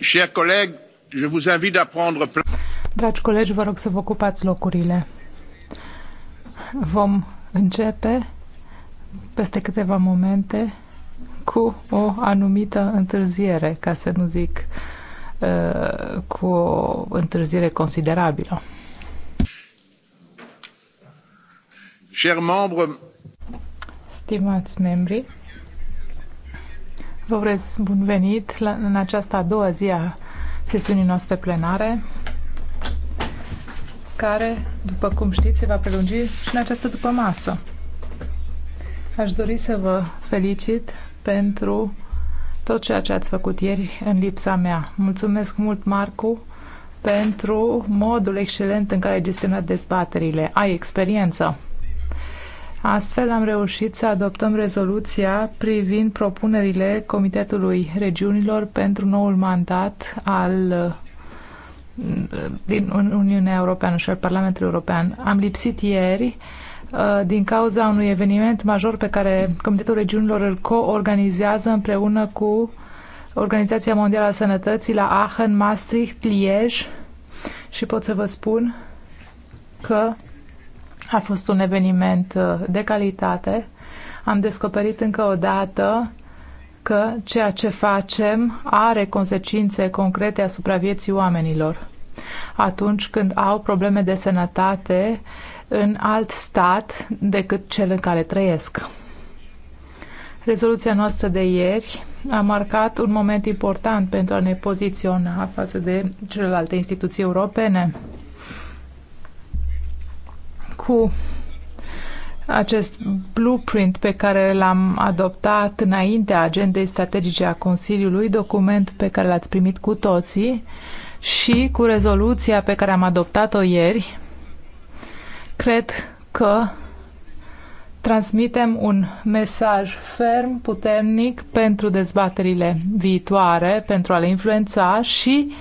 Chers collègues, je vous invite à prendre Dragi colegi, vă rog să vă ocupați locurile. Vom începe peste câteva momente cu o anumită întârziere, ca să nu zic uh, cu o întârziere considerabilă. Chers membres, Stimați membri, Vă urez bun venit la, în această a doua zi a sesiunii noastre plenare, care, după cum știți, se va prelungi și în această după masă. Aș dori să vă felicit pentru tot ceea ce ați făcut ieri în lipsa mea. Mulțumesc mult, Marcu, pentru modul excelent în care ai gestionat dezbaterile. Ai experiență. Astfel am reușit să adoptăm rezoluția privind propunerile Comitetului Regiunilor pentru noul mandat al din Uniunea Europeană și al Parlamentului European. Am lipsit ieri uh, din cauza unui eveniment major pe care Comitetul Regiunilor îl co-organizează împreună cu Organizația Mondială a Sănătății la Aachen, Maastricht, Liege și pot să vă spun că a fost un eveniment uh, de calitate. Am descoperit încă o dată că ceea ce facem are consecințe concrete asupra vieții oamenilor. Atunci când au probleme de sănătate în alt stat decât cel în care trăiesc. Rezoluția noastră de ieri a marcat un moment important pentru a ne poziționa față de celelalte instituții europene cu acest blueprint pe care l-am adoptat înaintea agendei strategice a Consiliului, document pe care l-ați primit cu toții și cu rezoluția pe care am adoptat-o ieri, cred că transmitem un mesaj ferm, puternic pentru dezbaterile viitoare, pentru a le influența și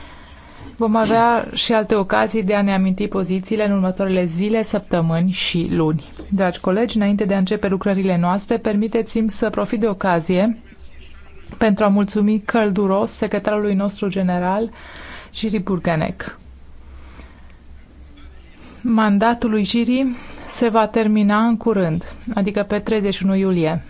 Vom avea și alte ocazii de a ne aminti pozițiile în următoarele zile, săptămâni și luni. Dragi colegi, înainte de a începe lucrările noastre, permiteți-mi să profit de ocazie pentru a mulțumi călduros secretarului nostru general, Jiri Burganec. Mandatul lui Jiri se va termina în curând, adică pe 31 iulie.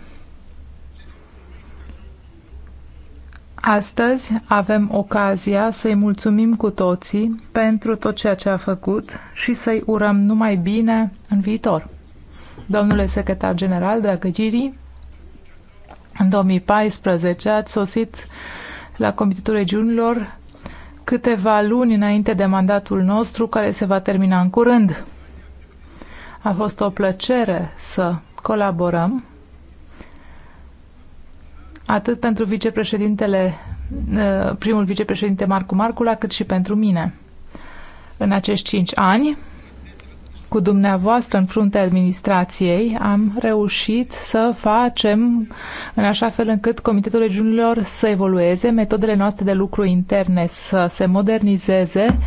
Astăzi avem ocazia să-i mulțumim cu toții pentru tot ceea ce a făcut și să-i urăm numai bine în viitor. Domnule secretar general, dragă Giri, în 2014 ați sosit la Comitetul Regiunilor câteva luni înainte de mandatul nostru, care se va termina în curând. A fost o plăcere să colaborăm atât pentru vicepreședintele, uh, primul vicepreședinte Marcu Marcula, cât și pentru mine. În acești cinci ani, cu dumneavoastră în fruntea administrației, am reușit să facem în așa fel încât Comitetul Regiunilor să evolueze, metodele noastre de lucru interne să se modernizeze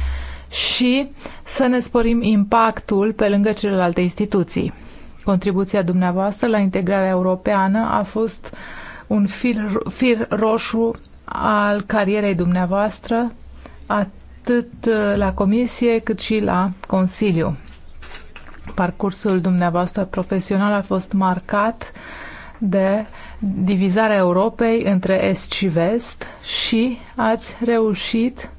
și să ne sporim impactul pe lângă celelalte instituții. Contribuția dumneavoastră la integrarea europeană a fost uh, un fir, fir roșu al carierei dumneavoastră, atât la comisie cât și la Consiliu. Parcursul dumneavoastră profesional a fost marcat de divizarea Europei între Est și Vest și ați reușit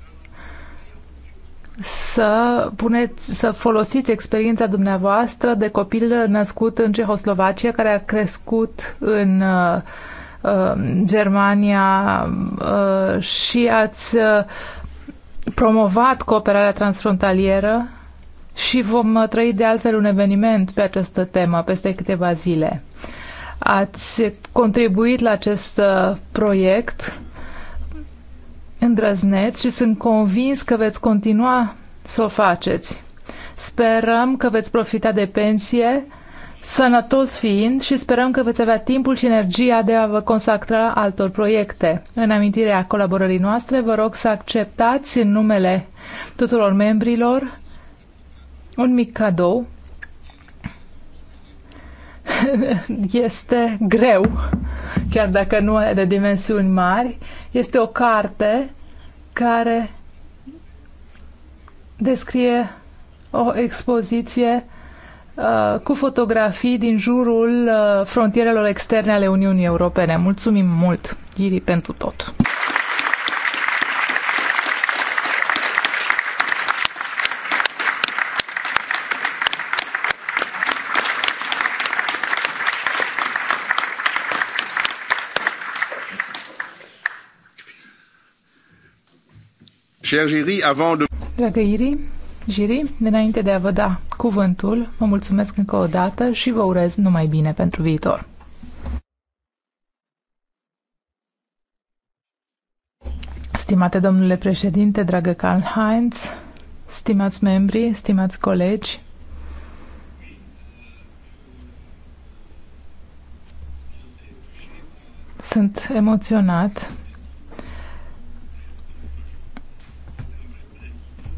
să, puneți, să folosiți experiența dumneavoastră de copil născut în Cehoslovacia, care a crescut în uh, Uh, Germania uh, și ați uh, promovat cooperarea transfrontalieră și vom trăi de altfel un eveniment pe această temă peste câteva zile. Ați contribuit la acest proiect îndrăzneți și sunt convins că veți continua să o faceți. Sperăm că veți profita de pensie sănătos fiind și sperăm că veți avea timpul și energia de a vă consacra altor proiecte. În amintirea colaborării noastre, vă rog să acceptați în numele tuturor membrilor un mic cadou. Este greu, chiar dacă nu e de dimensiuni mari. Este o carte care descrie o expoziție Uh, cu fotografii din jurul uh, frontierelor externe ale Uniunii Europene. Mulțumim mult, Iri, pentru tot! Dragă Iri, Jiri, înainte de a vă da cuvântul, vă mulțumesc încă o dată și vă urez numai bine pentru viitor. Stimate domnule președinte, dragă Karl Heinz, stimați membri, stimați colegi, sunt emoționat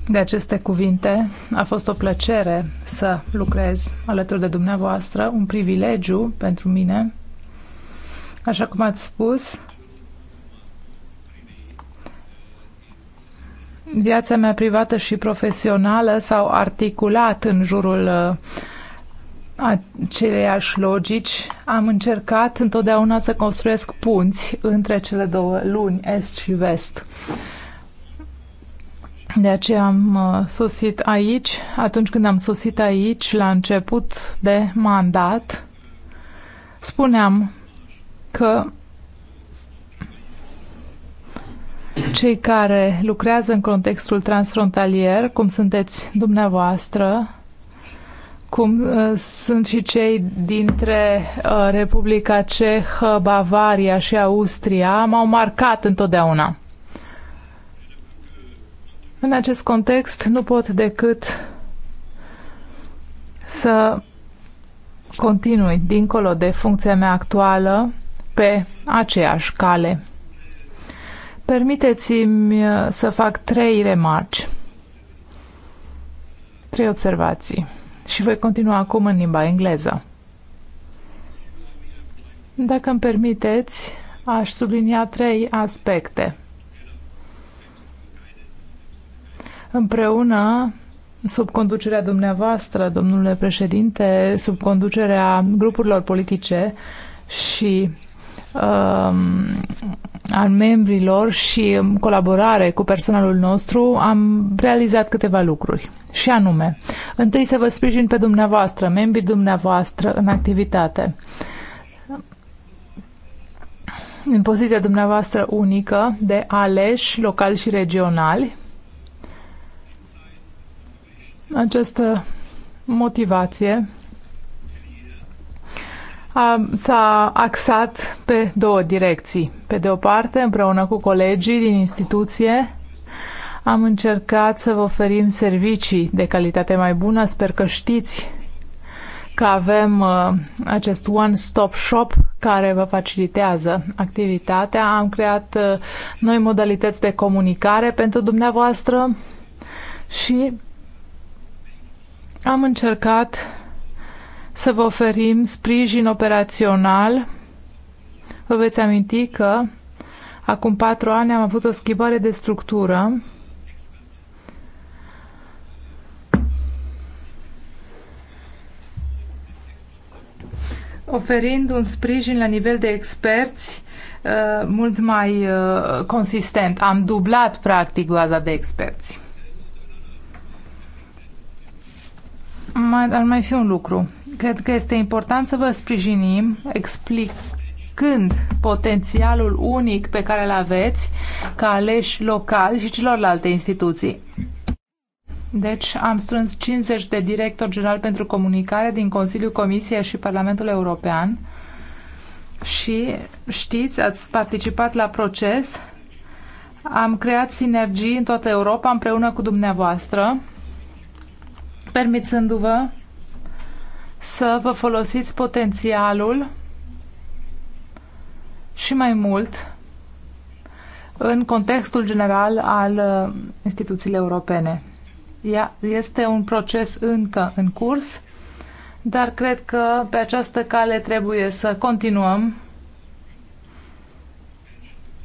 de aceste cuvinte. A fost o plăcere să lucrez alături de dumneavoastră, un privilegiu pentru mine. Așa cum ați spus, viața mea privată și profesională s-au articulat în jurul uh, aceleiași logici. Am încercat întotdeauna să construiesc punți între cele două luni, est și vest. De aceea am uh, sosit aici, atunci când am sosit aici, la început de mandat, spuneam că cei care lucrează în contextul transfrontalier, cum sunteți dumneavoastră, cum uh, sunt și cei dintre uh, Republica Cehă, Bavaria și Austria, m-au marcat întotdeauna. În acest context nu pot decât să continui dincolo de funcția mea actuală pe aceeași cale. Permiteți-mi uh, să fac trei remarci, trei observații și voi continua acum în limba engleză. Dacă îmi permiteți, aș sublinia trei aspecte împreună sub conducerea dumneavoastră, domnule președinte, sub conducerea grupurilor politice și uh, al membrilor și în colaborare cu personalul nostru am realizat câteva lucruri. Și anume, întâi să vă sprijin pe dumneavoastră, membrii dumneavoastră în activitate. În poziția dumneavoastră unică de aleși locali și regionali, această motivație s-a axat pe două direcții. Pe de o parte, împreună cu colegii din instituție, am încercat să vă oferim servicii de calitate mai bună. Sper că știți că avem uh, acest one-stop shop care vă facilitează activitatea. Am creat uh, noi modalități de comunicare pentru dumneavoastră și am încercat să vă oferim sprijin operațional. Vă veți aminti că acum patru ani am avut o schimbare de structură oferind un sprijin la nivel de experți uh, mult mai uh, consistent. Am dublat, practic, baza de experți. ar mai fi un lucru. Cred că este important să vă sprijinim, explic când potențialul unic pe care îl aveți ca aleși locali și celorlalte instituții. Deci am strâns 50 de director general pentru comunicare din Consiliul Comisiei și Parlamentul European și știți, ați participat la proces, am creat sinergii în toată Europa împreună cu dumneavoastră permițându-vă să vă folosiți potențialul și mai mult în contextul general al uh, instituțiilor europene. Ea este un proces încă în curs, dar cred că pe această cale trebuie să continuăm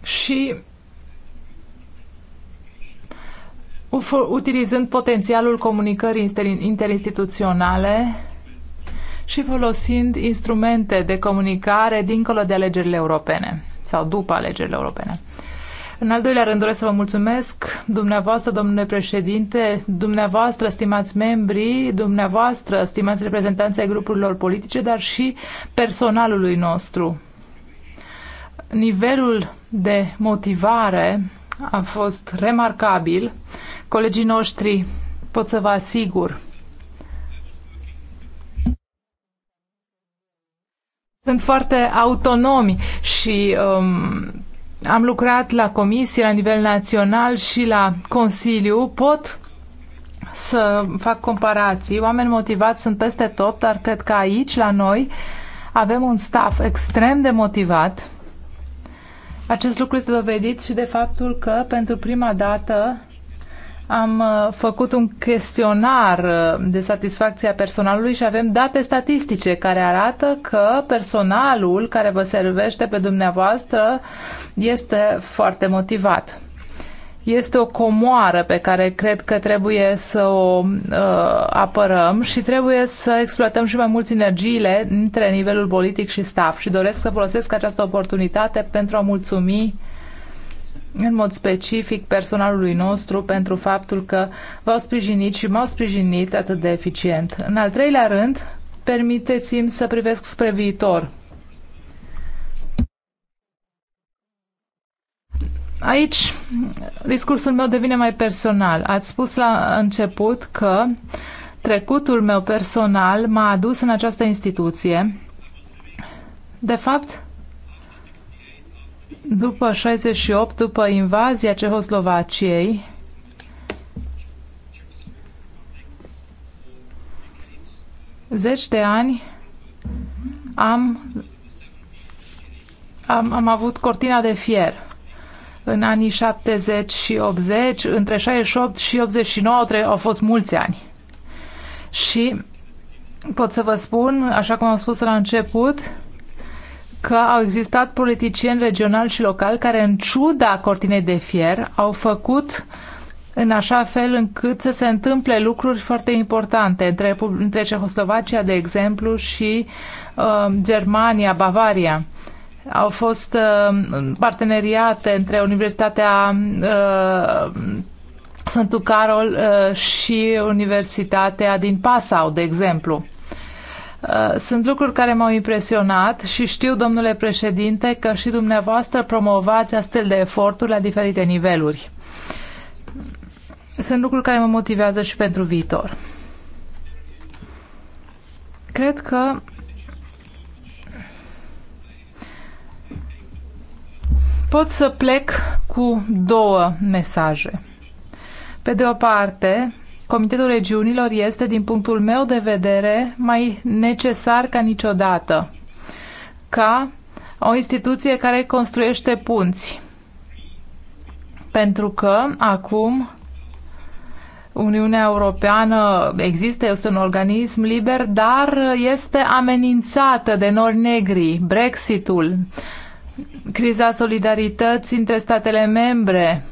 și utilizând potențialul comunicării interinstituționale și folosind instrumente de comunicare dincolo de alegerile europene sau după alegerile europene. În al doilea rând doresc să vă mulțumesc dumneavoastră, domnule președinte, dumneavoastră, stimați membri, dumneavoastră, stimați reprezentanți ai grupurilor politice, dar și personalului nostru. Nivelul de motivare a fost remarcabil colegii noștri, pot să vă asigur. Sunt foarte autonomi și um, am lucrat la comisie la nivel național și la Consiliu. Pot să fac comparații. Oameni motivați sunt peste tot, dar cred că aici, la noi, avem un staff extrem de motivat. Acest lucru este dovedit și de faptul că pentru prima dată am uh, făcut un chestionar uh, de satisfacție a personalului și avem date statistice care arată că personalul care vă servește pe dumneavoastră este foarte motivat. Este o comoară pe care cred că trebuie să o uh, apărăm și trebuie să exploatăm și mai mulți energiile între nivelul politic și staff și doresc să folosesc această oportunitate pentru a mulțumi uh, în mod specific personalului nostru pentru faptul că v-au sprijinit și m-au sprijinit atât de eficient. În al treilea rând, permiteți-mi să privesc spre viitor. Aici discursul meu devine mai personal. Ați spus la început că trecutul meu personal m-a adus în această instituție. De fapt, după 68, după invazia Cehoslovaciei, zeci de ani am, am, am avut cortina de fier. În anii 70 și 80, între 68 și 89 au fost mulți ani. Și pot să vă spun, așa cum am spus la început, că au existat politicieni regionali și locali care, în ciuda cortinei de fier, au făcut în așa fel încât să se întâmple lucruri foarte importante între, între Cehoslovacia, de exemplu, și uh, Germania, Bavaria. Au fost uh, parteneriate între Universitatea uh, Sfântul Carol uh, și Universitatea din Passau, de exemplu. Uh, sunt lucruri care m-au impresionat și știu, domnule președinte, că și dumneavoastră promovați astfel de eforturi la diferite niveluri. Sunt lucruri care mă motivează și pentru viitor. Cred că pot să plec cu două mesaje. Pe de o parte, Comitetul Regiunilor este, din punctul meu de vedere, mai necesar ca niciodată, ca o instituție care construiește punți. Pentru că acum Uniunea Europeană există, este un organism liber, dar este amenințată de nori negri, Brexitul, criza solidarității între statele membre,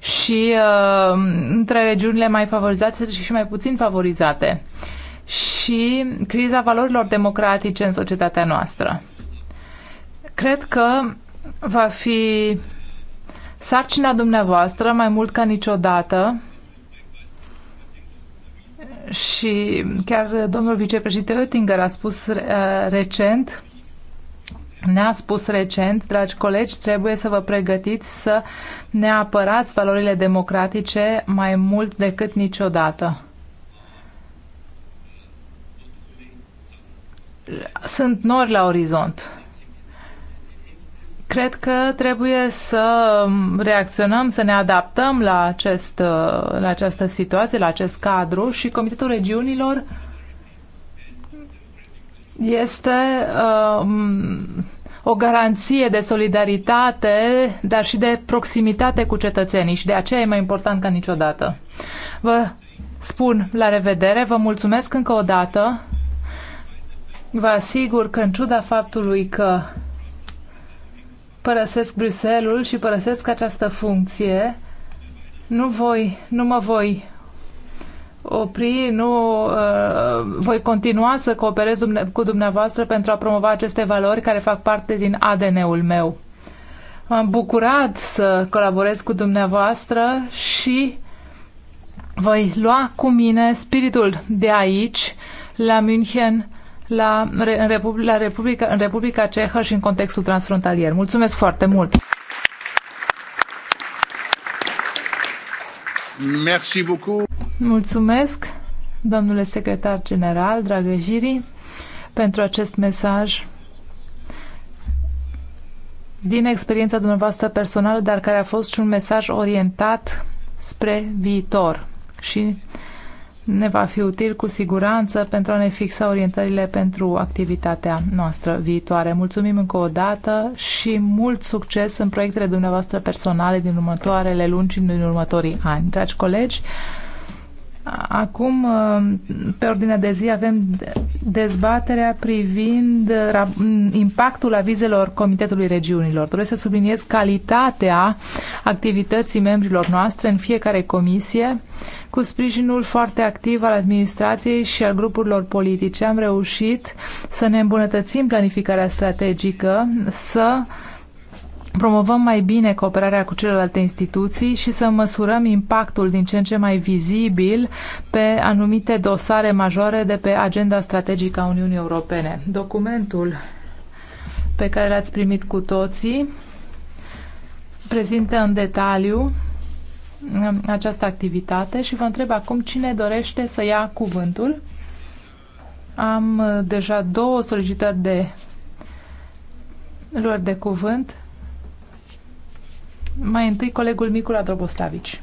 și uh, între regiunile mai favorizate și mai puțin favorizate și criza valorilor democratice în societatea noastră. Cred că va fi sarcina dumneavoastră mai mult ca niciodată și chiar domnul vicepreședinte Oettinger a spus uh, recent ne-a spus recent, dragi colegi, trebuie să vă pregătiți să ne apărați valorile democratice mai mult decât niciodată. Sunt nori la orizont. Cred că trebuie să reacționăm, să ne adaptăm la, acest, la această situație, la acest cadru și Comitetul Regiunilor este um, o garanție de solidaritate, dar și de proximitate cu cetățenii și de aceea e mai important ca niciodată. Vă spun la revedere, vă mulțumesc încă o dată. Vă asigur că în ciuda faptului că părăsesc Bruselul și părăsesc această funcție, nu voi, nu mă voi opri, nu uh, voi continua să cooperez cu dumneavoastră pentru a promova aceste valori care fac parte din ADN-ul meu. M-am bucurat să colaborez cu dumneavoastră și voi lua cu mine spiritul de aici, la München, la, în, Republica, la Republica, în Republica Cehă și în contextul transfrontalier. Mulțumesc foarte mult! Mulțumesc, domnule secretar general, dragă Jiri, pentru acest mesaj din experiența dumneavoastră personală, dar care a fost și un mesaj orientat spre viitor și ne va fi util cu siguranță pentru a ne fixa orientările pentru activitatea noastră viitoare. Mulțumim încă o dată și mult succes în proiectele dumneavoastră personale din următoarele luni și din următorii ani. Dragi colegi, Acum, uh, pe ordinea de zi, avem dezbaterea privind uh, impactul avizelor Comitetului Regiunilor. Doresc să subliniez calitatea activității membrilor noastre în fiecare comisie. Cu sprijinul foarte activ al administrației și al grupurilor politice am reușit să ne îmbunătățim planificarea strategică, să uh, promovăm mai bine cooperarea cu celelalte instituții și să măsurăm impactul din ce în ce mai vizibil pe anumite dosare majore de pe agenda strategică a Uniunii Europene. Documentul pe care l-ați primit cu toții prezintă în detaliu um, această activitate și vă întreb acum cine dorește să ia cuvântul. Am uh, deja două solicitări de luări de cuvânt. Mai întâi, colegul Micula Droboslavici.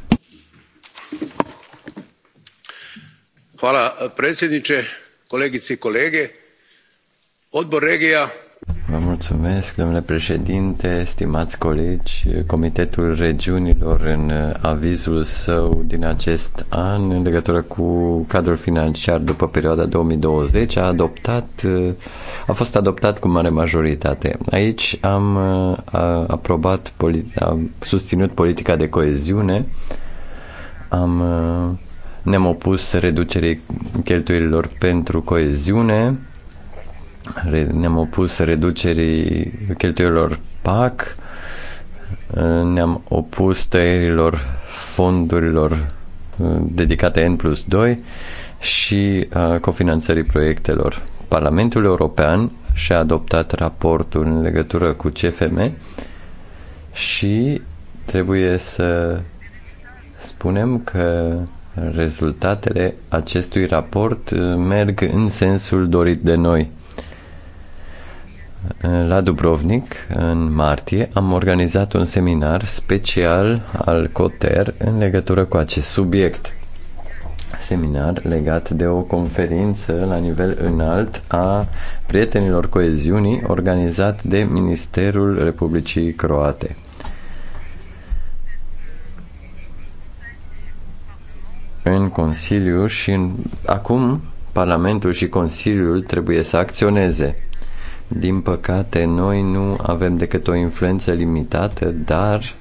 Hvala predsjedniče, kolegice i kolege. Odbor regija Vă mulțumesc, domnule președinte, stimați colegi. Comitetul Regiunilor, în avizul său din acest an, în legătură cu cadrul financiar după perioada 2020, a adoptat, a fost adoptat cu mare majoritate. Aici am aprobat, am susținut politica de coeziune, am ne-am opus reducerii cheltuielilor pentru coeziune, ne-am opus reducerii cheltuielor PAC, ne-am opus tăierilor fondurilor uh, dedicate N plus 2 și uh, cofinanțării proiectelor. Parlamentul European și-a adoptat raportul în legătură cu CFM și trebuie să spunem că rezultatele acestui raport uh, merg în sensul dorit de noi la Dubrovnik, în martie, am organizat un seminar special al COTER în legătură cu acest subiect. Seminar legat de o conferință la nivel înalt a prietenilor coeziunii organizat de Ministerul Republicii Croate. În Consiliu și în, acum Parlamentul și Consiliul trebuie să acționeze din păcate, noi nu avem decât o influență limitată, dar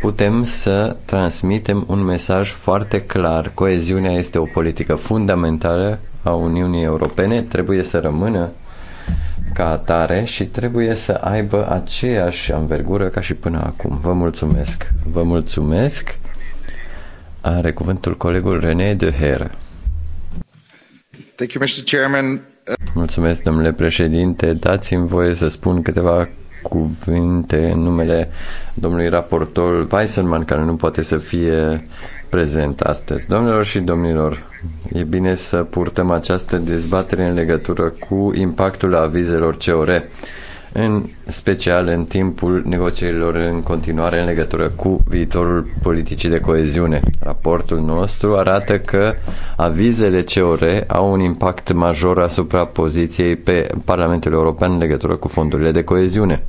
putem să transmitem un mesaj foarte clar. Coeziunea este o politică fundamentală a Uniunii Europene, trebuie să rămână ca atare și trebuie să aibă aceeași anvergură ca și până acum. Vă mulțumesc! Vă mulțumesc! Are cuvântul colegul René de Herre. Thank you, Mr. Chairman. Mulțumesc, domnule președinte. Dați-mi voie să spun câteva cuvinte în numele domnului raportor Weisselman, care nu poate să fie prezent astăzi. Domnilor și domnilor, e bine să purtăm această dezbatere în legătură cu impactul avizelor COR în special în timpul negocierilor în continuare în legătură cu viitorul politicii de coeziune. Raportul nostru arată că avizele COR au un impact major asupra poziției pe Parlamentul European în legătură cu fondurile de coeziune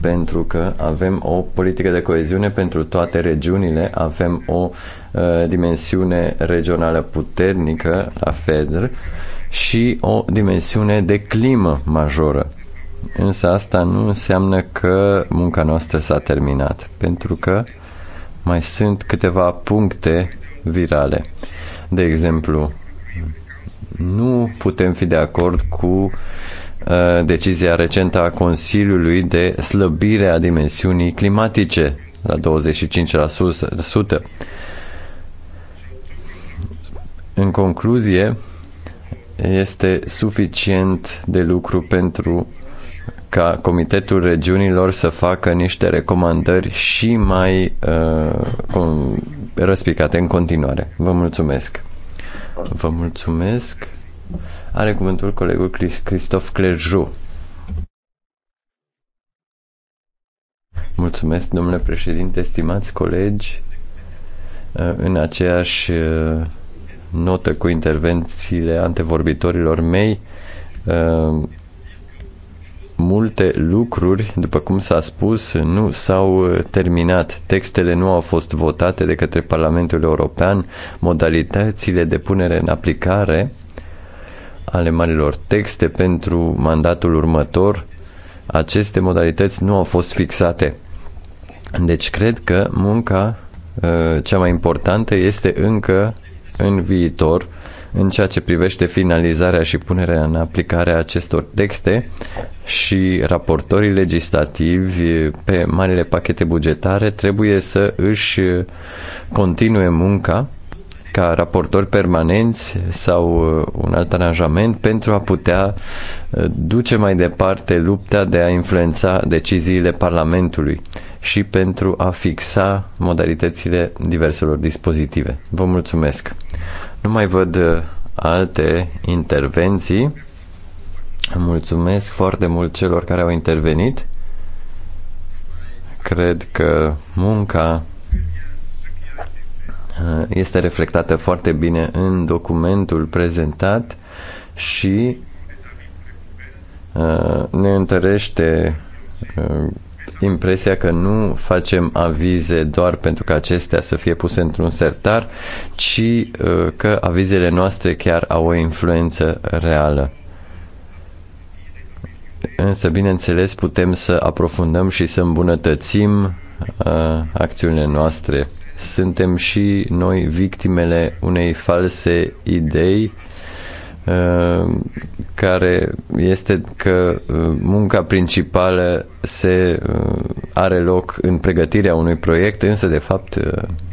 pentru că avem o politică de coeziune pentru toate regiunile, avem o uh, dimensiune regională puternică la FEDR și o dimensiune de climă majoră. Însă asta nu înseamnă că munca noastră s-a terminat, pentru că mai sunt câteva puncte virale. De exemplu, nu putem fi de acord cu Uh, decizia recentă a Consiliului de slăbire a dimensiunii climatice la 25%. În concluzie, este suficient de lucru pentru ca Comitetul Regiunilor să facă niște recomandări și mai uh, răspicate în continuare. Vă mulțumesc! Vă mulțumesc! Are cuvântul colegul Christophe Clerjou. Mulțumesc, domnule președinte, stimați colegi. Uh, în aceeași uh, notă cu intervențiile antevorbitorilor mei, uh, multe lucruri, după cum s-a spus, nu s-au terminat. Textele nu au fost votate de către Parlamentul European, modalitățile de punere în aplicare ale marilor texte pentru mandatul următor, aceste modalități nu au fost fixate. Deci cred că munca uh, cea mai importantă este încă în viitor în ceea ce privește finalizarea și punerea în aplicare a acestor texte și raportorii legislativi pe marile pachete bugetare trebuie să își continue munca ca raportori permanenți sau uh, un alt aranjament pentru a putea uh, duce mai departe lupta de a influența deciziile Parlamentului și pentru a fixa modalitățile diverselor dispozitive. Vă mulțumesc! Nu mai văd uh, alte intervenții. Mulțumesc foarte mult celor care au intervenit. Cred că munca Eh, este reflectată foarte bine în documentul prezentat și eh, ne întărește eh, impresia că nu facem avize doar pentru că acestea să fie puse într-un sertar, ci că avizele noastre chiar au o influență reală. Însă, bineînțeles, putem să aprofundăm și să îmbunătățim acțiunile noastre suntem și noi victimele unei false idei uh, care este că uh, munca principală se uh, are loc în pregătirea unui proiect, însă de fapt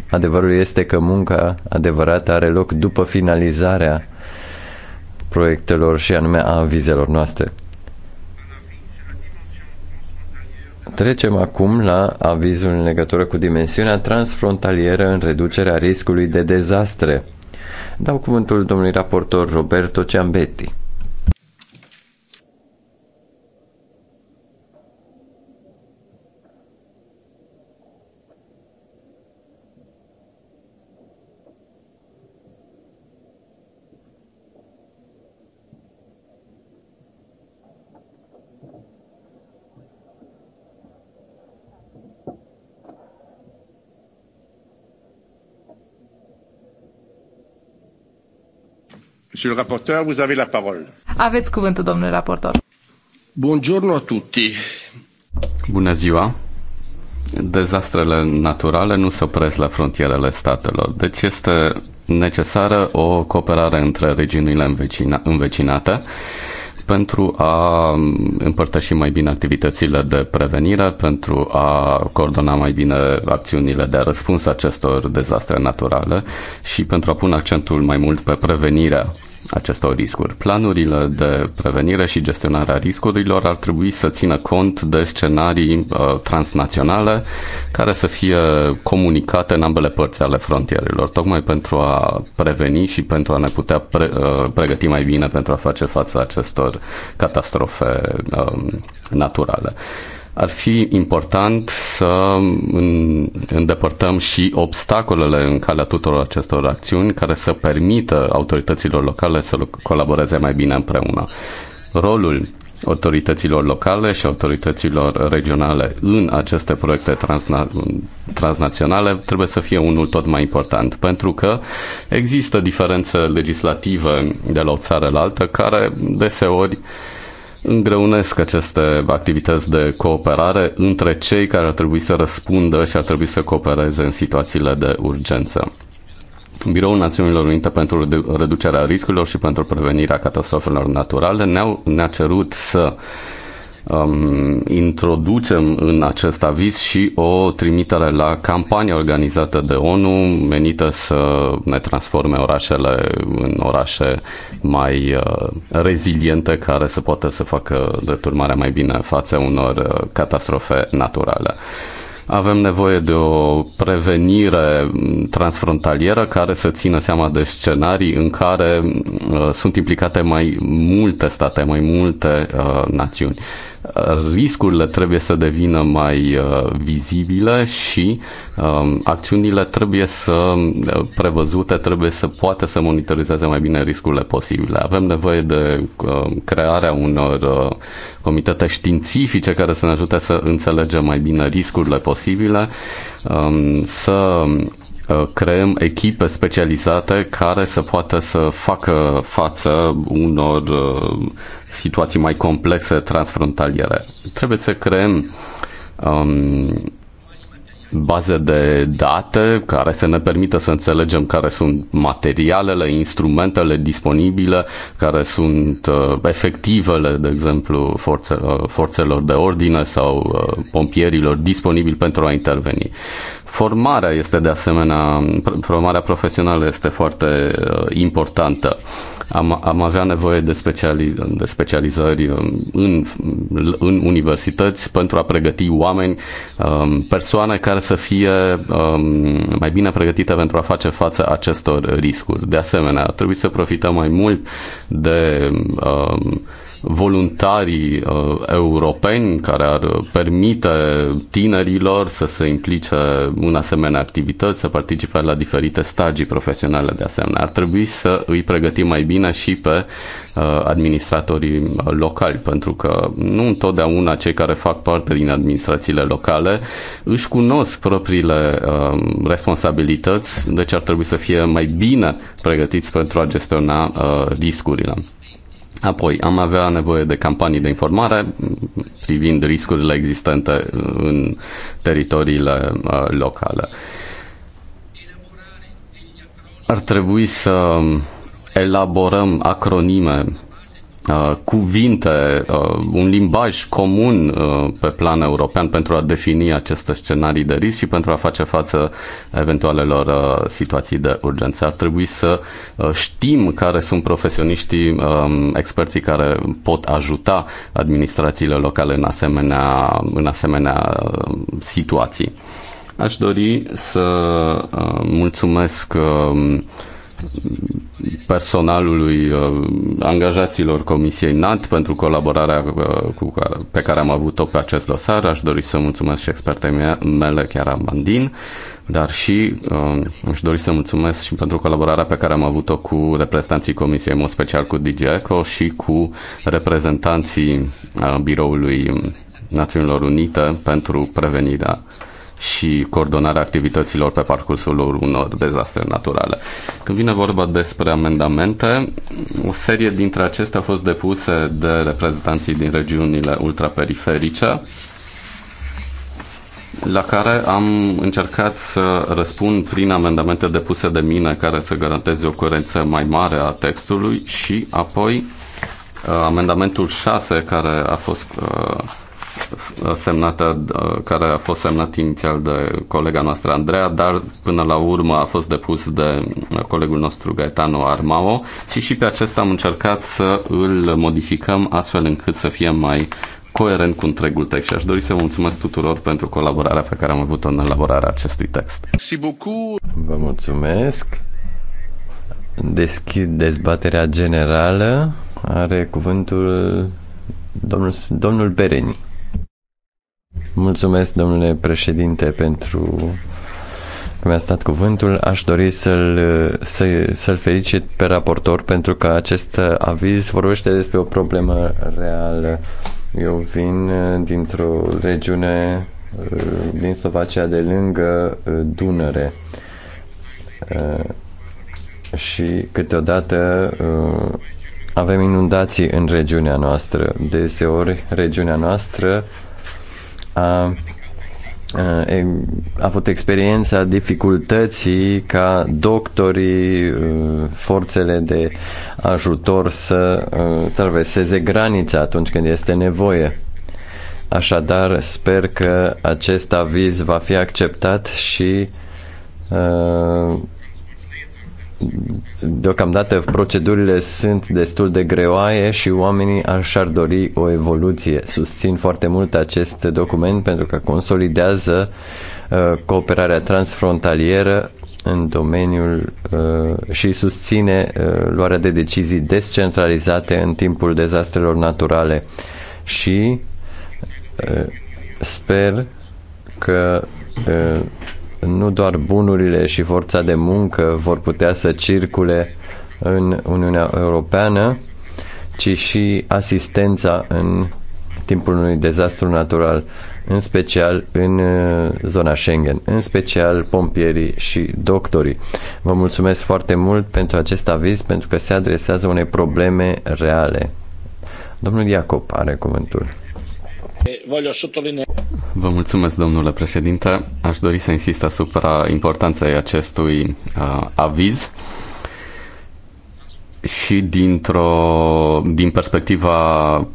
adevărul este că munca adevărată are loc după finalizarea proiectelor și anume a vizelor noastre. Trecem acum la avizul în legătură cu dimensiunea transfrontalieră în reducerea riscului de dezastre. Dau cuvântul domnului raportor Roberto Ciambetti. Monsieur le rapporteur, vous avez la parole. Aveți cuvântul, domnule raportor. Buongiorno a tutti. Bună ziua. Dezastrele naturale nu se opresc la frontierele statelor, deci este necesară o cooperare între regiunile învecina, învecinate pentru a împărtăși mai bine activitățile de prevenire, pentru a coordona mai bine acțiunile de răspuns acestor dezastre naturale și pentru a pune accentul mai mult pe prevenirea acestor riscuri. Planurile de prevenire și gestionare a riscurilor ar trebui să țină cont de scenarii uh, transnaționale care să fie comunicate în ambele părți ale frontierelor, tocmai pentru a preveni și pentru a ne putea pre, uh, pregăti mai bine pentru a face față acestor catastrofe uh, naturale ar fi important să îndepărtăm și obstacolele în calea tuturor acestor acțiuni care să permită autorităților locale să colaboreze mai bine împreună. Rolul autorităților locale și autorităților regionale în aceste proiecte transna- transnaționale trebuie să fie unul tot mai important, pentru că există diferențe legislative de la o țară la altă care deseori uh, îngreunesc aceste activități de cooperare între cei care ar trebui să răspundă și ar trebui să coopereze în situațiile de urgență. Biroul Națiunilor Unite pentru reducerea riscurilor și pentru prevenirea catastrofelor naturale ne-a ne cerut să um, introducem în acest aviz și o trimitere la campania organizată de ONU menită să ne transforme orașele în orașe mai uh, reziliente care să poată să facă de urmare mai bine față unor uh, catastrofe naturale avem nevoie de o prevenire mm, transfrontalieră care să țină seama de scenarii în care uh, sunt implicate mai multe state, mai multe uh, națiuni riscurile trebuie să devină mai uh, vizibile și um, acțiunile trebuie să uh, prevăzute, trebuie să poată să monitorizeze mai bine riscurile posibile. Avem nevoie de um, crearea unor uh, comitete științifice care să ne ajute să înțelegem mai bine riscurile posibile, um, să Uh, creăm echipe specializate care să poată să facă față unor uh, situații mai complexe transfrontaliere. Trebuie să creăm um, baze de date care să ne permită să înțelegem care sunt materialele, instrumentele disponibile, care sunt uh, efectivele, de exemplu, forțe, uh, forțelor de ordine sau uh, pompierilor disponibili pentru a interveni. Formarea este de asemenea, formarea profesională este foarte importantă am, am avea nevoie de, speciali, de specializări um, în, în universități pentru a pregăti oameni, um, persoane care să fie um, mai bine pregătite pentru a face față acestor riscuri. De asemenea, trebuie să profităm mai mult de um, voluntarii uh, europeni care ar permite tinerilor să se implice în asemenea activități, să participe la diferite stagii profesionale de asemenea. Ar trebui să îi pregătim mai bine și pe uh, administratorii uh, locali, pentru că nu întotdeauna cei care fac parte din administrațiile locale își cunosc propriile uh, responsabilități, deci ar trebui să fie mai bine pregătiți pentru a gestiona uh, riscurile. Apoi, am avea nevoie de campanii de informare privind riscurile existente uh, în teritoriile uh, locale. Ar trebui să um, elaborăm acronime Uh, cuvinte, uh, un limbaj comun uh, pe plan european pentru a defini aceste scenarii de risc și pentru a face față eventualelor situații de urgență. Ar trebui să știm care sunt profesioniștii, um, experții care pot ajuta administrațiile locale în asemenea, în asemenea situații. Aș dori să mulțumesc um, personalului, uh, angajaților Comisiei NAT pentru colaborarea uh, cu care, pe care am avut-o pe acest dosar. Aș dori să mulțumesc și expertei mele, chiar Bandin, dar și uh, aș dori să mulțumesc și pentru colaborarea pe care am avut-o cu reprezentanții Comisiei, în mod special cu DGECO și cu reprezentanții uh, Biroului Națiunilor Unite pentru prevenirea uh, și coordonarea activităților pe parcursul unor dezastre naturale. Când vine vorba despre amendamente, o serie dintre acestea au fost depuse de reprezentanții din regiunile ultraperiferice, la care am încercat să răspund prin amendamente depuse de mine care să garanteze o coerență mai mare a textului și apoi uh, amendamentul 6 care a fost uh, semnată, care a fost semnat inițial de colega noastră Andreea, dar până la urmă a fost depus de colegul nostru Gaetano Armao și și pe acesta am încercat să îl modificăm astfel încât să fie mai coerent cu întregul text și aș dori să vă mulțumesc tuturor pentru colaborarea pe care am avut-o în elaborarea acestui text. Vă mulțumesc. Deschid dezbaterea generală. Are cuvântul domnul, domnul Bereni. Mulțumesc, domnule președinte, pentru că mi-a stat cuvântul. Aș dori să-l, să, să-l felicit pe raportor pentru că acest aviz vorbește despre o problemă reală. Eu vin uh, dintr-o regiune uh, din Slovacia de lângă uh, Dunăre și câteodată avem inundații în regiunea noastră. Deseori regiunea noastră a a avut experiența dificultății ca doctorii, forțele de ajutor să traverseze granița atunci când este nevoie. Așadar, sper că acest aviz va fi acceptat și deocamdată procedurile sunt destul de greoaie și oamenii și-ar dori o evoluție. Susțin foarte mult acest document pentru că consolidează uh, cooperarea transfrontalieră în domeniul uh, și susține uh, luarea de decizii descentralizate în timpul dezastrelor naturale și uh, sper că uh, nu doar bunurile și forța de muncă vor putea să circule în Uniunea Europeană, ci și asistența în timpul unui dezastru natural, în special în uh, zona Schengen, în special pompierii și doctorii. Vă mulțumesc foarte mult pentru acest aviz, pentru că se adresează unei probleme reale. Domnul Iacob are cuvântul. Vă mulțumesc, domnule președinte. Aș dori să insist asupra importanței acestui uh, aviz și dintr-o, din perspectiva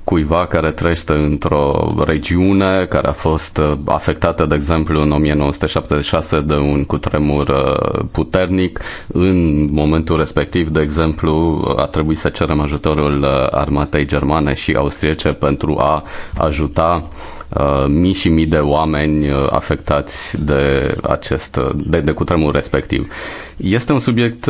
cuiva care trăiește într-o regiune care a fost uh, afectată, de exemplu, în 1976 de un cutremur uh, puternic, în momentul respectiv, de exemplu, uh, a trebuit să cerem ajutorul armatei germane și austriece pentru a ajuta uh, Uh, mii și mii de oameni uh, afectați de acest uh, de, de cutremur respectiv. Este un subiect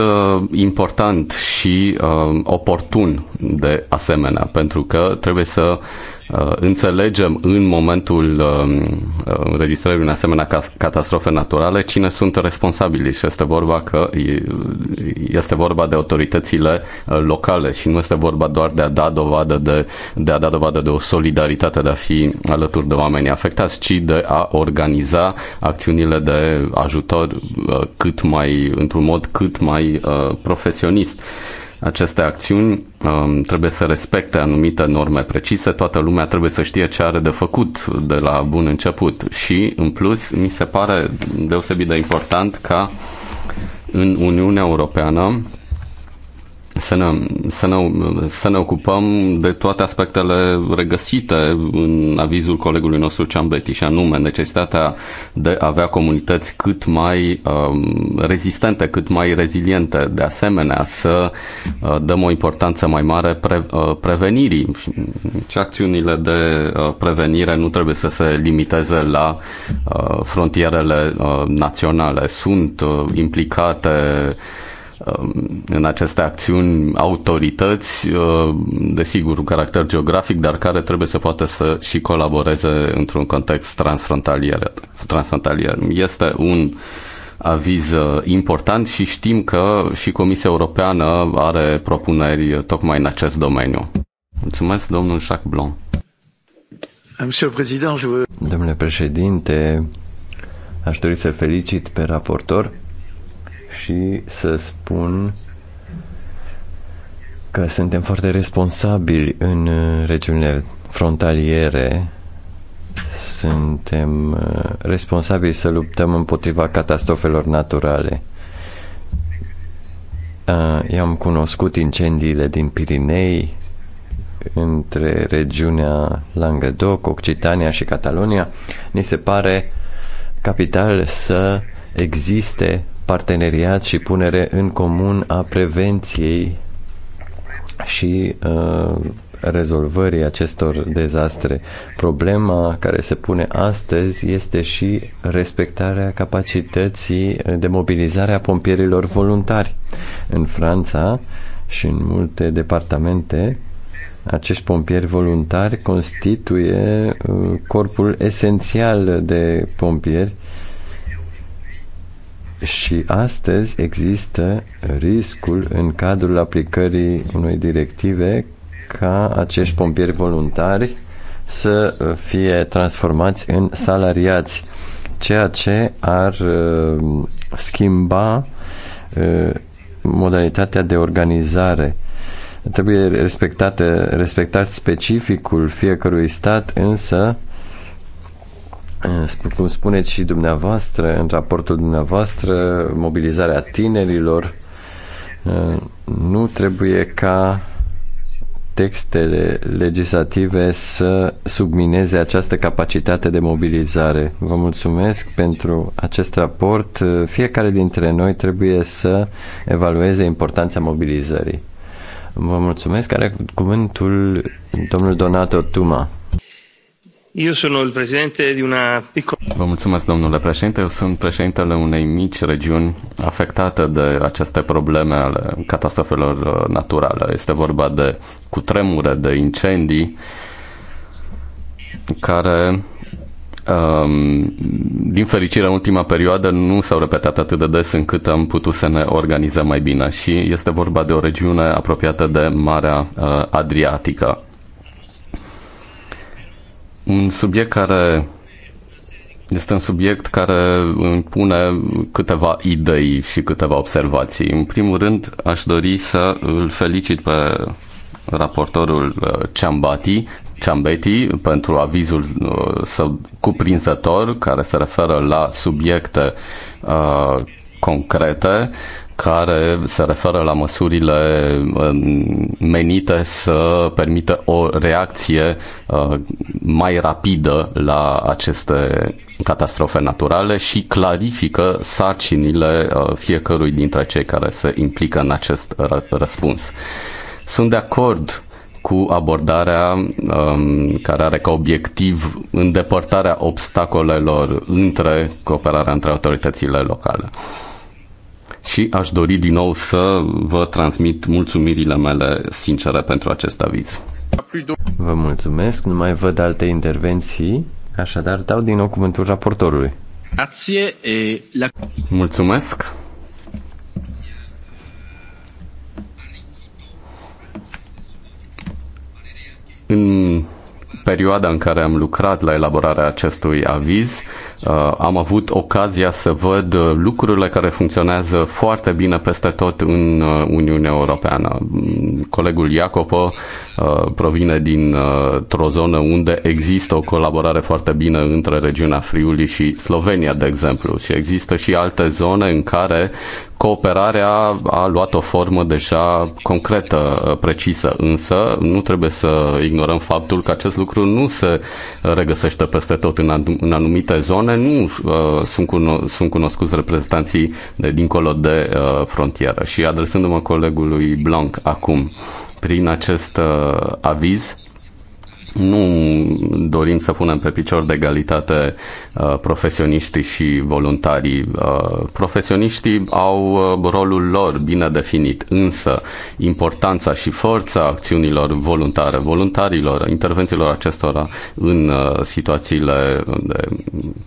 important și oportun de asemenea, pentru că trebuie să Uh, înțelegem în momentul um, uh, înregistrării unei asemenea catastrofe naturale cine sunt responsabili și este vorba că este vorba de autoritățile uh, locale și nu este vorba doar de a da dovadă de, de a da dovadă de o solidaritate de a fi alături de oamenii afectați, ci de a organiza acțiunile de ajutor cât mai într-un mod cât mai profesionist aceste acțiuni um, trebuie să respecte anumite norme precise, toată lumea trebuie să știe ce are de făcut de la bun început și, în plus, mi se pare deosebit de important ca în Uniunea Europeană să ne, să, ne, să ne ocupăm de toate aspectele regăsite în avizul colegului nostru Ciambeti și anume necesitatea de a avea comunități cât mai uh, rezistente, cât mai reziliente. De asemenea, să uh, dăm o importanță mai mare pre, uh, prevenirii și acțiunile de uh, prevenire nu trebuie să se limiteze la uh, frontierele uh, naționale. Sunt uh, implicate uh, Um, în aceste acțiuni autorități, uh, desigur, un caracter geografic, dar care trebuie să poată să și colaboreze într-un context transfrontalier. transfrontalier. Este un aviz uh, important și știm că și Comisia Europeană are propuneri tocmai în acest domeniu. Mulțumesc, domnul Jacques Blanc. Uh, Domnule președinte, aș dori să felicit pe raportor și să spun că suntem foarte responsabili în uh, regiunile frontaliere. Suntem uh, responsabili să luptăm împotriva catastrofelor naturale. Uh, i-am cunoscut incendiile din Pirinei, între regiunea Languedoc, Occitania și Catalonia, ni se pare capital să existe parteneriat și punere în comun a prevenției și uh, rezolvării acestor dezastre. Problema care se pune astăzi este și respectarea capacității de mobilizare a pompierilor voluntari. În Franța și în multe departamente, acești pompieri voluntari constituie uh, corpul esențial de pompieri și astăzi există riscul în cadrul aplicării unei directive ca acești pompieri voluntari să fie transformați în salariați, ceea ce ar uh, schimba uh, modalitatea de organizare. Trebuie respectate, respectat specificul fiecărui stat, însă cum spuneți și dumneavoastră, în raportul dumneavoastră, mobilizarea tinerilor uh, nu trebuie ca textele legislative să submineze această capacitate de mobilizare. Vă mulțumesc pentru acest raport. Uh, fiecare dintre noi trebuie să evalueze importanța mobilizării. Vă mulțumesc. Are cuvântul domnul Donato Tuma. Eu sunt președinte de una piccola... Vă mulțumesc, domnule președinte. Eu sunt președintele unei mici regiuni afectate de aceste probleme ale catastrofelor uh, naturale. Este vorba de cutremure, de incendii, care um, din fericire, în ultima perioadă nu s-au repetat atât de des încât am putut să ne organizăm mai bine și este vorba de o regiune apropiată de Marea uh, Adriatică. Un subiect care este un subiect care pune câteva idei și câteva observații. În primul rând, aș dori să îl felicit pe raportorul uh, Ciambati, Ciambeti pentru avizul uh, său cuprinzător care se referă la subiecte uh, concrete care se referă la măsurile um, menite să permită o reacție uh, mai rapidă la aceste catastrofe naturale și clarifică sarcinile uh, fiecărui dintre cei care se implică în acest răspuns. Sunt de acord cu abordarea um, care are ca obiectiv îndepărtarea obstacolelor între cooperarea între autoritățile locale. Uh, și aș dori din nou să vă transmit mulțumirile mele sincere pentru acest aviz. Vă mulțumesc, nu mai văd alte intervenții, așadar dau din nou cuvântul raportorului. Mulțumesc! În perioada în care am lucrat la elaborarea acestui aviz, Uh, am avut ocazia să văd uh, lucrurile care funcționează foarte bine peste tot în uh, Uniunea Europeană. Mm, colegul Iacopo provine dintr-o zonă unde există o colaborare foarte bine între regiunea Friuli și Slovenia, de exemplu, și există și alte zone în care cooperarea a luat o formă deja concretă, precisă, însă nu trebuie să ignorăm faptul că acest lucru nu se regăsește peste tot în anumite zone zone nu uh, sunt, cuno- sunt cunoscuți reprezentanții de dincolo de uh, frontieră. Și adresându-mă colegului Blanc acum, prin acest uh, aviz nu dorim să punem pe picior de egalitate uh, profesioniștii și voluntarii. Uh, profesioniștii au uh, rolul lor bine definit, însă importanța și forța acțiunilor voluntare, voluntarilor, intervențiilor acestora în situațiile de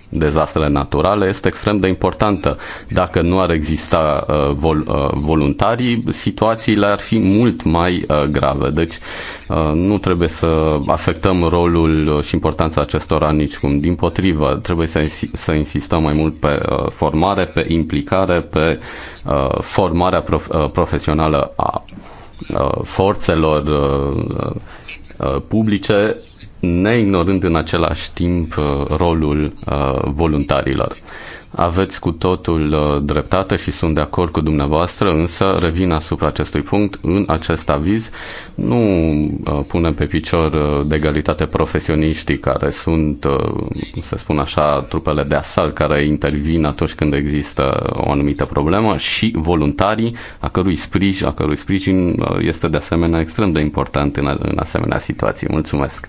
dezastre naturale este extrem de importantă. Dacă nu ar exista vol, voluntarii, situațiile ar fi mult mai grave. Deci nu trebuie să afectăm afectăm rolul uh, și importanța acestora nici cum. Din potrivă, trebuie să, să insistăm mai mult pe uh, formare, pe implicare, pe uh, formarea prof, uh, profesională a uh, forțelor uh, uh, uh publice, neignorând în același timp uh, rolul uh, voluntarilor. Uh, aveți cu totul uh, dreptate și sunt de acord cu dumneavoastră, însă revin asupra acestui punct. În acest aviz nu uh, punem pe picior uh, de egalitate profesioniștii care sunt, să spun așa, trupele de asalt care intervin atunci când există o anumită problemă și voluntarii a cărui sprijin, a cărui sprijin este de asemenea extrem de important în asemenea situații. Mulțumesc!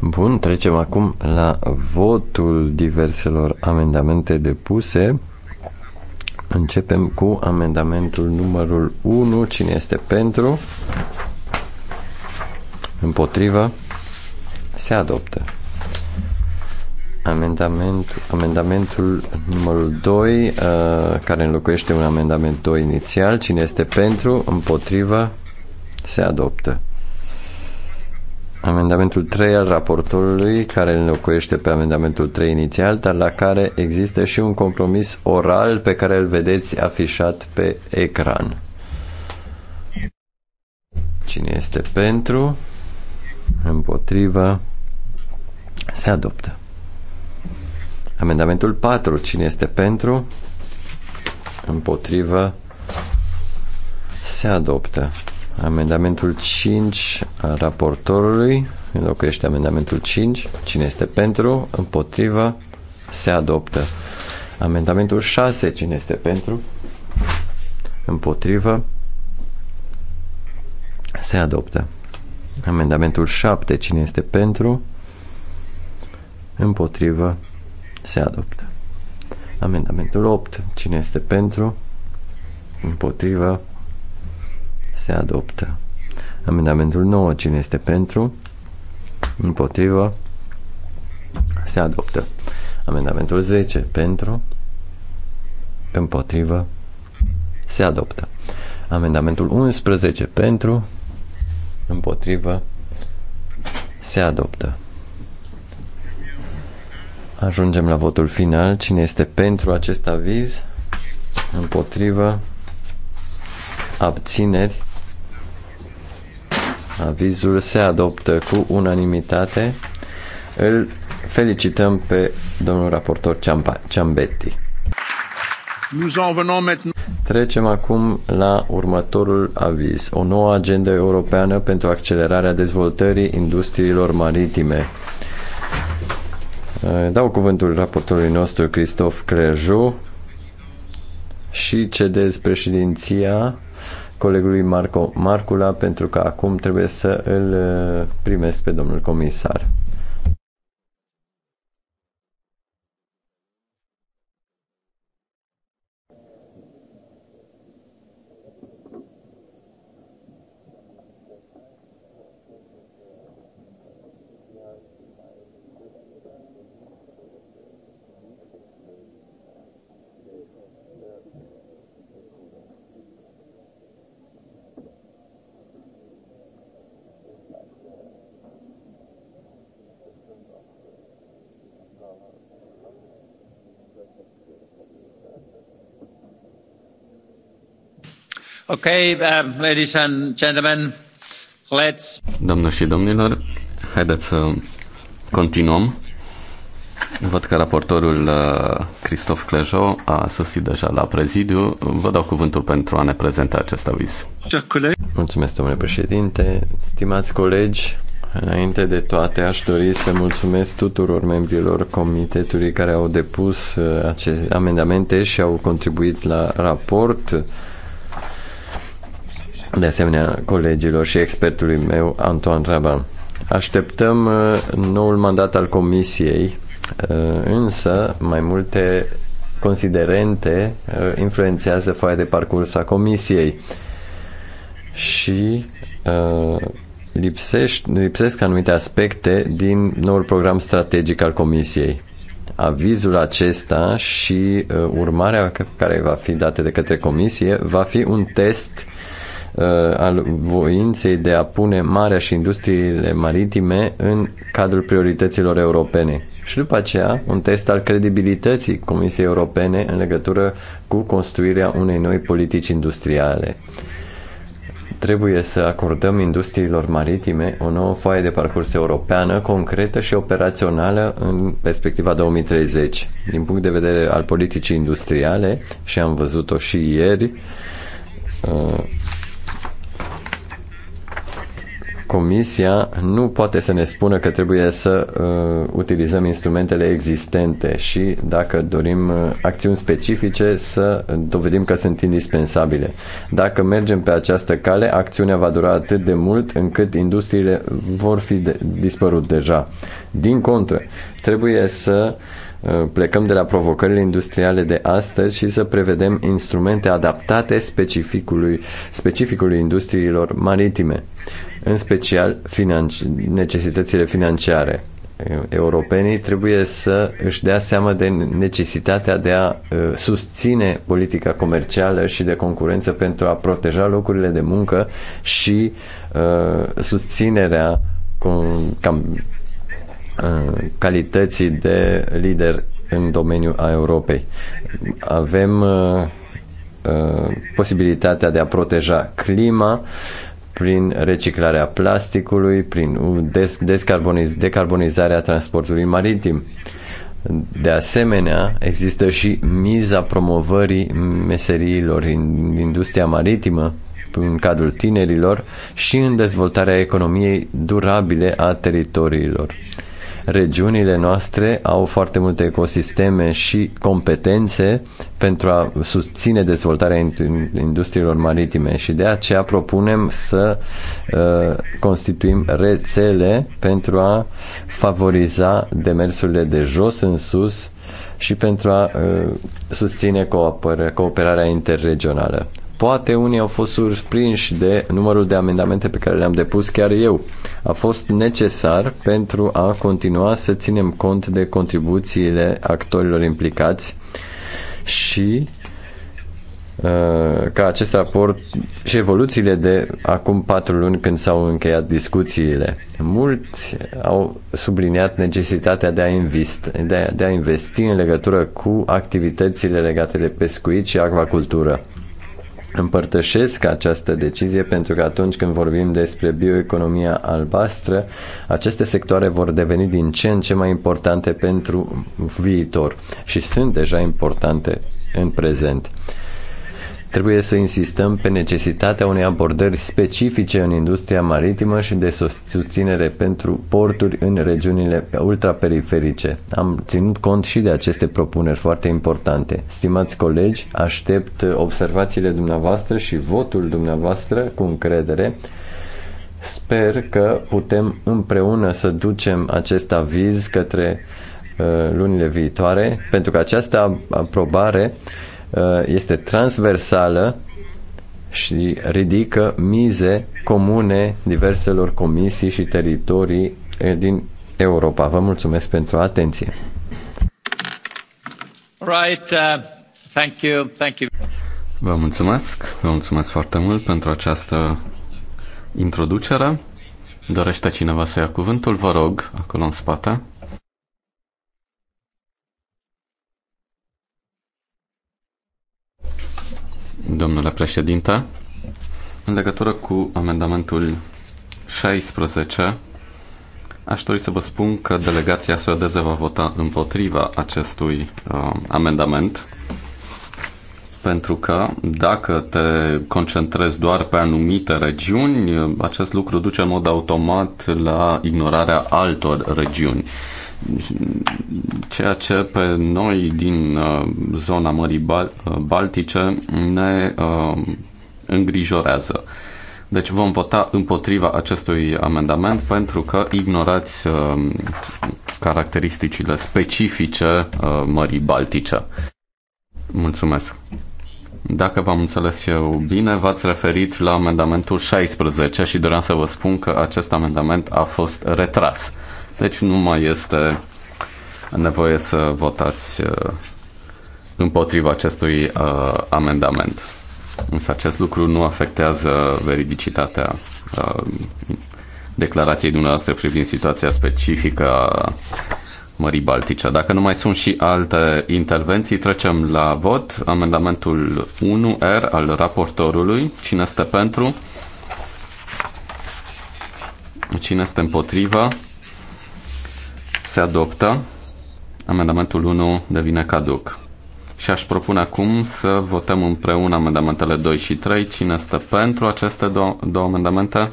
Bun, trecem acum la votul diverselor amendamente depuse. Începem cu amendamentul numărul 1. Cine este pentru? Împotrivă? Se adoptă. Amendamentul, amendamentul numărul 2, uh, care înlocuiește un amendament 2 inițial. Cine este pentru? Împotrivă? Se adoptă. Amendamentul 3 al raportorului, care înlocuiește pe amendamentul 3 inițial, dar la care există și un compromis oral pe care îl vedeți afișat pe ecran. Cine este pentru? Împotrivă? Se adoptă. Amendamentul 4. Cine este pentru? Împotrivă? Se adoptă. Amendamentul 5 a raportorului înlocuiește amendamentul 5. Cine este pentru? Împotrivă? Se adoptă. Amendamentul 6. Cine este pentru? Împotrivă? Se adoptă. Amendamentul 7. Cine este pentru? Împotrivă? Se adoptă. Amendamentul 8. Cine este pentru? Împotrivă? se adoptă. Amendamentul 9. Cine este pentru? Împotrivă? Se adoptă. Amendamentul 10. Pentru? Împotrivă? Se adoptă. Amendamentul 11. Pentru? Împotrivă? Se adoptă. Ajungem la votul final. Cine este pentru acest aviz? Împotrivă? Abțineri? Avizul se adoptă cu unanimitate. Îl felicităm pe domnul raportor Ciambetti. Trecem acum la următorul aviz. O nouă agendă europeană pentru accelerarea dezvoltării industriilor maritime. Eh, dau cuvântul raportorului nostru, Christophe Crejou, și cedez președinția colegului Marco Marcula pentru că acum trebuie să îl eh, primesc pe domnul comisar. Okay, um, ladies and gentlemen, let's... Doamnă și domnilor, haideți să continuăm. Văd că raportorul uh, Cristof Clejo a sosit deja la prezidiu. Vă dau cuvântul pentru a ne prezenta acest aviz. Mulțumesc, domnule președinte. Stimați colegi, Înainte de toate, aș dori să mulțumesc tuturor membrilor comitetului care au depus uh, aceste amendamente și au contribuit la raport de asemenea colegilor și expertului meu, Antoan Raban. Așteptăm uh, noul mandat al Comisiei, uh, însă mai multe considerente uh, influențează foaia de parcurs a Comisiei și lipsește, lipsesc anumite aspecte din noul program strategic al Comisiei. Avizul acesta și urmarea care va fi dată de către Comisie va fi un test Uh, al voinței de a pune marea și industriile maritime în cadrul priorităților europene. Și după aceea, un test al credibilității Comisiei Europene în legătură cu construirea unei noi politici industriale. Trebuie să acordăm industriilor maritime o nouă foaie de parcurs europeană, concretă și operațională în perspectiva 2030. Din punct de vedere al politicii industriale, și am văzut-o și ieri, uh, Comisia nu poate să ne spună că trebuie să uh, utilizăm instrumentele existente și, dacă dorim uh, acțiuni specifice, să dovedim că sunt indispensabile. Dacă mergem pe această cale, acțiunea va dura atât de mult încât industriile vor fi de- dispărut deja. Din contră, trebuie să uh, plecăm de la provocările industriale de astăzi și să prevedem instrumente adaptate specificului, specificului industriilor maritime în special financi- necesitățile financiare. Europenii trebuie să își dea seama de necesitatea de a uh, susține politica comercială și de concurență pentru a proteja locurile de muncă și uh, susținerea cu, cam, uh, calității de lider în domeniul a Europei. Avem uh, uh posibilitatea de a proteja clima, prin reciclarea plasticului, prin descarboniz- decarbonizarea transportului maritim. De asemenea, există și miza promovării meseriilor în industria maritimă în cadrul tinerilor și în dezvoltarea economiei durabile a teritoriilor. Regiunile noastre au foarte multe ecosisteme și competențe pentru a susține dezvoltarea industriilor maritime și de aceea propunem să uh, constituim rețele pentru a favoriza demersurile de jos în sus și pentru a uh, susține cooperarea interregională. Poate unii au fost surprinși de numărul de amendamente pe care le-am depus chiar eu. A fost necesar pentru a continua să ținem cont de contribuțiile actorilor implicați și uh, ca acest raport și evoluțiile de acum patru luni când s-au încheiat discuțiile. Mulți au subliniat necesitatea de a, invest, de, a, de a investi în legătură cu activitățile legate de pescuit și acvacultură. Împărtășesc această decizie pentru că atunci când vorbim despre bioeconomia albastră, aceste sectoare vor deveni din ce în ce mai importante pentru viitor și sunt deja importante în prezent. Trebuie să insistăm pe necesitatea unei abordări specifice în industria maritimă și de susținere pentru porturi în regiunile ultraperiferice. Am ținut cont și de aceste propuneri foarte importante. Stimați colegi, aștept observațiile dumneavoastră și votul dumneavoastră cu încredere. Sper că putem împreună să ducem acest aviz către uh, lunile viitoare, pentru că această aprobare Uh, este transversală și ridică mize comune diverselor comisii și teritorii uh, din Europa. Vă mulțumesc pentru atenție. Right, uh, thank you, thank you. Vă mulțumesc, vă mulțumesc foarte mult pentru această introducere. Dorește cineva să ia cuvântul? Vă rog, acolo în spate. Domnule președinte, în legătură cu amendamentul 16, aș dori să vă spun că delegația suedeză va vota împotriva acestui uh, amendament pentru că dacă te concentrezi doar pe anumite regiuni, acest lucru duce în mod automat la ignorarea altor regiuni ceea ce pe noi din uh, zona Mării uh, Baltice ne uh, îngrijorează. Deci vom vota împotriva acestui amendament pentru că ignorați caracteristicile specifice Mării Baltice. Mulțumesc. Dacă v-am înțeles eu bine, v-ați referit la amendamentul 16 și doream să vă spun că acest amendament a fost retras. Deci nu mai este nevoie să votați uh, împotriva acestui uh, amendament. Însă acest lucru nu afectează veridicitatea uh, declarației dumneavoastră privind situația specifică a Mării Baltice. Dacă nu mai sunt și alte intervenții, trecem la vot. Amendamentul 1R al raportorului. Cine este pentru? Cine este împotriva? se adoptă, amendamentul 1 devine caduc. Și aș propune acum să votăm împreună amendamentele 2 și 3. Cine stă pentru aceste două, două amendamente?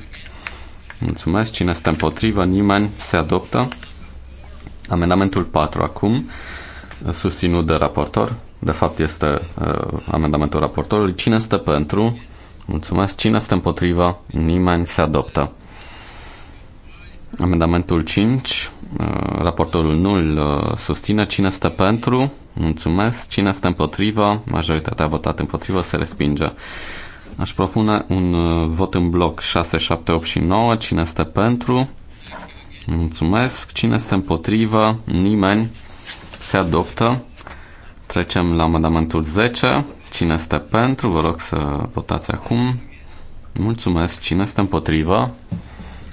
Mulțumesc. Cine stă împotrivă? Nimeni. Se adoptă. Amendamentul 4 acum, susținut de raportor. De fapt, este uh, amendamentul raportorului. Cine stă pentru? Mulțumesc. Cine stă împotrivă? Nimeni se adoptă. Amendamentul 5 Uh, raportorul nu îl uh, susține. Cine stă pentru? Mulțumesc. Cine stă împotrivă? Majoritatea a votat împotrivă, se respinge. Aș propune un uh, vot în bloc 6, 7, 8 și 9. Cine stă pentru? Mulțumesc. Cine stă împotrivă? Nimeni. Se adoptă. Trecem la amendamentul 10. Cine stă pentru? Vă rog să votați acum. Mulțumesc. Cine stă împotrivă?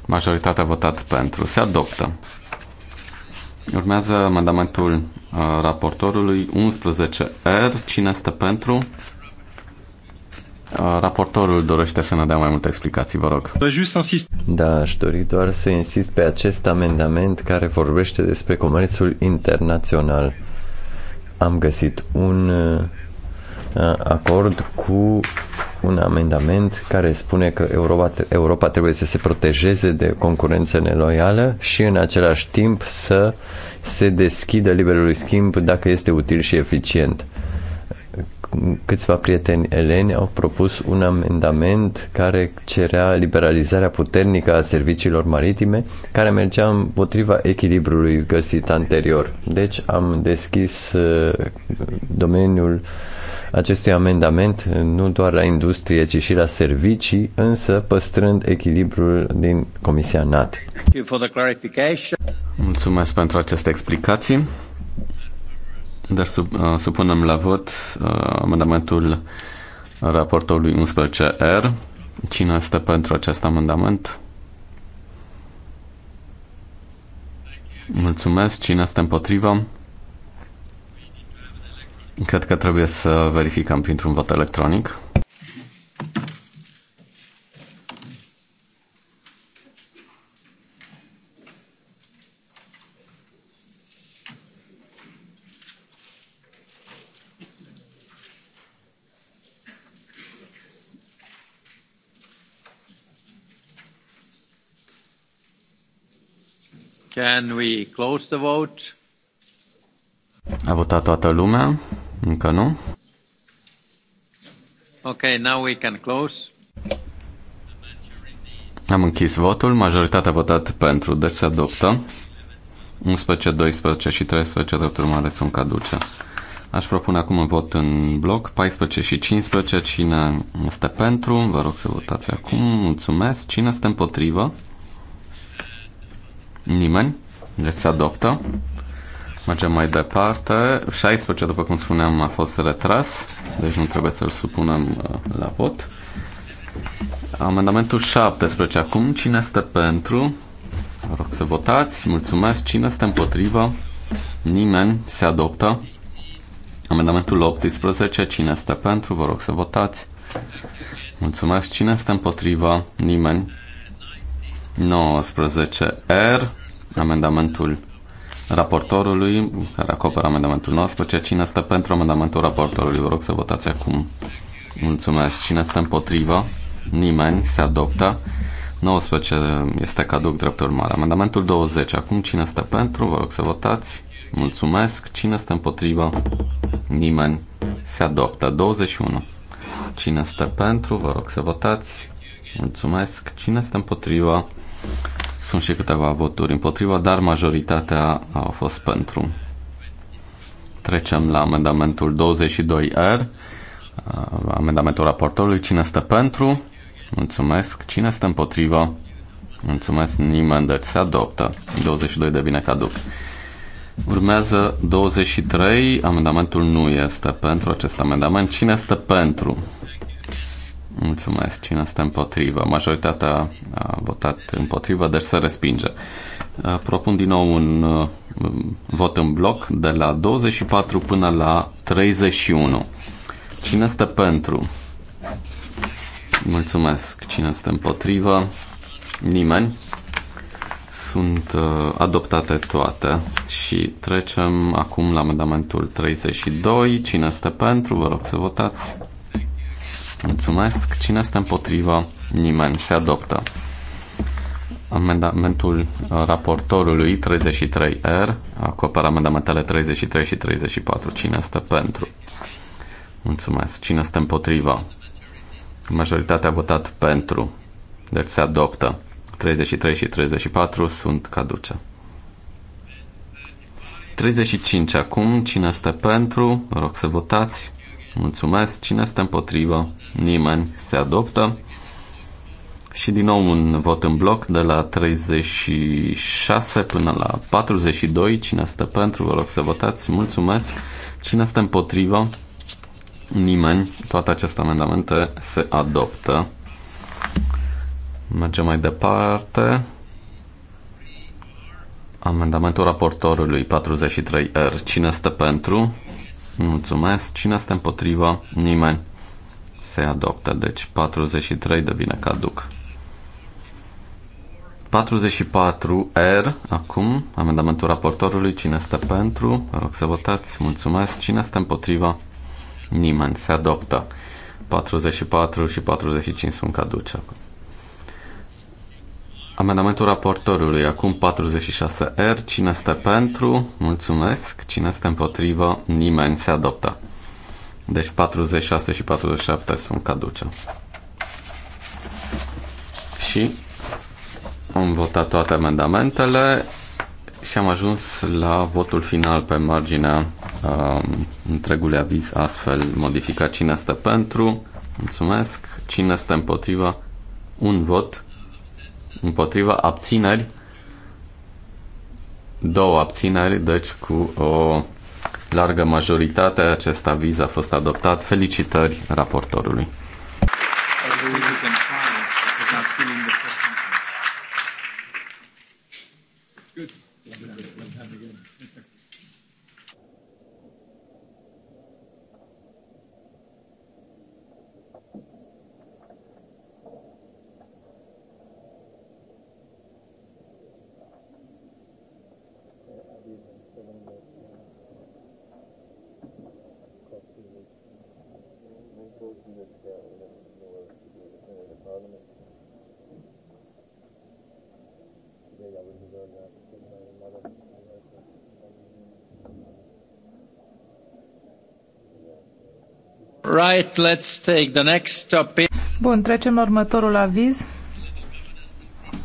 Majoritatea a votat pentru. Se adoptă. Urmează amendamentul uh, raportorului 11R. Cine este pentru? Uh, raportorul dorește să ne dea mai multe explicații, vă rog. Da, aș dori doar să insist pe acest amendament care vorbește despre comerțul internațional. Am găsit un uh, Uh, acord cu un amendament care spune că Europa, Europa trebuie să se protejeze de concurență neloială și în același timp să se deschidă liberului schimb dacă este util și eficient. Câțiva prieteni eleni au propus un amendament care cerea liberalizarea puternică a serviciilor maritime, care mergea împotriva echilibrului găsit anterior. Deci am deschis uh, domeniul uh, acestui amendament nu doar la industrie, ci și la servicii, însă păstrând echilibrul din Comisia NAT. Mulțumesc pentru aceste explicații. Dar sub, uh, supunem la vot uh, amendamentul raportului 11R. Cine este pentru acest amendament? Mulțumesc. Cine este împotriva? Cred că trebuie să verificăm printr-un vot electronic. Can we close the vote? A votat toată lumea. Încă nu? Ok, now we can close. Am închis votul, majoritatea a votat pentru, deci se adoptă. 11, 12 și 13 drept urmare sunt caduce. Aș propune acum un vot în bloc, 14 și 15, cine este pentru, vă rog să votați acum, mulțumesc, cine este împotrivă? Nimeni? Deci se adoptă. Mergem mai departe. 16, după cum spuneam, a fost retras, deci nu trebuie să-l supunem uh, la vot. Amendamentul 17 acum. Cine este pentru? Vă rog să votați. Mulțumesc. Cine este împotrivă? Nimeni. Se adoptă. Amendamentul 18. Cine este pentru? Vă rog să votați. Mulțumesc. Cine este împotriva? Nimeni. 19. R. Amendamentul raportorului, care acoperă amendamentul nostru, ceea cine stă pentru amendamentul raportorului. Vă rog să votați acum. Mulțumesc. Cine stă împotrivă? Nimeni. Se adoptă. 19 este caduc drept urmare. Amendamentul 20. Acum cine stă pentru? Vă rog să votați. Mulțumesc. Cine stă împotrivă? Nimeni. Se adoptă. 21. Cine stă pentru? Vă rog să votați. Mulțumesc. Cine stă împotrivă? Sunt și câteva voturi împotriva, dar majoritatea au fost pentru. Trecem la amendamentul 22R, uh, amendamentul raportorului. Cine stă pentru? Mulțumesc. Cine stă împotriva? Mulțumesc nimeni, deci se adoptă. 22 devine caduc. Urmează 23, amendamentul nu este pentru acest amendament. Cine stă pentru? Mulțumesc. Cine este împotrivă? Majoritatea a votat împotrivă, deci se respinge. Propun din nou un vot în bloc de la 24 până la 31. Cine este pentru? Mulțumesc. Cine este împotrivă? Nimeni. Sunt adoptate toate și trecem acum la amendamentul 32. Cine este pentru? Vă rog să votați. Mulțumesc. Cine este împotriva? Nimeni. Se adoptă. Amendamentul uh, raportorului 33R acoperă amendamentele 33 și 34. Cine este pentru? Mulțumesc. Cine este împotriva? Majoritatea a votat pentru. Deci se adoptă. 33 și 34 sunt caduce. 35 acum. Cine este pentru? Vă rog să votați. Mulțumesc. Cine este împotrivă? nimeni, se adoptă. Și din nou un vot în bloc de la 36 până la 42. Cine stă pentru, vă rog să votați. Mulțumesc. Cine stă împotrivă? Nimeni. Toate aceste amendamente se adoptă. Mergem mai departe. Amendamentul raportorului 43R. Cine stă pentru? Mulțumesc. Cine stă împotrivă? Nimeni se adoptă. Deci 43 devine caduc. 44R acum, amendamentul raportorului, cine este pentru, vă rog să votați, mulțumesc, cine este împotriva, nimeni, se adoptă. 44 și 45 sunt caduce Amendamentul raportorului, acum 46R, cine este pentru, mulțumesc, cine este împotrivă, nimeni, se adoptă. Deci 46 și 47 sunt caduce. Și am votat toate amendamentele și am ajuns la votul final pe marginea um, întregului aviz astfel modificat. Cine este pentru? Mulțumesc. Cine este împotriva? Un vot. Împotriva abțineri. Două abțineri, deci cu o largă majoritate acest aviz a fost adoptat. Felicitări raportorului! Right, let's take the next topic. Bun, trecem la următorul aviz.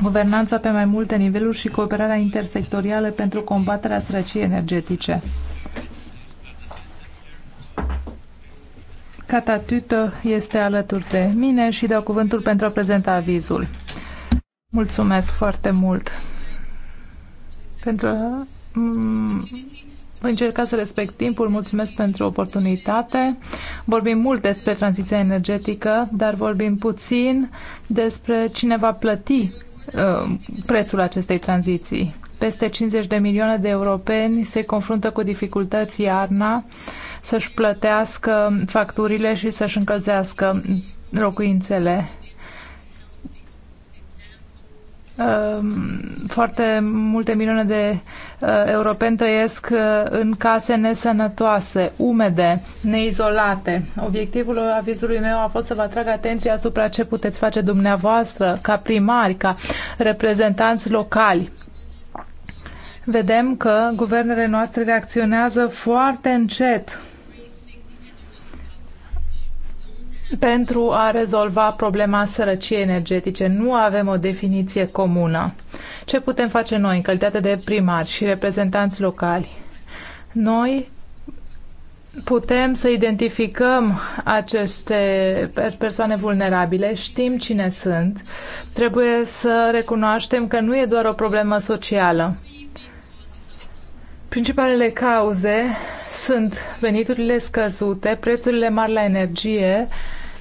Guvernanța pe mai multe niveluri și cooperarea intersectorială pentru combaterea sărăciei energetice. Cata Tütă este alături de mine și dau cuvântul pentru a prezenta avizul. Mulțumesc foarte mult pentru voi încerca să respect timpul. Mulțumesc pentru oportunitate. Vorbim mult despre tranziția energetică, dar vorbim puțin despre cine va plăti uh, prețul acestei tranziții. Peste 50 de milioane de europeni se confruntă cu dificultăți iarna să-și plătească facturile și să-și încălzească locuințele. Ehm, foarte multe milioane de eh, europeni trăiesc eh, în case nesănătoase, umede, neizolate. Obiectivul avizului meu a fost să vă atrag atenția asupra ce puteți face dumneavoastră ca primari, ca reprezentanți locali vedem că guvernele noastre reacționează foarte încet pentru a rezolva problema sărăciei energetice. Nu avem o definiție comună. Ce putem face noi în calitate de primari și reprezentanți locali? Noi putem să identificăm aceste persoane vulnerabile, știm cine sunt, trebuie să recunoaștem că nu e doar o problemă socială. Principalele cauze sunt veniturile scăzute, prețurile mari la energie, uh,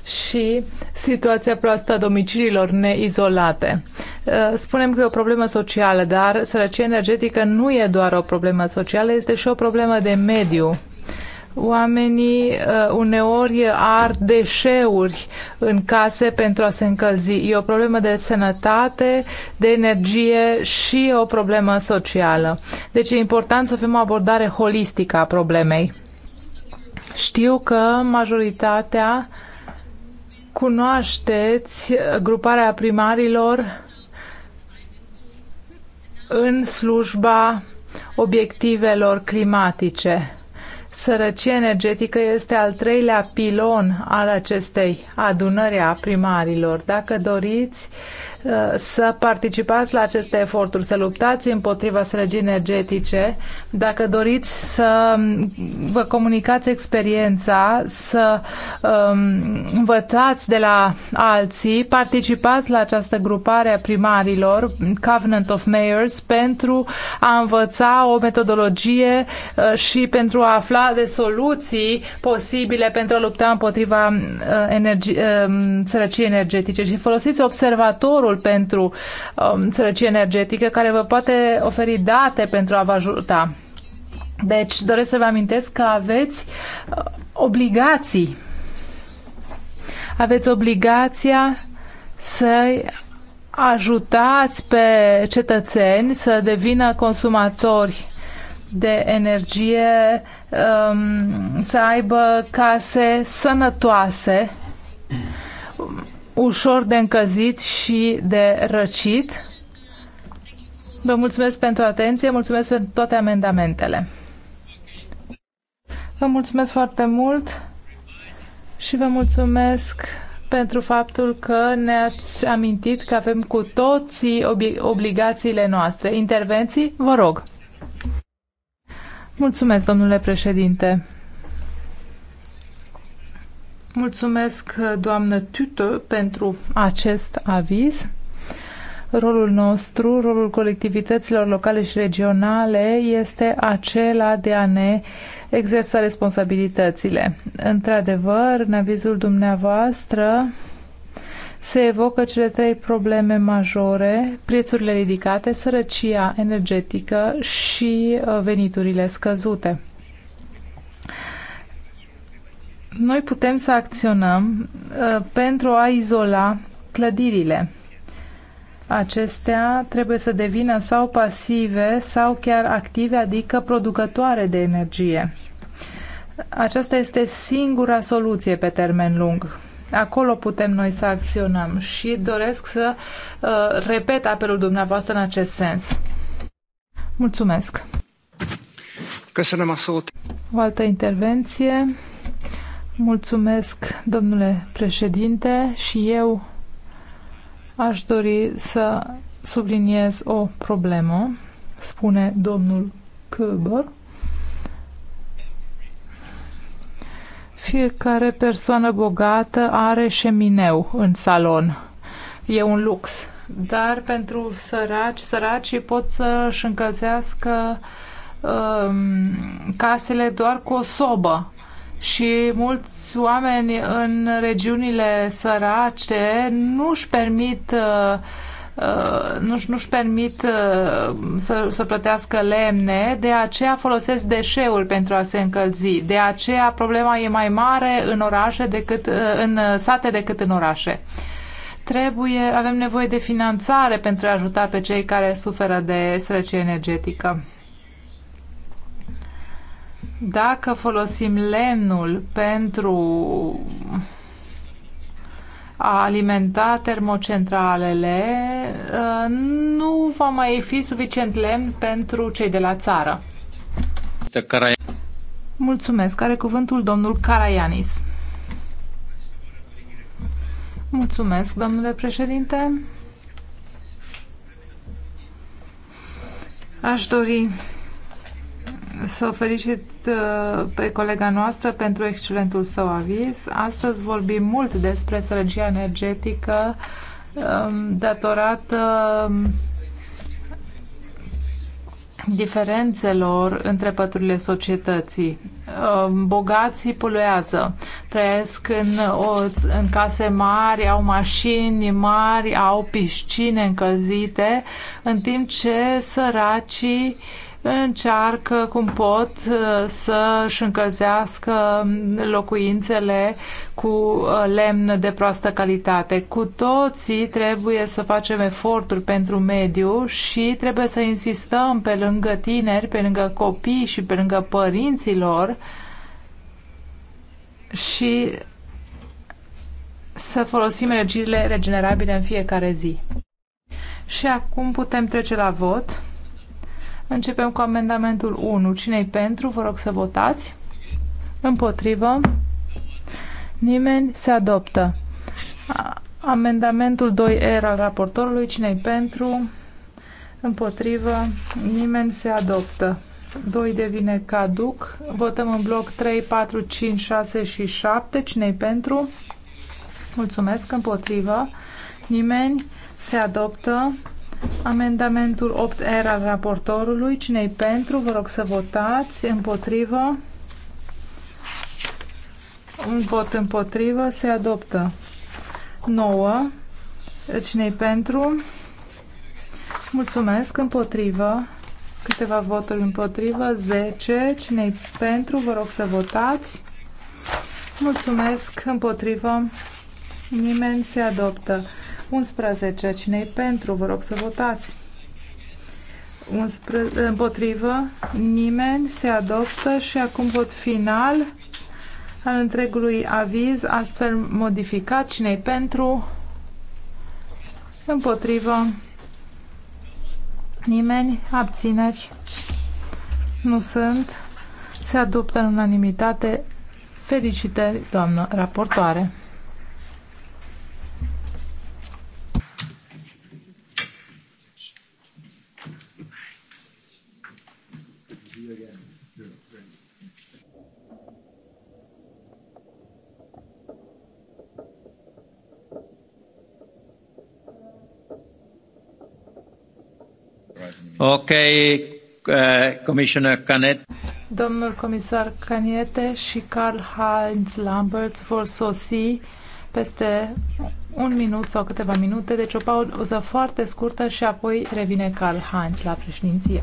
și situația proastă a domiciliilor neizolate. Uh, spunem că e o problemă socială, dar sărăcia energetică nu e doar o problemă socială, este și o problemă de mediu oamenii uh, uneori ard deșeuri în case pentru a se încălzi. E o problemă de sănătate, de energie și o problemă socială. Deci e important să avem o abordare holistică a problemei. Știu că majoritatea uh, cunoașteți gruparea primarilor în slujba obiectivelor climatice. Sărăcia energetică este al treilea pilon al acestei adunări a primarilor. Dacă doriți, să participați la aceste eforturi, să luptați împotriva sărăciei energetice, dacă doriți să vă comunicați experiența, să um, învățați de la alții, participați la această grupare a primarilor, Covenant of Mayors, pentru a învăța o metodologie uh, și pentru a afla de soluții posibile pentru a lupta împotriva uh, energi- uh, sărăciei energetice și folosiți observatorul Centrul pentru um, Sărăcie Energetică, care vă poate oferi date pentru a vă ajuta. Deci doresc să vă amintesc că aveți uh, obligații. Aveți obligația să ajutați pe cetățeni să devină consumatori de energie, um, să aibă case sănătoase ușor de încălzit și de răcit. Vă mulțumesc pentru atenție, mulțumesc pentru toate amendamentele. Vă mulțumesc foarte mult și vă mulțumesc pentru faptul că ne-ați amintit că avem cu toții obligațiile noastre. Intervenții, vă rog. Mulțumesc, domnule președinte. Mulțumesc, doamnă Tută, pentru acest aviz. Rolul nostru, rolul colectivităților locale și regionale este acela de a ne exersa responsabilitățile. Într-adevăr, în avizul dumneavoastră se evocă cele trei probleme majore, prețurile ridicate, sărăcia energetică și uh, veniturile scăzute. Noi putem să acționăm uh, pentru a izola clădirile. Acestea trebuie să devină sau pasive sau chiar active, adică producătoare de energie. Aceasta este singura soluție pe termen lung. Acolo putem noi să acționăm și doresc să uh, repet apelul dumneavoastră în acest sens. Mulțumesc! O altă intervenție. Mulțumesc, domnule președinte, și eu aș dori să subliniez o problemă, spune domnul Köber. Fiecare persoană bogată are șemineu în salon. E un lux. Dar pentru săraci, săracii pot să-și încălzească um, casele doar cu o sobă și mulți oameni în regiunile sărace nu își permit uh, uh, nu-și, nu-și permit uh, să, să plătească lemne, de aceea folosesc deșeuri pentru a se încălzi. De aceea problema e mai mare în orașe decât uh, în sate decât în orașe. Trebuie, avem nevoie de finanțare pentru a ajuta pe cei care suferă de sărăcie energetică. Dacă folosim lemnul pentru a alimenta termocentralele, uh, nu va mai fi suficient lemn pentru cei de la țară. Mulțumesc. Are cuvântul domnul Caraianis. Mulțumesc, domnule președinte. Aș dori să felicit uh, pe colega noastră pentru excelentul său aviz. Astăzi vorbim mult despre sărăcia energetică um, datorată um, diferențelor între păturile societății. Um, bogații poluează, trăiesc în, o, în case mari, au mașini mari, au piscine încălzite, în timp ce săracii uh, încearcă cum pot uh, să își încălzească locuințele cu uh, lemn de proastă calitate. Cu toții trebuie să facem eforturi pentru mediu și trebuie să insistăm pe lângă tineri, pe lângă copii și pe lângă părinților și să folosim energiile regenerabile în fiecare zi. Și acum putem trece la vot. Începem cu amendamentul 1. Cine-i pentru? Vă rog să votați. Împotrivă. Nimeni se adoptă. Amendamentul 2R al raportorului. Cine-i pentru? Împotrivă. Nimeni se adoptă. 2 devine caduc. Votăm în bloc 3, 4, 5, 6 și 7. Cine-i pentru? Mulțumesc. Împotrivă. Nimeni se adoptă. Amendamentul 8R al raportorului. Cine-i pentru? Vă rog să votați. Împotrivă? Un vot împotrivă. Se adoptă. 9. Cine-i pentru? Mulțumesc. Împotrivă. Câteva voturi împotrivă. 10. Cine-i pentru? Vă rog să votați. Mulțumesc. Împotrivă. Nimeni se adoptă. 11. cine pentru? Vă rog să votați. 11, împotrivă, nimeni, se adoptă și acum vot final al întregului aviz, astfel modificat. Cine-i pentru? Împotrivă, nimeni, abțineri, nu sunt. Se adoptă în unanimitate. Felicitări, doamnă raportoare! again. Yeah, uh, Commissioner Canet. Domnul comisar Caniete și Karl Heinz Lamberts vor sosi peste un minut sau câteva minute, deci o pauză foarte scurtă și apoi revine Karl Heinz la președinție.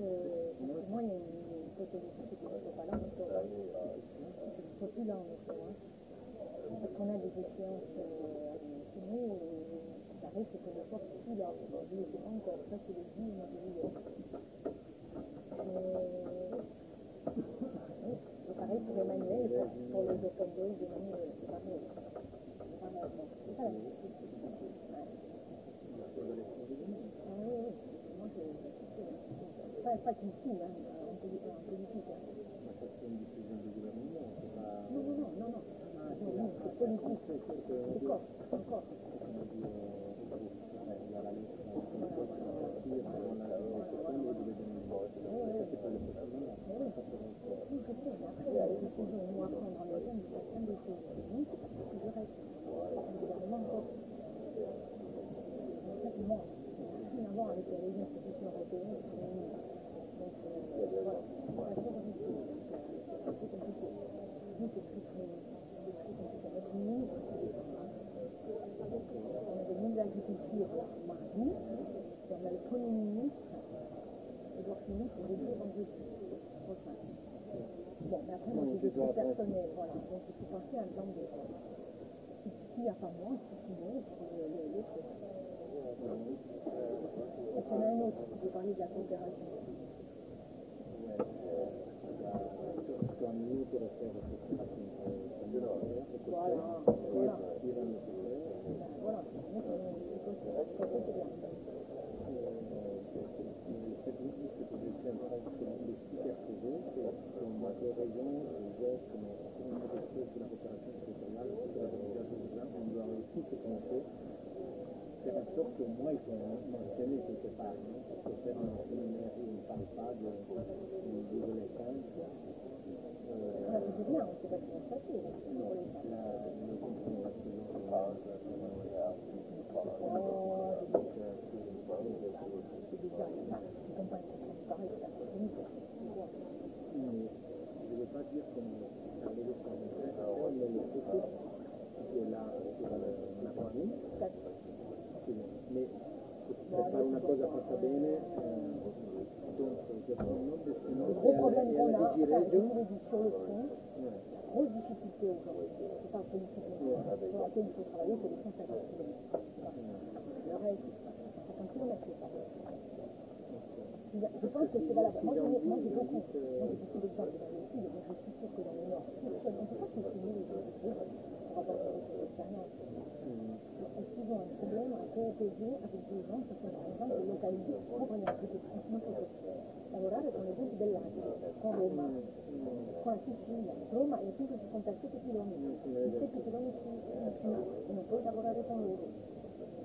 pour moi, il y a une proposition qui n'est pas là, mais c'est plus là en effet. Hein. Parce qu'on a des échéances euh, chez nous, et ça arrive, c'est qu'on ne sort plus là. Aujourd'hui, les gens, quoi, après, c'est le 10, moi, j'ai eu. C'est pareil pour Emmanuel, pour, les open days d'Emmanuel, c'est pareil. C'est pas la même chose. Beh, infatti sì, è un principio. Ma c'è un decision di governo? No, no, no, no, no. Ma no, no, è un costo. Un costo, un costo. Come dire, la lista, un costo, una partita, una seconda di vedere un voto. Perché poi le persone non facciano un costo. Dunque, sì, ma poi la decisione, una cosa, non è che mi facciano dei minutes. Je dois finir pour les deux vendredis prochains. Bon, mais après, moi, j'ai des trucs personnels, voilà. Donc, il faut penser à un temps de... S'il n'y a pas moi, si tu veux, un autre, je vais parler de la température. Quand nous, pour faire cette Voilà. Voilà. la floraison, les gestes, n'importe quelle chose de la coopération territoriale, de la délégation de là, on doit réussir ce qu'on fait, faire en sorte que moi, ils vont mentionner quelque part, hein, parce que faire un séminaire où on ne parle pas de, de, de l'adolescence. Euh, ah, c'est bien, c'est pas ce qu'on fait, non, là, le comprendre parce que l'on parle, agirse de la, una cosa fatta bene gros problème qu'on a, c'est juridiction je pense que c'est valable. Moi, j'ai, beaucoup, moi, j'ai beaucoup d'exemples je suis sûre que dans le Nord, on ne peut pas continuer les choses par rapport à l'expérience. Elles souvent un problème à coopérer avec des gens qui sont, par exemple, localisés orientés, franchement, sur lavorare con le gente dell'Asia, con Roma, con la Sicilia. Roma è a 167 km, 7 km in più, non puoi lavorare con loro.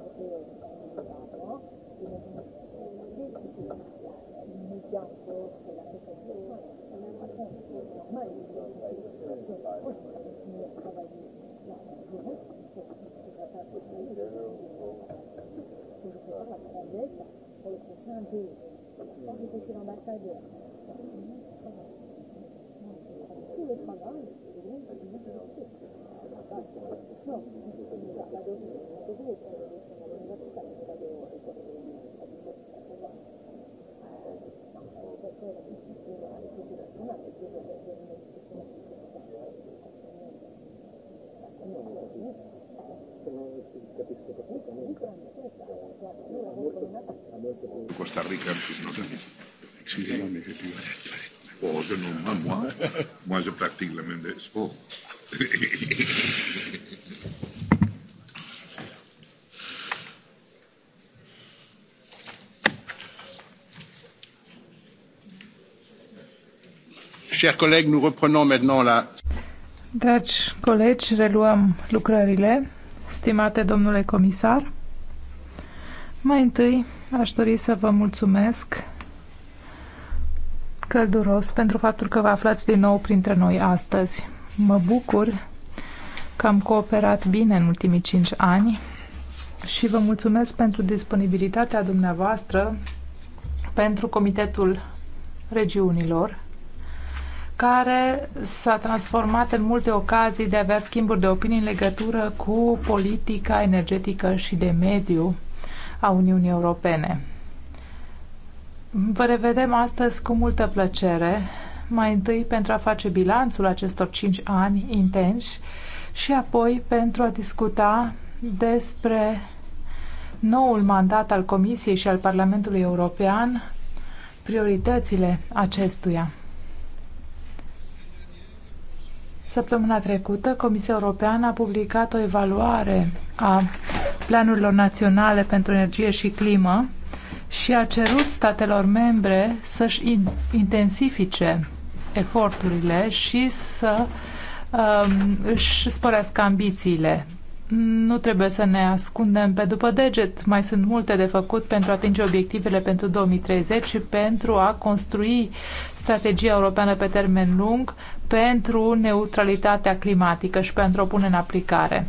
pour le prochain deux. Je pense que c'est l'ambassadeur. Tout le travail, c'est le même. Non, c'est l'ambassadeur. Costa Rica, non Excusez-moi, mais Oh, je nomme pas moi. Moi, je pratique la même sport. Chers collègues, nous reprenons maintenant la... Dragi colegi, reluăm lucrările. Stimate domnule comisar, mai întâi aș dori să vă mulțumesc călduros pentru faptul că vă aflați din nou printre noi astăzi. Mă bucur că am cooperat bine în ultimii cinci ani și vă mulțumesc pentru disponibilitatea dumneavoastră pentru Comitetul Regiunilor care s-a transformat în multe ocazii de a avea schimburi de opinii în legătură cu politica energetică și de mediu a Uniunii Europene. Vă revedem astăzi cu multă plăcere, mai întâi pentru a face bilanțul acestor cinci ani intenși și apoi pentru a discuta despre noul mandat al Comisiei și al Parlamentului European, prioritățile acestuia. Săptămâna trecută, Comisia Europeană a publicat o evaluare a planurilor naționale pentru energie și climă și a cerut statelor membre să-și intensifice eforturile și să um, își sporească ambițiile. Nu trebuie să ne ascundem pe după deget. Mai sunt multe de făcut pentru a atinge obiectivele pentru 2030 și pentru a construi strategia europeană pe termen lung pentru neutralitatea climatică și pentru a pune în aplicare.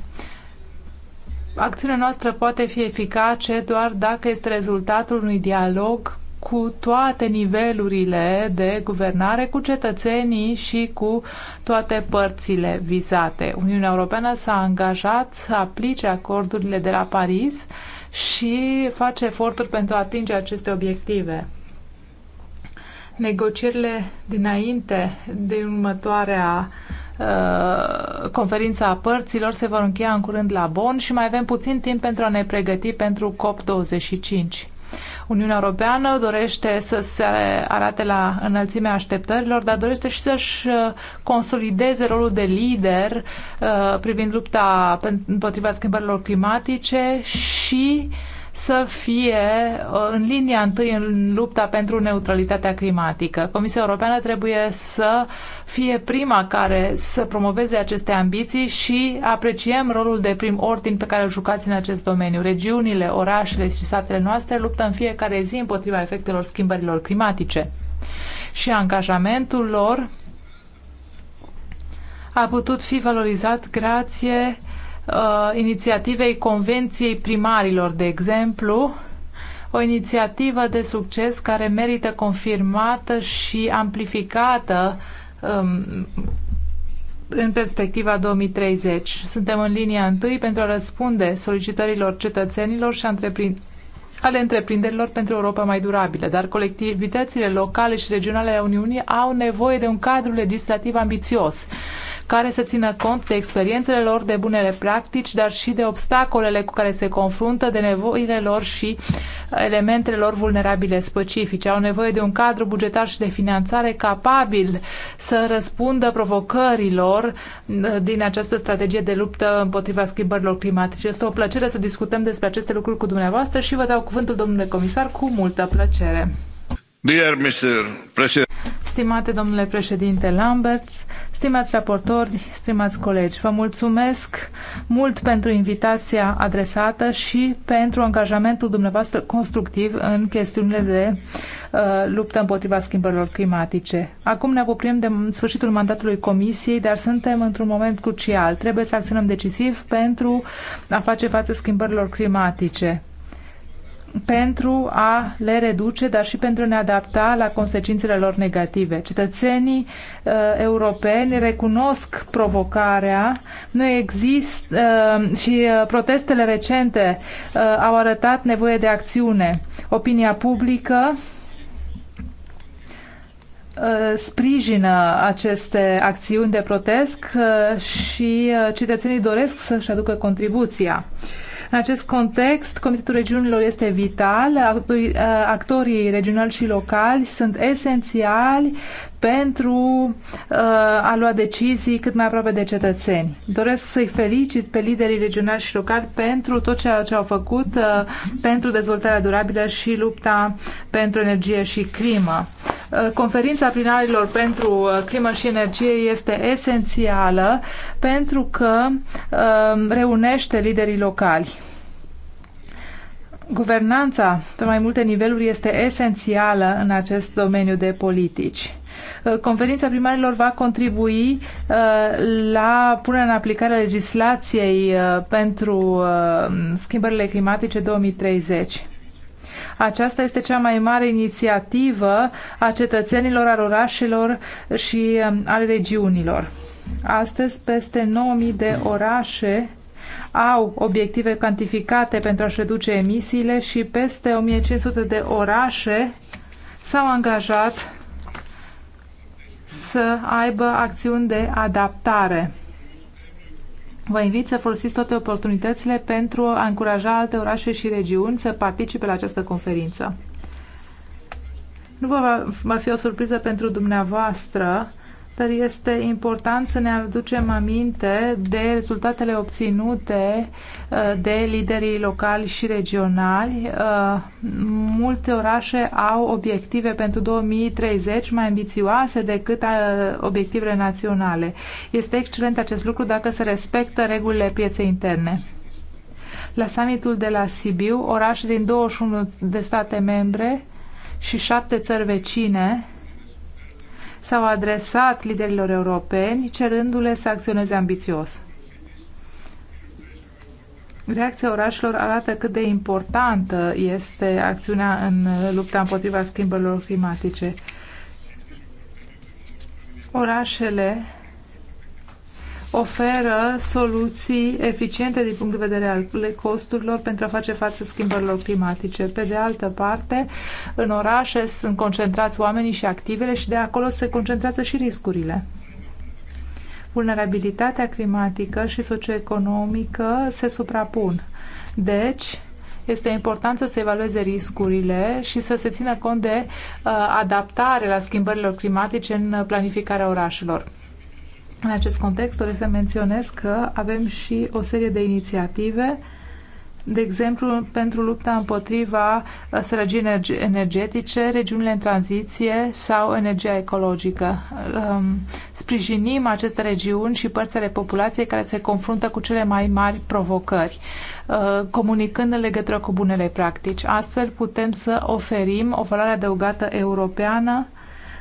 Acțiunea noastră poate fi eficace doar dacă este rezultatul unui dialog cu toate nivelurile de guvernare, cu cetățenii și cu toate părțile vizate. Uniunea Europeană s-a angajat să aplice acordurile de la Paris și face eforturi pentru a atinge aceste obiective negocierile dinainte de următoarea uh, conferința a părților se vor încheia în curând la Bonn și mai avem puțin timp pentru a ne pregăti pentru COP25. Uniunea Europeană dorește să se arate la înălțimea așteptărilor, dar dorește și să-și uh, consolideze rolul de lider uh, privind lupta împotriva schimbărilor climatice și uh, să fie uh, în linia întâi în lupta pentru neutralitatea climatică. Comisia Europeană trebuie să fie prima care să promoveze aceste ambiții și apreciem rolul de prim ordin pe care îl jucați în acest domeniu. Regiunile, orașele și satele noastre luptă în fiecare zi împotriva efectelor schimbărilor climatice și angajamentul lor a putut fi valorizat grație uh, inițiativei Convenției Primarilor, de exemplu, o inițiativă de succes care merită confirmată și amplificată um, în perspectiva 2030. Suntem în linia întâi pentru a răspunde solicitărilor cetățenilor și întreprin ale întreprinderilor pentru Europa mai durabilă, dar colectivitățile locale și regionale ale Uniunii au nevoie de un cadru legislativ ambițios care să țină cont de experiențele lor, de bunele practici, dar și de obstacolele cu care se confruntă, de nevoile lor și elementele lor vulnerabile specifice. Au nevoie de un cadru bugetar și de finanțare capabil să răspundă provocărilor uh, din această strategie de luptă împotriva schimbărilor climatice. Este o plăcere să discutăm despre aceste lucruri cu dumneavoastră și vă dau cuvântul, domnule comisar, cu multă plăcere. Dear Mr. President. Stimate domnule președinte Lamberts, Stimați raportori, stimați colegi, vă mulțumesc mult pentru invitația adresată și pentru angajamentul dumneavoastră constructiv în chestiunile de uh, luptă împotriva schimbărilor climatice. Acum ne apropiem de sfârșitul mandatului Comisiei, dar suntem într-un moment crucial. Trebuie să acționăm decisiv pentru a face față schimbărilor climatice pentru a le reduce, dar și pentru a ne adapta la consecințele lor negative. Cetățenii uh, europeni recunosc provocarea, nu există uh, și uh, protestele recente uh, au arătat nevoie de acțiune. Opinia publică uh, sprijină aceste acțiuni de protest uh, și uh, cetățenii doresc să-și aducă contribuția. Uh, în acest context, Comitetul Regiunilor este vital, actorii uh, regionali și locali sunt esențiali pentru uh, a lua decizii cât mai aproape de cetățeni. Doresc să-i felicit pe liderii regionali și locali pentru tot ceea ce au făcut uh, pentru dezvoltarea durabilă și lupta pentru energie și climă. Uh, conferința plinarilor pentru uh, climă și energie este esențială pentru că uh, reunește liderii locali. Guvernanța pe mai multe niveluri este esențială în acest domeniu de politici. Uh, Conferința primarilor va contribui uh, la punerea în aplicare legislației uh, pentru schimbările climatice 2030. Aceasta este cea mai mare inițiativă a cetățenilor, a orașelor și um, ale regiunilor. Astăzi, peste 9000 de orașe au obiective cantificate pentru a-și reduce emisiile și peste 1500 de orașe s-au angajat să aibă acțiuni de adaptare. Vă invit să folosiți toate oportunitățile pentru a încuraja alte orașe și regiuni să participe la această conferință. Nu vă va fi o surpriză pentru dumneavoastră dar este important să ne aducem aminte de rezultatele obținute uh, de liderii locali și regionali. Uh, multe orașe au obiective pentru 2030 mai ambițioase decât uh, obiectivele naționale. Este excelent acest lucru dacă se respectă regulile pieței interne. La summitul de la Sibiu, orașe din 21 de state membre și șapte țări vecine s-au adresat liderilor europeni cerându-le să acționeze ambițios. Reacția orașelor arată cât de importantă este acțiunea în lupta împotriva schimbărilor climatice. Orașele oferă soluții eficiente din punct de vedere al costurilor pentru a face față schimbărilor climatice. Pe de altă parte, în orașe sunt concentrați oamenii și activele și de acolo se concentrează și riscurile. Vulnerabilitatea climatică și socioeconomică se suprapun. Deci, este important să se evalueze riscurile și să se țină cont de uh, adaptare la schimbările climatice în planificarea orașelor. În acest context doresc să menționez că avem și o serie de inițiative de exemplu, pentru lupta împotriva uh, sărăgii energetice, regiunile în tranziție sau energia ecologică. Um, sprijinim aceste regiuni și părțile populației care se confruntă cu cele mai mari provocări, uh, comunicând în legătură cu bunele practici. Astfel putem să oferim o valoare adăugată europeană,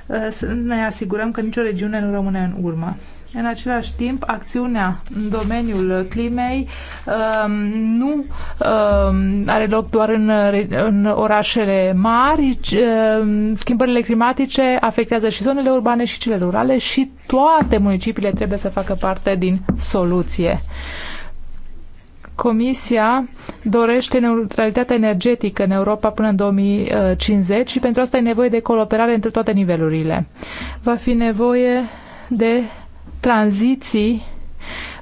uh, să ne asigurăm că nicio regiune nu rămâne în urmă. În același timp, acțiunea în domeniul climei um, nu um, are loc doar în, în orașele mari. Um, schimbările climatice afectează și zonele urbane și cele rurale și toate municipiile trebuie să facă parte din soluție. Comisia dorește neutralitatea energetică în Europa până în 2050 și pentru asta e nevoie de cooperare între toate nivelurile. Va fi nevoie de tranziții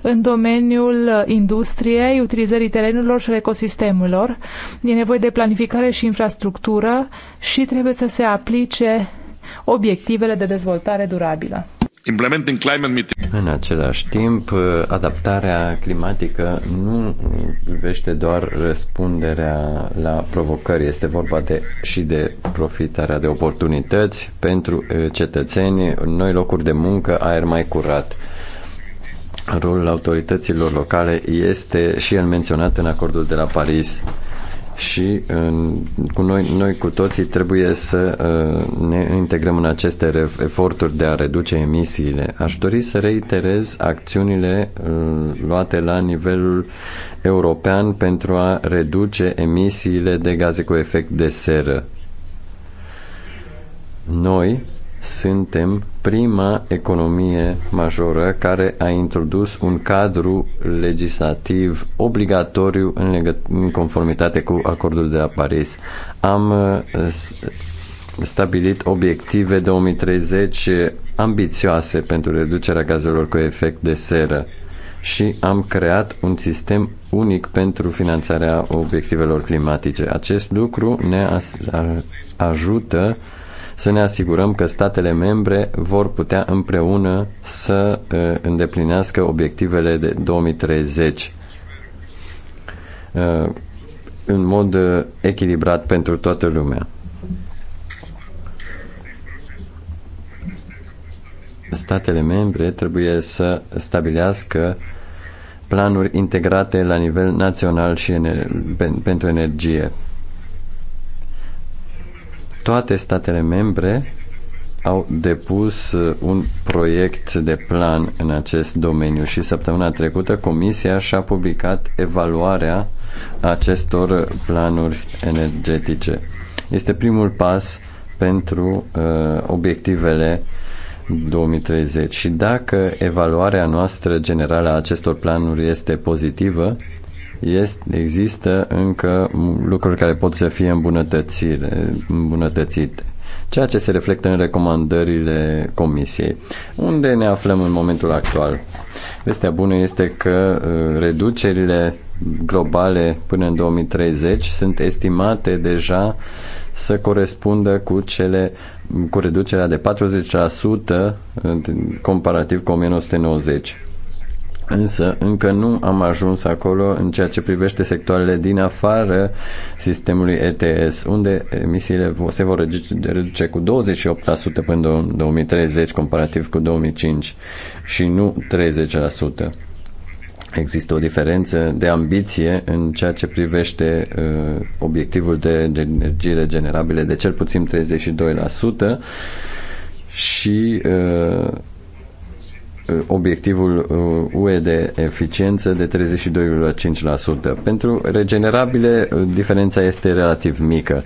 în domeniul industriei, utilizării terenurilor și ecosistemelor. E nevoie de planificare și infrastructură și trebuie să se aplice obiectivele de dezvoltare durabilă. În același timp, adaptarea climatică nu privește doar răspunderea la provocări, este vorba de, și de profitarea de oportunități pentru eh, cetățeni, noi locuri de muncă, aer mai curat. Rolul autorităților locale este și el menționat în acordul de la Paris și cu noi, noi cu toții trebuie să uh, ne integrăm în aceste eforturi de a reduce emisiile. Aș dori să reiterez acțiunile uh, luate la nivelul european pentru a reduce emisiile de gaze cu efect de seră. Noi suntem prima economie majoră care a introdus un cadru legislativ obligatoriu în, legă- în conformitate cu acordul de la Paris. Am uh, stabilit obiective 2030 ambițioase pentru reducerea gazelor cu efect de seră și am creat un sistem unic pentru finanțarea obiectivelor climatice. Acest lucru ne ajută să ne asigurăm că statele membre vor putea împreună să uh, îndeplinească obiectivele de 2030 uh, în mod uh, echilibrat pentru toată lumea. Statele membre trebuie să stabilească planuri integrate la nivel național și ener- pentru energie toate statele membre au depus uh, un proiect de plan în acest domeniu și săptămâna trecută Comisia și-a publicat evaluarea acestor planuri energetice. Este primul pas pentru uh, obiectivele 2030 și dacă evaluarea noastră generală a acestor planuri este pozitivă, este, există încă lucruri care pot să fie îmbunătățire, îmbunătățite, ceea ce se reflectă în recomandările Comisiei. Unde ne aflăm în momentul actual? Vestea bună este că uh, reducerile globale până în 2030 sunt estimate deja să corespundă cu cele cu reducerea de 40% comparativ cu 1990 Însă încă nu am ajuns acolo în ceea ce privește sectoarele din afară sistemului ETS, unde emisiile se vor reduce cu 28% până în 2030 comparativ cu 2005 și nu 30%. Există o diferență de ambiție în ceea ce privește uh, obiectivul de energie regenerabile de cel puțin 32% și uh, Uh, obiectivul uh, UE de eficiență de 32,5%. Pentru regenerabile, uh, diferența este relativ mică,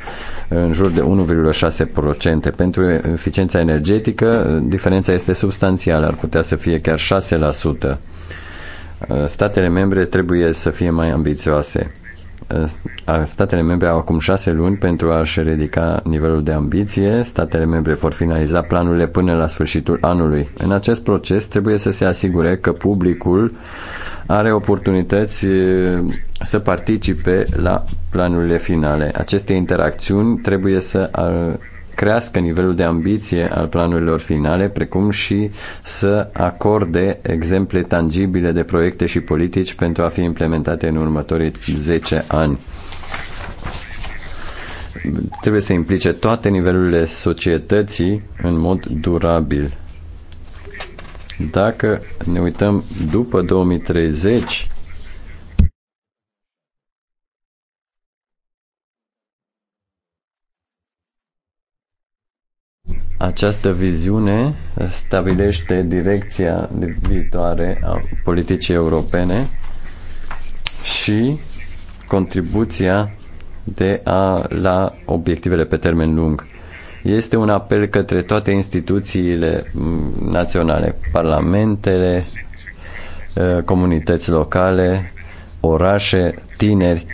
în jur de 1,6%. Pentru eficiența energetică, diferența este substanțială, ar putea să fie chiar 6%. Statele membre trebuie să fie mai ambițioase statele membre au acum șase luni pentru a-și ridica nivelul de ambiție. Statele membre vor finaliza planurile până la sfârșitul anului. În acest proces trebuie să se asigure că publicul are oportunități să participe la planurile finale. Aceste interacțiuni trebuie să crească nivelul de ambiție al planurilor finale, precum și să acorde exemple tangibile de proiecte și politici pentru a fi implementate în următorii 10 ani trebuie să implice toate nivelurile societății în mod durabil. Dacă ne uităm după 2030, Această viziune stabilește direcția de viitoare a politicii europene și contribuția de a, la obiectivele pe termen lung. Este un apel către toate instituțiile mm, naționale, parlamentele, ă, comunități locale, orașe, tineri,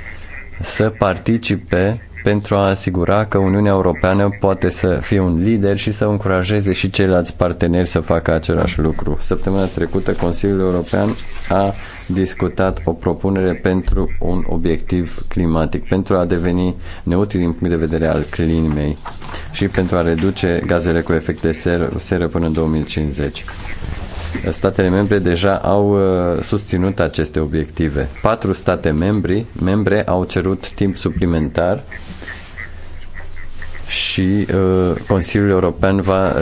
să participe pentru a asigura că Uniunea Europeană poate să fie un lider și să încurajeze și ceilalți parteneri să facă același lucru. Săptămâna trecută Consiliul European a discutat o propunere pentru un obiectiv climatic, pentru a deveni neutili din punct de vedere al climei și pentru a reduce gazele cu efect de seră, seră până în 2050. Statele membre deja au uh, susținut aceste obiective. Patru state membri, membre au cerut timp suplimentar și uh, Consiliul European va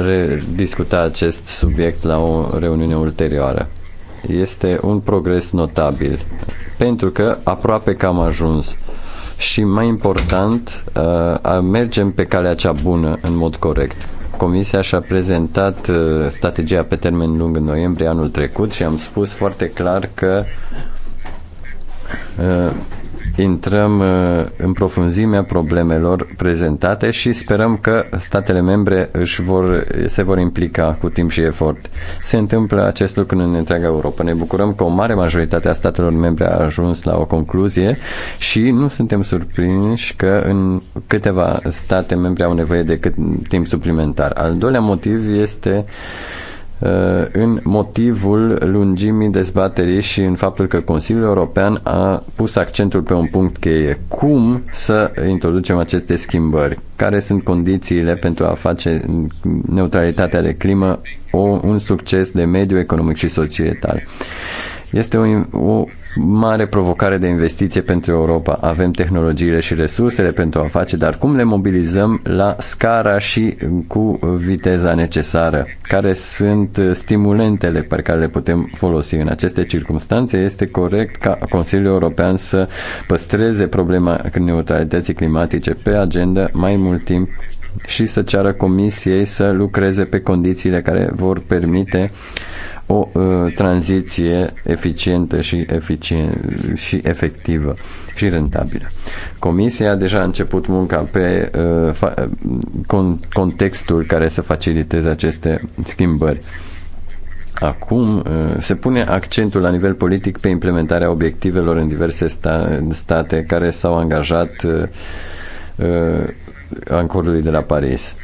discuta acest subiect la o reuniune ulterioară. Este un progres notabil, pentru că aproape că am ajuns și mai important, uh, mergem pe calea cea bună în mod corect. Comisia și-a prezentat uh, strategia pe termen lung în noiembrie anul trecut și am spus foarte clar că uh, intrăm uh, în profunzimea problemelor prezentate și sperăm că statele membre își vor, se vor implica cu timp și efort. Se întâmplă acest lucru în întreaga Europa. Ne bucurăm că o mare majoritate a statelor membre a ajuns la o concluzie și nu suntem surprinși că în câteva state membre au nevoie de cât timp suplimentar. Al doilea motiv este uh, Uh, în motivul lungimii dezbaterii și în faptul că Consiliul European a pus accentul pe un punct cheie. Cum să introducem aceste schimbări? Care sunt condițiile pentru a face neutralitatea de climă o, un succes de mediu economic și societal? Este o, o mare provocare de investiție pentru Europa. Avem tehnologiile și resursele pentru a face, dar cum le mobilizăm la scara și cu viteza necesară? Care sunt stimulentele pe care le putem folosi în aceste circunstanțe? Este corect ca Consiliul European să păstreze problema neutralității climatice pe agenda mai mult timp și să ceară comisiei să lucreze pe condițiile care vor permite o uh, tranziție eficientă și, eficient, și efectivă și rentabilă. Comisia a deja început munca pe uh, con- contextul care să faciliteze aceste schimbări. Acum uh, se pune accentul la nivel politic pe implementarea obiectivelor în diverse sta- state care s-au angajat uh, uh, acordului de la Paris.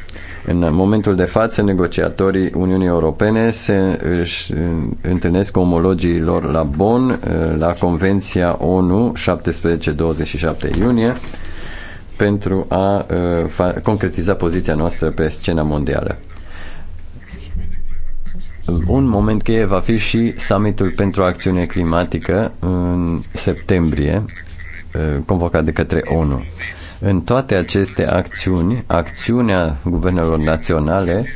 În momentul de față, negociatorii Uniunii Europene se își întâlnesc omologii lor la Bonn, eh, la Convenția ONU 17-27 iunie, pentru a eh, concretiza poziția noastră pe scena mondială. Un moment cheie va fi și summitul pentru acțiune climatică în septembrie, eh, convocat de către ONU. În toate aceste acțiuni, acțiunea guvernelor naționale,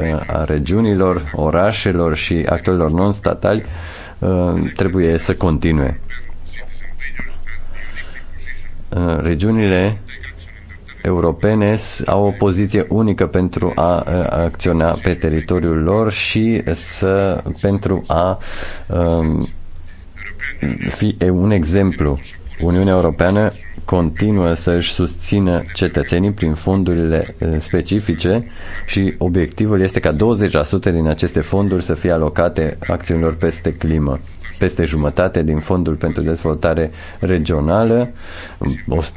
uh, a regiunilor, orașelor și actorilor non-statali uh, trebuie să continue. Uh, regiunile europene au o poziție unică pentru a acționa pe teritoriul lor și să pentru a um, fi un exemplu Uniunea Europeană continuă să își susțină cetățenii prin fondurile eh, specifice și obiectivul este ca 20% din aceste fonduri să fie alocate acțiunilor peste climă peste jumătate din fondul pentru dezvoltare regională,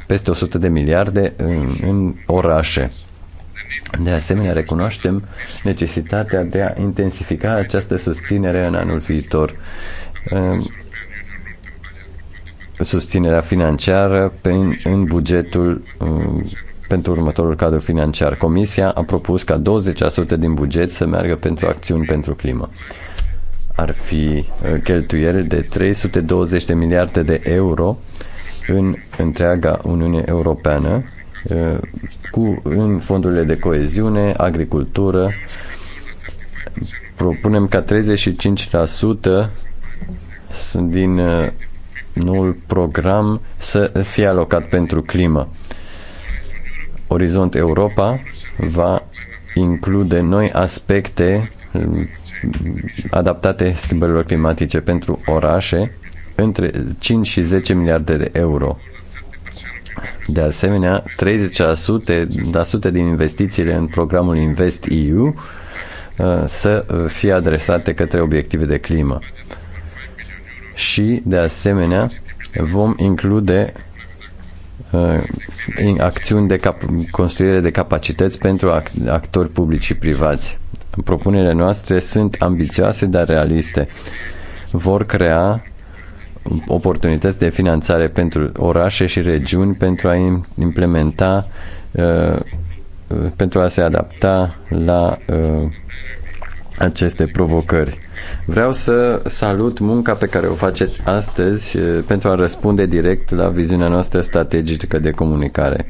peste 100 de miliarde în, în orașe. De asemenea, recunoaștem necesitatea de a intensifica această susținere în anul viitor ehm, susținerea financiară pe, în bugetul uh, pentru următorul cadru financiar. Comisia a propus ca 20% din buget să meargă pentru acțiuni pentru climă. Ar fi uh, cheltuieli de 320 de miliarde de euro în întreaga Uniune Europeană, uh, cu, în fondurile de coeziune, agricultură. Propunem ca 35% din noul program să fie alocat pentru climă. Orizont Europa va include noi aspecte mm, adaptate schimbărilor climatice pentru orașe între 5 și 10 miliarde de euro. De asemenea, 30% din investițiile în programul Invest EU uh, să fie adresate către obiective de climă și, de asemenea, vom include în uh, acțiuni de cap- construire de capacități pentru act- actori publici și privați. Propunerile noastre sunt ambițioase, dar realiste. Vor crea oportunități de finanțare pentru orașe și regiuni pentru a implementa, uh, uh, pentru a se adapta la aceste provocări. Vreau să salut munca pe care o faceți astăzi pentru a răspunde direct la viziunea noastră strategică de comunicare.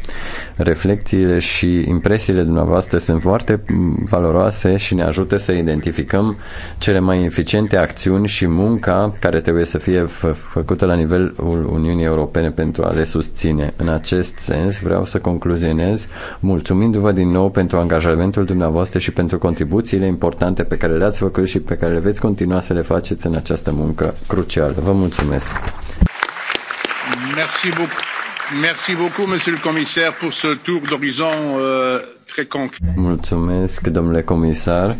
Reflecțiile și impresiile dumneavoastră sunt foarte valoroase și ne ajută să identificăm cele mai eficiente acțiuni și munca care trebuie să fie fă făcută la nivelul Uniunii Europene pentru a le susține. În acest sens vreau să concluzionez mulțumindu-vă din nou pentru angajamentul dumneavoastră și pentru contribuțiile importante pe care le-ați făcut și pe care le veți veți continua să le faceți în această muncă crucială. Vă mulțumesc! Merci beaucoup. Merci beaucoup, monsieur le commissaire, pour ce tour d'horizon euh, très concret. Mulțumesc, domnule comisar.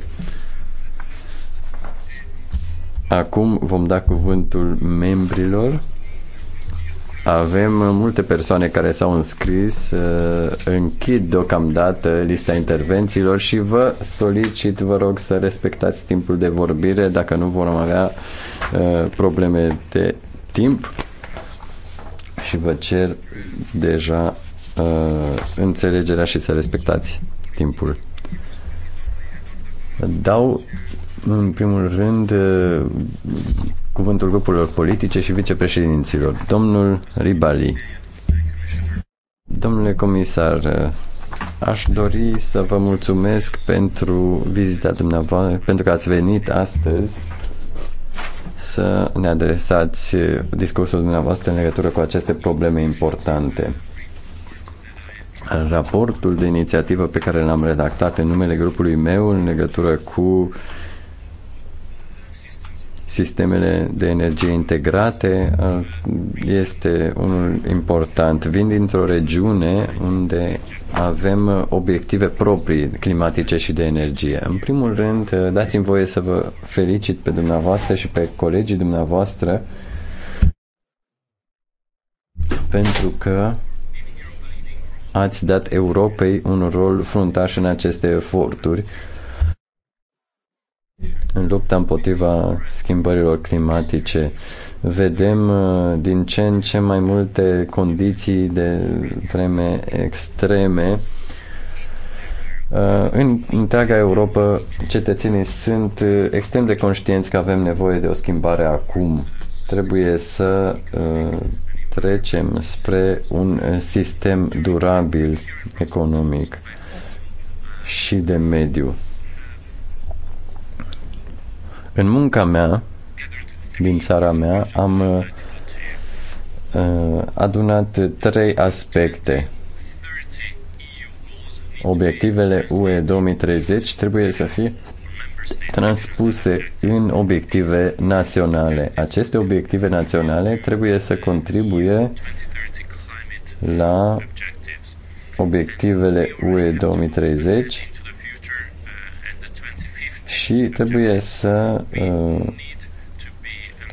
Acum vom da cuvântul membrilor. Avem multe persoane care s-au înscris, uh, închid deocamdată lista intervențiilor și vă solicit, vă rog să respectați timpul de vorbire dacă nu vom avea uh, probleme de timp și vă cer deja uh, înțelegerea și să respectați timpul. Dau în primul rând cuvântul grupurilor politice și vicepreședinților. Domnul Ribali. Domnule comisar, aș dori să vă mulțumesc pentru vizita dumneavoastră, pentru că ați venit astăzi să ne adresați discursul dumneavoastră în legătură cu aceste probleme importante. Raportul de inițiativă pe care l-am redactat în numele grupului meu în legătură cu sistemele de energie integrate uh, este unul important. Vin dintr-o regiune unde avem obiective proprii climatice și de energie. În primul rând, uh, dați-mi voie să vă felicit pe dumneavoastră și pe colegii dumneavoastră pentru că ați dat Europei un rol fruntaș în aceste eforturi în lupta împotriva schimbărilor climatice vedem uh, din ce în ce mai multe condiții de vreme extreme. Uh, în întreaga Europa, cetățenii sunt uh, extrem de conștienți că avem nevoie de o schimbare acum. Trebuie să trecem spre un sistem durabil economic și de mediu. În munca mea, din țara mea, am uh, adunat trei aspecte. Obiectivele UE 2030 trebuie să fie transpuse în obiective naționale. Aceste obiective naționale trebuie să contribuie la obiectivele UE 2030 și trebuie să uh,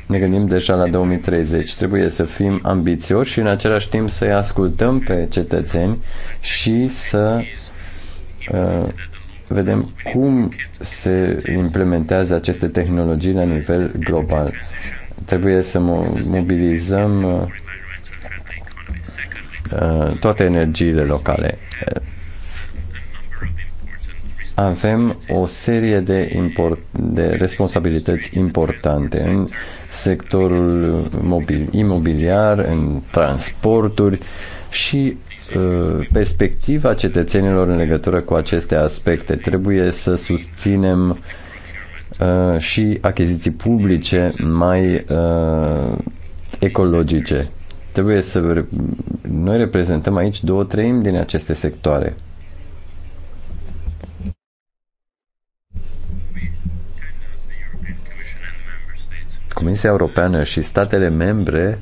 ne gândim deja la 2030. Trebuie să fim ambițioși și în același timp să-i ascultăm pe cetățeni și să uh, vedem cum se implementează aceste tehnologii la nivel global. Trebuie să mobilizăm uh, toate energiile locale avem o serie de, import, de responsabilități importante în sectorul mobil, imobiliar, în transporturi și uh, perspectiva cetățenilor în legătură cu aceste aspecte. Trebuie să susținem uh, și achiziții publice mai uh, ecologice. Trebuie să. Noi reprezentăm aici două treimi din aceste sectoare Comisia Europeană și statele membre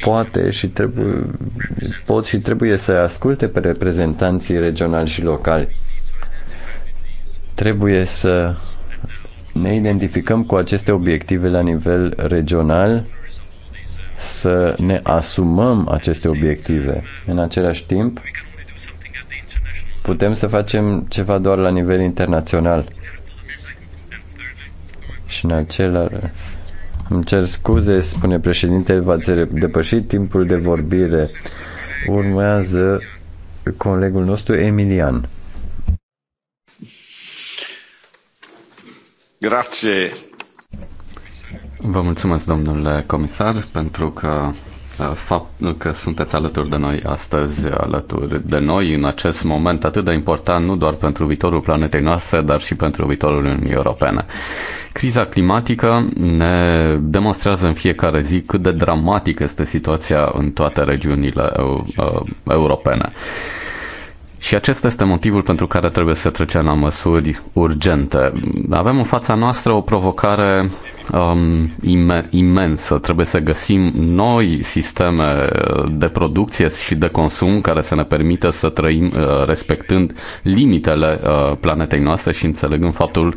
poate și trebuie, pot și trebuie să asculte pe reprezentanții regionali și locali. Trebuie să ne identificăm cu aceste obiective la nivel regional, să ne asumăm aceste obiective. În același timp, putem să facem ceva doar la nivel internațional. Și în același îmi cer scuze, spune președintele, v-ați depășit timpul de vorbire. Urmează colegul nostru Emilian. Grazie. Vă mulțumesc, domnule comisar, pentru că Uh, faptul că sunteți alături de noi astăzi, alături de noi în acest moment atât de important, nu doar pentru viitorul planetei noastre, dar și pentru viitorul Uniunii Europene. Criza climatică ne demonstrează în fiecare zi cât de dramatică este situația în toate regiunile uh, europene. Și acesta este motivul pentru care trebuie să trecem la măsuri urgente. Avem în fața noastră o provocare um, imensă. Trebuie să găsim noi sisteme de producție și de consum care să ne permită să trăim uh, respectând limitele uh, planetei noastre și înțelegând faptul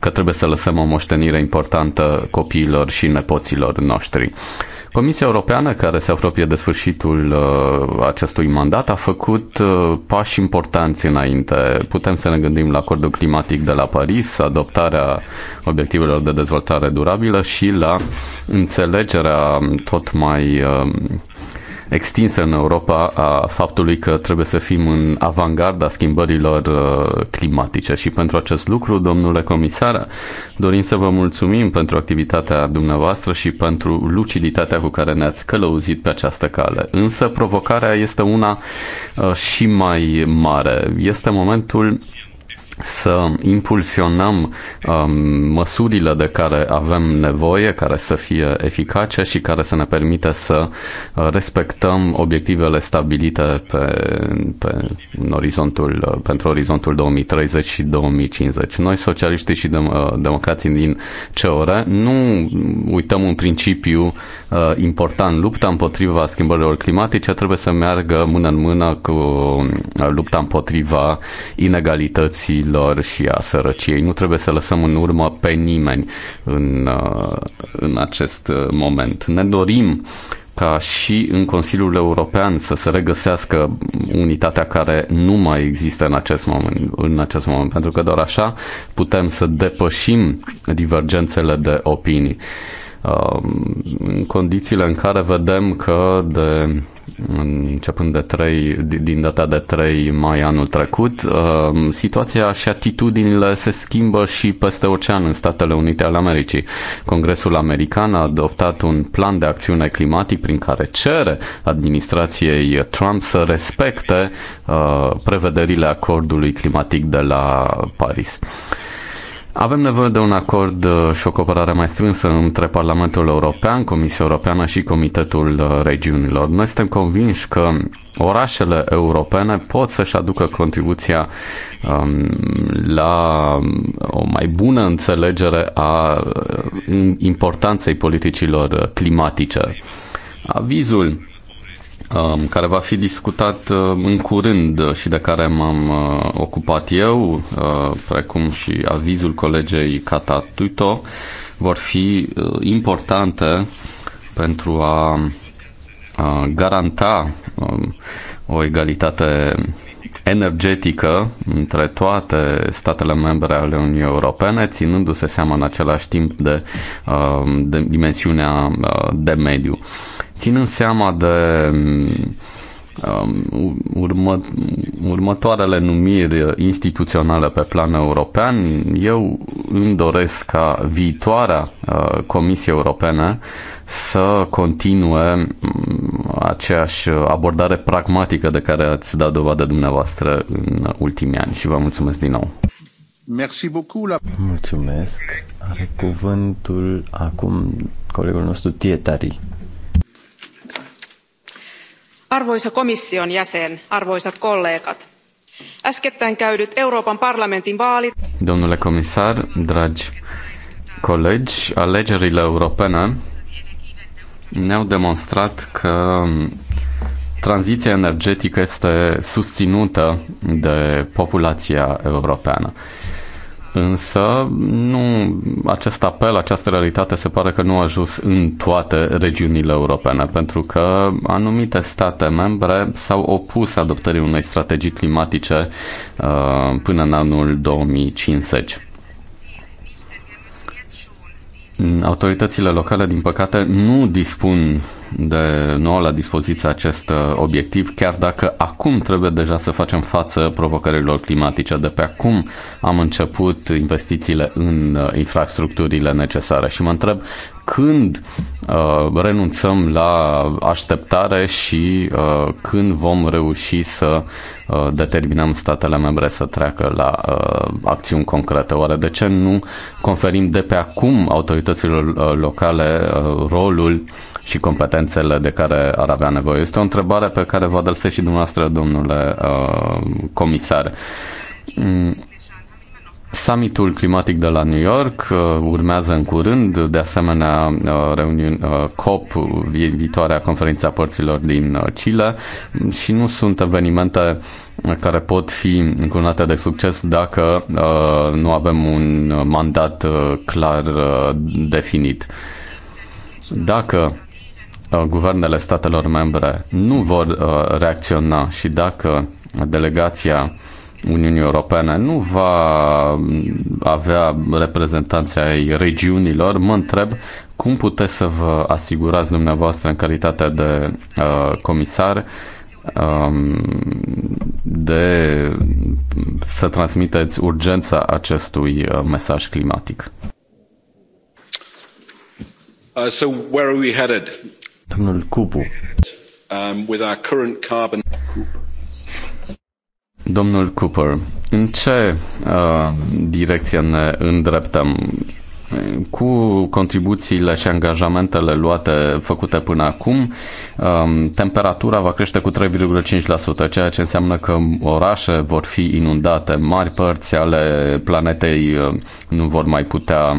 că trebuie să lăsăm o moștenire importantă copiilor și nepoților noștri. Comisia Europeană, care se apropie de sfârșitul uh, acestui mandat, a făcut uh, pași importanți înainte. Putem să ne gândim la acordul climatic de la Paris, adoptarea obiectivelor de dezvoltare durabilă, vulnerabilă și la înțelegerea tot mai um, extinsă în Europa a faptului că trebuie să fim în avangarda schimbărilor uh, climatice și pentru acest lucru, domnule comisar, dorim să vă mulțumim pentru activitatea dumneavoastră și pentru luciditatea cu care ne-ați călăuzit pe această cale. Însă provocarea este una uh, și mai mare. Este momentul să impulsionăm um, măsurile de care avem nevoie, care să fie eficace și care să ne permită să uh, respectăm obiectivele stabilite pe, pe în orizontul, uh, pentru orizontul 2030 și 2050. Noi, socialiștii și dem- uh, democrații din CEOR, nu uităm un principiu uh, important. Lupta împotriva schimbărilor climatice trebuie să meargă mână în mână cu lupta împotriva inegalității bolilor și a sărăciei. Nu trebuie să lăsăm în urmă pe nimeni în, uh, în acest uh, moment. Ne dorim ca și în Consiliul European să se regăsească unitatea care nu mai există în acest moment, în acest moment pentru că doar așa putem să depășim divergențele de opinii. Uh, în condițiile în care vedem că de începând de 3, din data de 3 mai anul trecut, um, situația și atitudinile se schimbă și peste ocean în Statele Unite ale Americii. Congresul american a adoptat un plan de acțiune climatic prin care cere administrației Trump să respecte uh, prevederile acordului climatic de la Paris. Avem nevoie de un acord uh, și o cooperare mai strânsă între Parlamentul European, Comisia Europeană și Comitetul uh, Regiunilor. Noi suntem convinși că orașele europene pot să-și aducă contribuția um, la o mai bună înțelegere a uh, importanței politicilor climatice. Avizul Um, care va fi discutat uh, în curând și de care m-am uh, ocupat eu, uh, precum și avizul colegei Cata Tuto, vor fi importante pentru a garanta um, o egalitate energetică între toate statele membre ale Uniunii Europene, ținându-se seama în același timp de, de dimensiunea de mediu. Ținând seama de um, urmă, următoarele numiri instituționale pe plan european, eu îmi doresc ca viitoarea uh, Comisie Europene să continue um, aceeași abordare pragmatică de care ați dat dovadă dumneavoastră în ultimii ani și vă mulțumesc din nou. Merci beaucoup. La... Mulțumesc. Are cuvântul acum colegul nostru Tietari arvoisa komission jäsen arvoisat kollegat äskettäin käydyt Euroopan parlamentin vaalit Domnule comisar, dragi colegi, alegerile europene ne-au demonstrat că um, tranziția energetică este susținută de populația europeană. Însă, nu, acest apel, această realitate se pare că nu a ajuns în toate regiunile europene, pentru că anumite state membre s-au opus adoptării unei strategii climatice uh, până în anul 2050. Mm, autoritățile locale, din păcate, nu dispun de nou la dispoziție acest uh, obiectiv, chiar dacă acum trebuie deja să facem față provocărilor climatice. De pe acum am început investițiile în uh, infrastructurile necesare și mă întreb când uh, renunțăm la așteptare și uh, când vom reuși să uh, determinăm statele membre să treacă la acțiuni concrete. Oare de ce nu conferim de pe acum autorităților locale rolul și competențele de care ar avea nevoie? Este o întrebare pe care vă adresez și dumneavoastră, domnule comisar. Mm, Summitul climatic de la New York uh, urmează în curând, de asemenea uh, reuniune uh, COP, viitoarea conferință a părților din Chile și nu sunt evenimente care pot fi încurnate de succes dacă nu avem un mandat clar definit. Dacă guvernele statelor membre nu vor reacționa și dacă delegația Uniunii Europene nu va avea reprezentanții ai regiunilor, mă întreb cum puteți să vă asigurați dumneavoastră în calitate de uh, comisar um, de să transmiteți urgența acestui uh, mesaj climatic? Uh, so where are we headed? Domnul Cupu. Um, with our current carbon... Domnul Cooper, în ce uh, direcție ne îndreptăm? cu contribuțiile și angajamentele luate, făcute până acum, um, temperatura va crește cu 3,5%, ceea ce înseamnă că orașe vor fi inundate, mari părți ale planetei uh, nu vor mai putea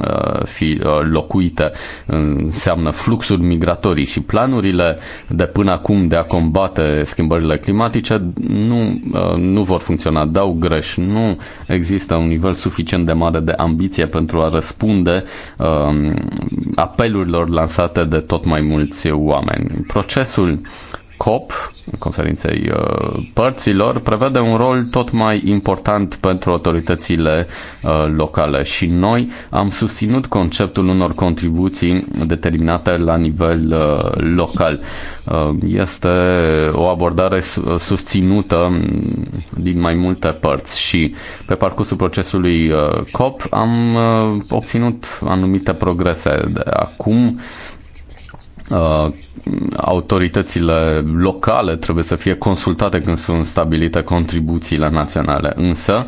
uh, fi uh, locuite, înseamnă fluxuri migratorii și planurile de până acum de a combate schimbările climatice nu, nu vor funcționa, dau greș, nu există un nivel suficient de mare de ambiție pentru a răspunde răspunde um, apelurilor lansate de tot mai mulți oameni. Procesul COP, conferinței uh, părților, prevede un rol tot mai important pentru autoritățile uh, locale și noi am susținut conceptul unor contribuții determinate la nivel uh, local. Este o abordare susținută mm, din mai multe părți și pe parcursul procesului COP am obținut anumite progrese. De acum Uh, autoritățile locale trebuie să fie consultate când sunt stabilite contribuțiile naționale. Însă,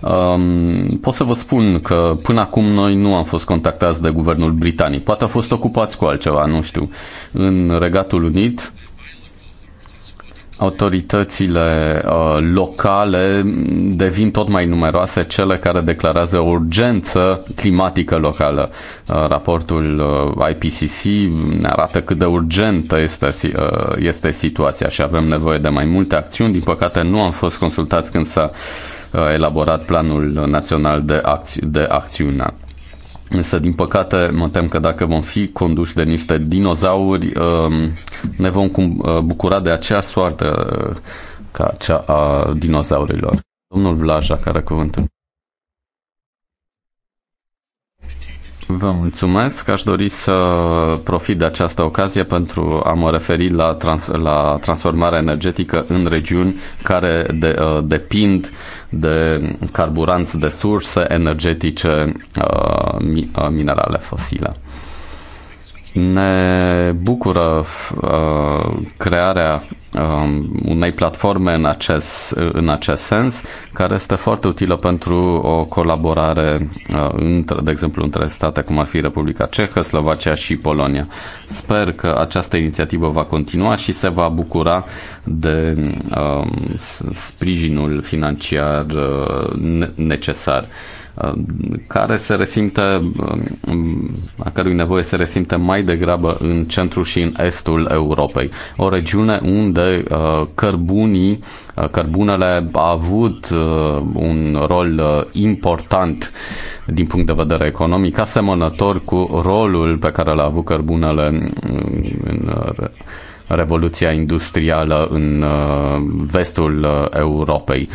um, pot să vă spun că până acum noi nu am fost contactați de guvernul britanic. Poate au fost ocupați cu altceva, nu știu. În Regatul Unit, autoritățile uh, locale devin tot mai numeroase cele care declarează urgență climatică locală. Uh, raportul uh, IPCC ne arată cât de urgentă este, este situația și avem nevoie de mai multe acțiuni. Din păcate nu am fost consultați când s-a elaborat planul național de, acți- de acțiune. Însă, din păcate, mă tem că dacă vom fi conduși de niște dinozauri, um, ne vom uh, bucura de aceeași soartă uh, ca cea a dinozaurilor. Domnul Vlaja, care cuvântul. Vă mulțumesc. Aș dori să profit de această ocazie pentru a mă referi la, trans- la transformarea energetică în regiuni care de, uh, depind de carburanți de surse energetice uh, mi- uh, minerale fosile. Ne bucură uh, crearea uh, unei platforme în acest, în acest sens, care este foarte utilă pentru o colaborare, uh, între, de exemplu, între state cum ar fi Republica Cehă, Slovacia și Polonia. Sper că această inițiativă va continua și se va bucura de uh, sprijinul financiar uh, necesar. Um, care se resimte, um, a cărui nevoie se resimte mai degrabă în centrul și în estul Europei. O regiune unde uh, cărbunii, uh, cărbunele a avut uh, un rol important din punct de vedere economic, asemănător cu rolul pe care l-a avut cărbunele um, în Revoluția Industrială în vestul Europei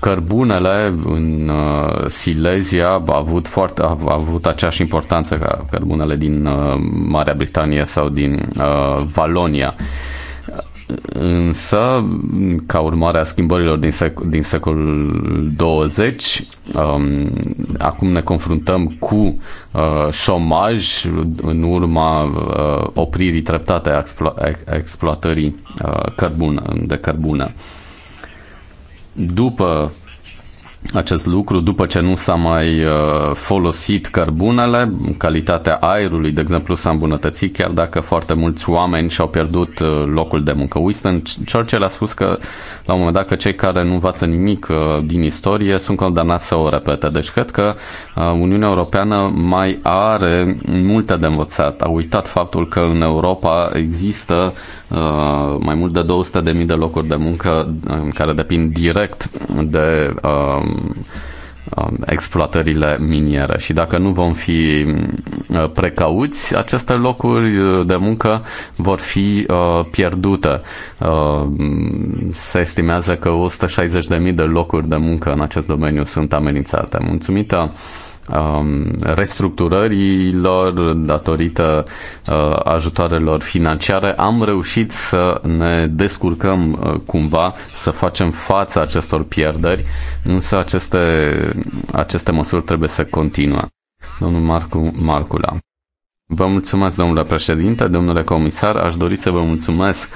cărbunele în uh, Silezia a avut, foarte, a avut aceeași importanță ca cărbunele din uh, Marea Britanie sau din uh, Valonia. Însă, ca urmare a schimbărilor din, sec- din secolul 20, um, acum ne confruntăm cu uh, șomaj în urma uh, opririi treptate a explo- exploatării uh, cărbună, de cărbună. Uh, după acest lucru după ce nu s-a mai uh, folosit cărbunele, calitatea aerului, de exemplu, s-a îmbunătățit chiar dacă foarte mulți oameni și-au pierdut uh, locul de muncă. Winston Churchill a spus că la un moment dat că cei care nu învață nimic uh, din istorie sunt condamnați să o repete. Deci cred că Uniunea Europeană mai are multe de învățat. A uitat faptul că în Europa există mai mult de 200.000 de locuri de muncă care depind direct de Um, um, exploatările miniere și dacă nu vom fi um, precauți, aceste locuri uh, de muncă vor fi uh, pierdute. Uh, se estimează că 160.000 de locuri de muncă în acest domeniu sunt amenințate. Mulțumită Um, restructurărilor, datorită uh, ajutoarelor financiare, am reușit să ne descurcăm uh, cumva, să facem față acestor pierderi, însă aceste, aceste măsuri trebuie să continue. Domnul Marcu, Marcula. Vă mulțumesc, domnule președinte, domnule comisar. Aș dori să vă mulțumesc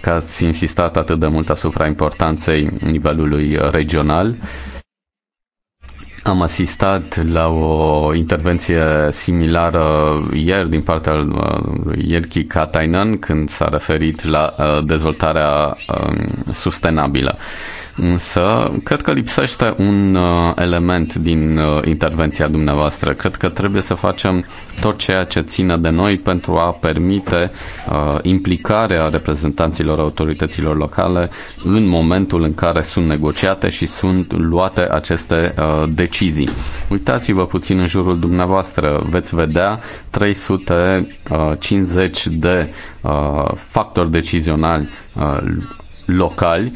că ați insistat atât de mult asupra importanței nivelului regional am asistat la o intervenție similară ieri din partea uh, lui Ierki Katainen când s-a referit la uh, dezvoltarea um, sustenabilă. Însă, cred că lipsește un uh, element din uh, intervenția dumneavoastră. Cred că trebuie să facem tot ceea ce ține de noi pentru a permite uh, implicarea reprezentanților autorităților locale în momentul în care sunt negociate și sunt luate aceste uh, decizii. Uitați-vă puțin în jurul dumneavoastră, veți vedea 350 uh, de uh, factori decizionali uh, locali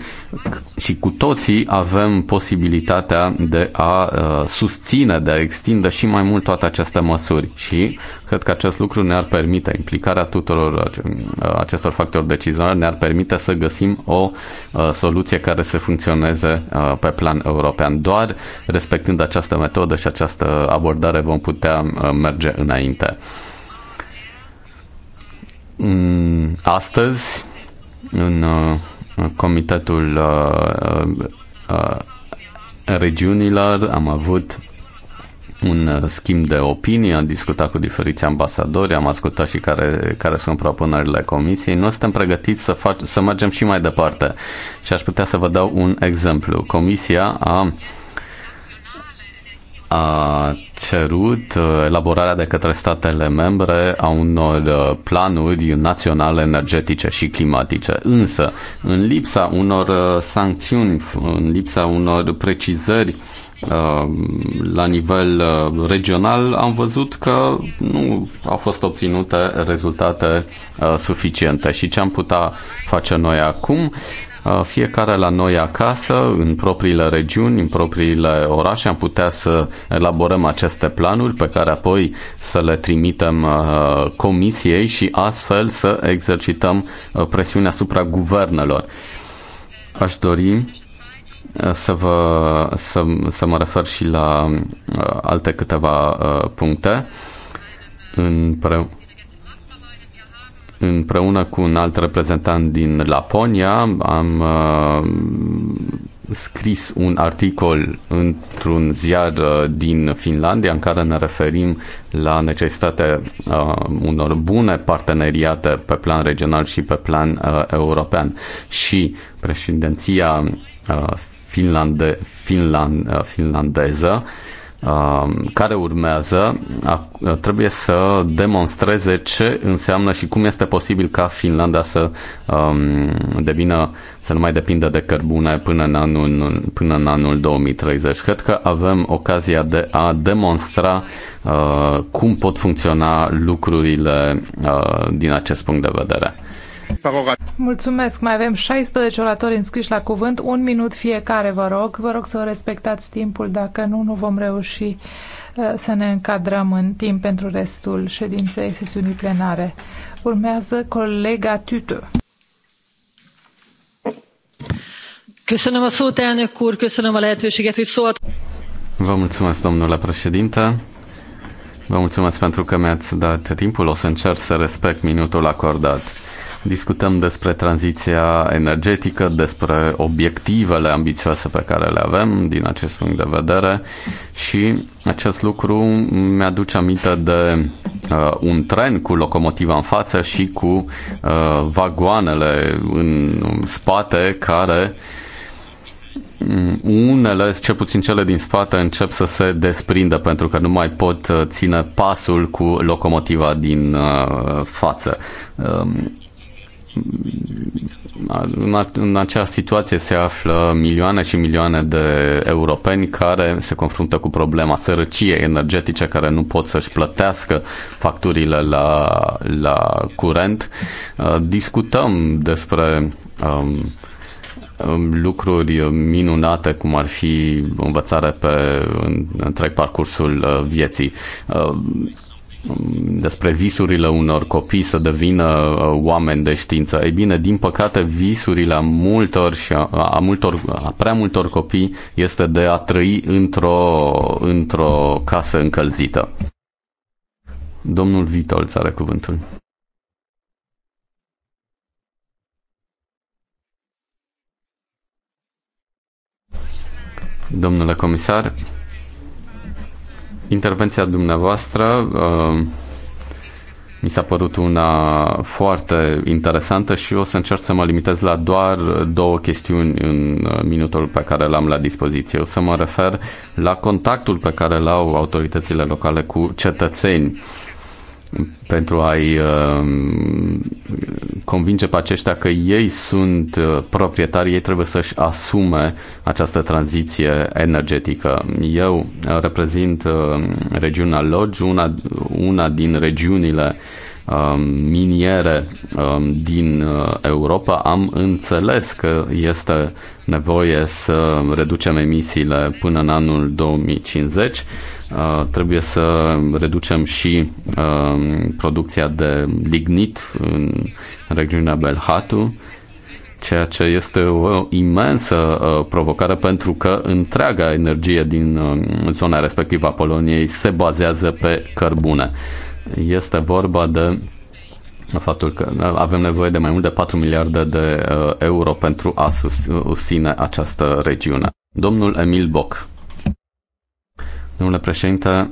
și cu toții avem posibilitatea de a uh, susține, de a extinde și mai mult toate aceste măsuri și cred că acest lucru ne-ar permite, implicarea tuturor uh, uh, acestor factori decizionali ne-ar permite să găsim o soluție care să funcționeze pe plan european. Doar respectând această metodă și această abordare vom putea merge înainte. Mm, astăzi, în Comitetul uh, uh, Regiunilor, am avut un uh, schimb de opinie, am discutat cu diferiți ambasadori, am ascultat și care, care sunt propunerile comisiei. Nu suntem pregătiți să, fac, să mergem și mai departe. Și aș putea să vă dau un exemplu. Comisia a a cerut uh, elaborarea de către statele membre a unor uh, planuri naționale energetice și climatice. Însă, în lipsa unor uh, sancțiuni, în lipsa unor precizări la nivel regional, am văzut că nu au fost obținute rezultate suficiente. Și ce am putea face noi acum? Uh, fiecare la noi acasă, în propriile regiuni, în propriile orașe, am putea să elaborăm aceste planuri pe care apoi să le trimitem uh, comisiei și astfel să exercităm uh, presiunea asupra guvernelor. Aș dori să, vă, să, să mă refer și la alte câteva puncte împreună împreună cu un alt reprezentant din Laponia am uh, scris un articol într-un ziar uh, din Finlandia în care ne referim la necesitatea uh, unor bune parteneriate pe plan regional și pe plan uh, european și președinția uh, finlande, finland, uh, finlandeză uh, Um, care urmează trebuie să demonstreze ce înseamnă și cum este posibil ca Finlanda să um, devină, să nu mai depindă de cărbune până în anul, până în anul 2030. Cred că avem ocazia de a demonstra uh, cum pot funcționa lucrurile uh, din acest punct de vedere. Mulțumesc. Mai avem 16 oratori înscriși la cuvânt. Un minut fiecare, vă rog. Vă rog să respectați timpul. Dacă nu, nu vom reuși uh, să ne încadrăm în timp pentru restul ședinței sesiunii plenare. Urmează colega Tutu. Köszönöm a szót, elnök úr, köszönöm a lehetőséget, hogy szólt. Vă mulțumesc, domnule președinte. Vă mulțumesc pentru că mi-ați dat timpul. O să încerc să respect minutul acordat. Discutăm despre tranziția energetică, despre obiectivele ambițioase pe care le avem din acest punct de vedere și acest lucru mi-aduce aminte de uh, un tren cu locomotiva în față și cu uh, vagoanele în spate care mm, unele, cel puțin cele din spate, încep să se desprindă pentru că nu mai pot uh, ține pasul cu locomotiva din uh, față. Um, în acea situație se află milioane și milioane de europeni care se confruntă cu problema sărăciei energetice, care nu pot să-și plătească facturile la, la curent. Uh, discutăm despre um, um, lucruri minunate, cum ar fi învățare pe întreg parcursul uh, vieții. Uh, despre visurile unor copii să devină uh, oameni de știință. Ei bine, din păcate, visurile a multor și a, a, multor, a prea multor copii este de a trăi într-o, într-o casă încălzită. Domnul Vitol are cuvântul. Domnule comisar, Intervenția dumneavoastră uh, mi s-a părut una foarte interesantă și o să încerc să mă limitez la doar două chestiuni în uh, minutul pe care l-am la dispoziție. O să mă refer la contactul pe care l-au autoritățile locale cu cetățeni pentru a-i uh, convinge pe aceștia că ei sunt uh, proprietari, ei trebuie să-și asume această tranziție energetică. Eu uh, reprezint regiunea Lodge, una, una din regiunile miniere din Europa, am înțeles că este nevoie să reducem emisiile până în anul 2050. Uh, trebuie să reducem și uh, producția de lignit în regiunea Belhatu, ceea ce este o imensă uh, provocare pentru că întreaga energie din um, zona respectivă a Poloniei se bazează pe cărbune. Este vorba de faptul că avem nevoie de mai mult de 4 miliarde de uh, euro pentru a susține această regiune. Domnul Emil Boc. Domnule președinte,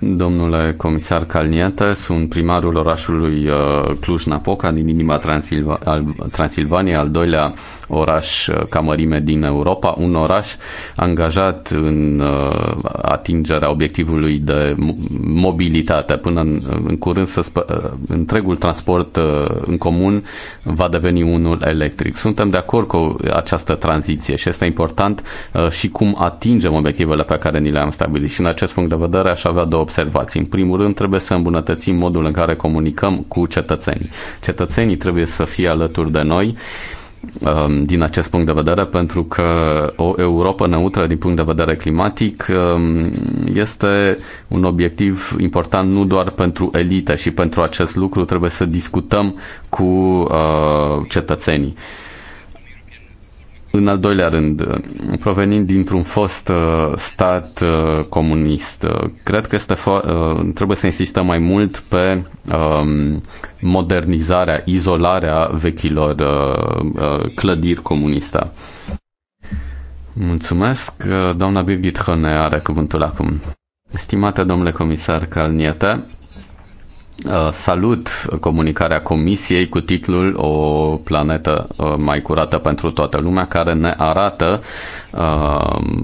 domnule comisar Calniete, sunt primarul orașului uh, Cluj-Napoca din inima Transilva- al, Transilvaniei, al doilea oraș uh, ca mărime din Europa, un oraș angajat în uh, atingerea obiectivului de mobilitate. Până în, uh, în curând, să spă, întregul transport în comun va deveni unul electric. Suntem de acord cu această tranziție și este important și cum atingem obiectivele pe care ni le-am stabilit. Și în acest punct de vedere aș avea două observații. În primul rând, trebuie să îmbunătățim modul în care comunicăm cu cetățenii. Cetățenii trebuie să fie alături de noi Um, din acest punct de vedere, pentru că o Europa neutră din punct de vedere climatic um, este un obiectiv important nu doar pentru elite și pentru acest lucru trebuie să discutăm cu uh, cetățenii. În al doilea rând, provenind dintr-un fost uh, stat uh, comunist, uh, cred că este trebuie să insistăm mai mult pe um, modernizarea, izolarea vechilor clădiri comuniste. Mulțumesc. Doamna Birgit Hone are cuvântul acum. Stimate domnule comisar Calniete, Uh, salut comunicarea Comisiei cu titlul O planetă uh, mai curată pentru toată lumea, care ne arată uh,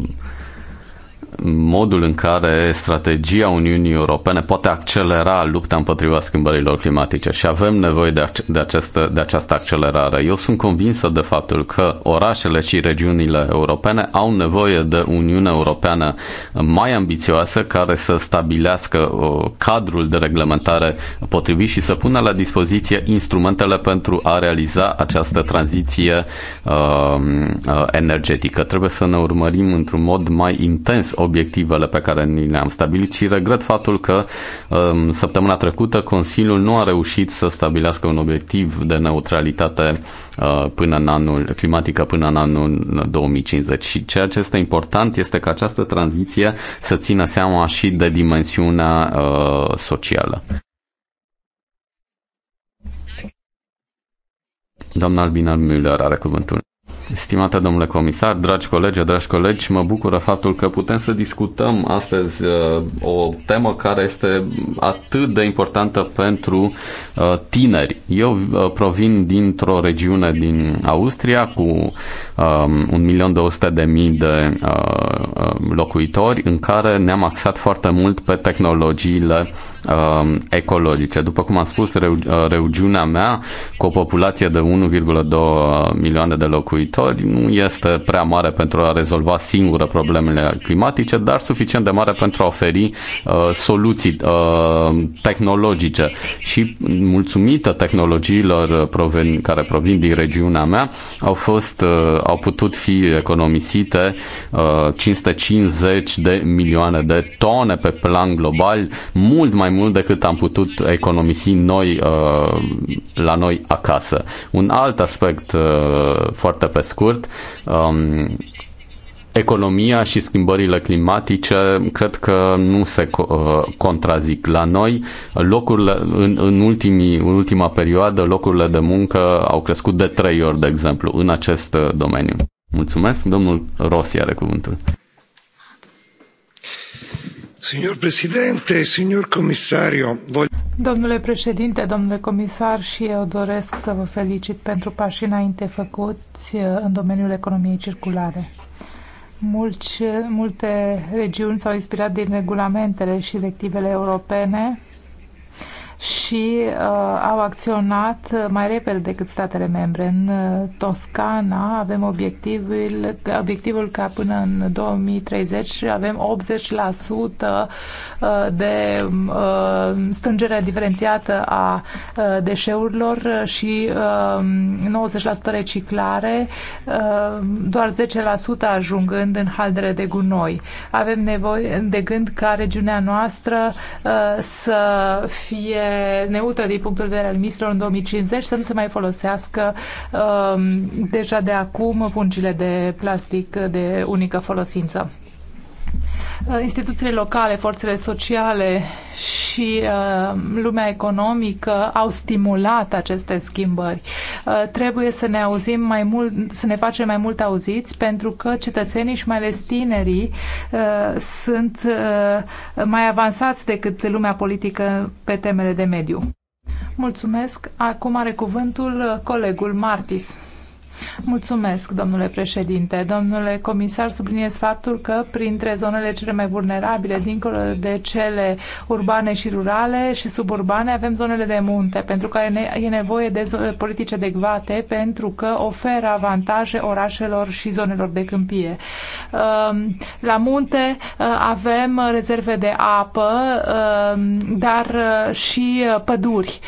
modul în care strategia Uniunii Europene poate accelera lupta împotriva schimbărilor climatice și avem nevoie de, ac- de, această, de această accelerare. Eu sunt convinsă de faptul că orașele și regiunile europene au nevoie de Uniunea Europeană mai ambițioasă care să stabilească uh, cadrul de reglementare potrivit și să pună la dispoziție instrumentele pentru a realiza această tranziție uh, uh energetică. Trebuie să ne urmărim într-un mod mai intens obiectivele pe care ni le-am stabilit și regret faptul că um, săptămâna trecută Consiliul nu a reușit să stabilească un obiectiv de neutralitate uh, până în anul climatică până în anul 2050 și ceea ce este important este că această tranziție să țină seama și de dimensiunea uh, socială. Doamna Albina Müller are cuvântul. Stimate domnule comisar, dragi colegi, dragi colegi, mă bucură faptul că putem să discutăm astăzi uh, o temă care este atât de importantă pentru uh, tineri. Eu uh, provin dintr-o regiune din Austria cu 1.200.000 um, de locuitori în care ne-am axat foarte mult pe tehnologiile uh, ecologice. După cum am spus, uh, regiunea mea, cu o populație de 1,2 milioane de locuitori, nu este prea mare pentru a rezolva singură problemele climatice, dar suficient de mare pentru a oferi uh, soluții uh, tehnologice. Și mulțumită tehnologiilor proven, care provin din regiunea mea, au, fost, uh, au putut fi economisite uh, 550 de milioane de tone pe plan global, mult mai mult decât am putut economisi noi uh, la noi acasă. Un alt aspect uh, foarte pe scurt, um, economia și schimbările climatice cred că nu se uh, contrazic. La noi, locurile, în, în, ultimii, în ultima perioadă, locurile de muncă au crescut de trei ori, de exemplu, în acest domeniu. Mulțumesc. Domnul Rossi are cuvântul. Signor signor comisario, voi... Domnule președinte, domnule comisar, și eu doresc să vă felicit pentru pașii înainte făcuți uh, în domeniul economiei circulare. Mulți, multe regiuni s-au inspirat din regulamentele și directivele europene și uh, au acționat mai repede decât statele membre. În uh, Toscana avem obiectivul, obiectivul ca până în 2030 avem 80% uh, de uh, strângere diferențiată a uh, deșeurilor și uh, 90% reciclare, uh, doar 10% ajungând în haldere de gunoi. Avem nevoie de gând ca regiunea noastră uh, să fie neutră din punctul de vedere al emisiilor în 2050, să nu se mai folosească um, deja de acum pungile de plastic de unică folosință. Uh, instituțiile locale, forțele sociale și uh, lumea economică au stimulat aceste schimbări. Uh, trebuie să ne auzim mai mult, să ne facem mai mult auziți pentru că cetățenii și mai ales tinerii sunt mai avansați decât lumea politică pe temele de mediu. Mulțumesc. Acum are cuvântul colegul Martis. Mulțumesc, domnule președinte. Domnule comisar, subliniez faptul că printre zonele cele mai vulnerabile, dincolo de cele urbane și rurale și suburbane, avem zonele de munte, pentru că e nevoie de politici adecvate, pentru că oferă avantaje orașelor și zonelor de câmpie. Um, la munte uh, avem rezerve de apă, um, dar uh, și uh, păduri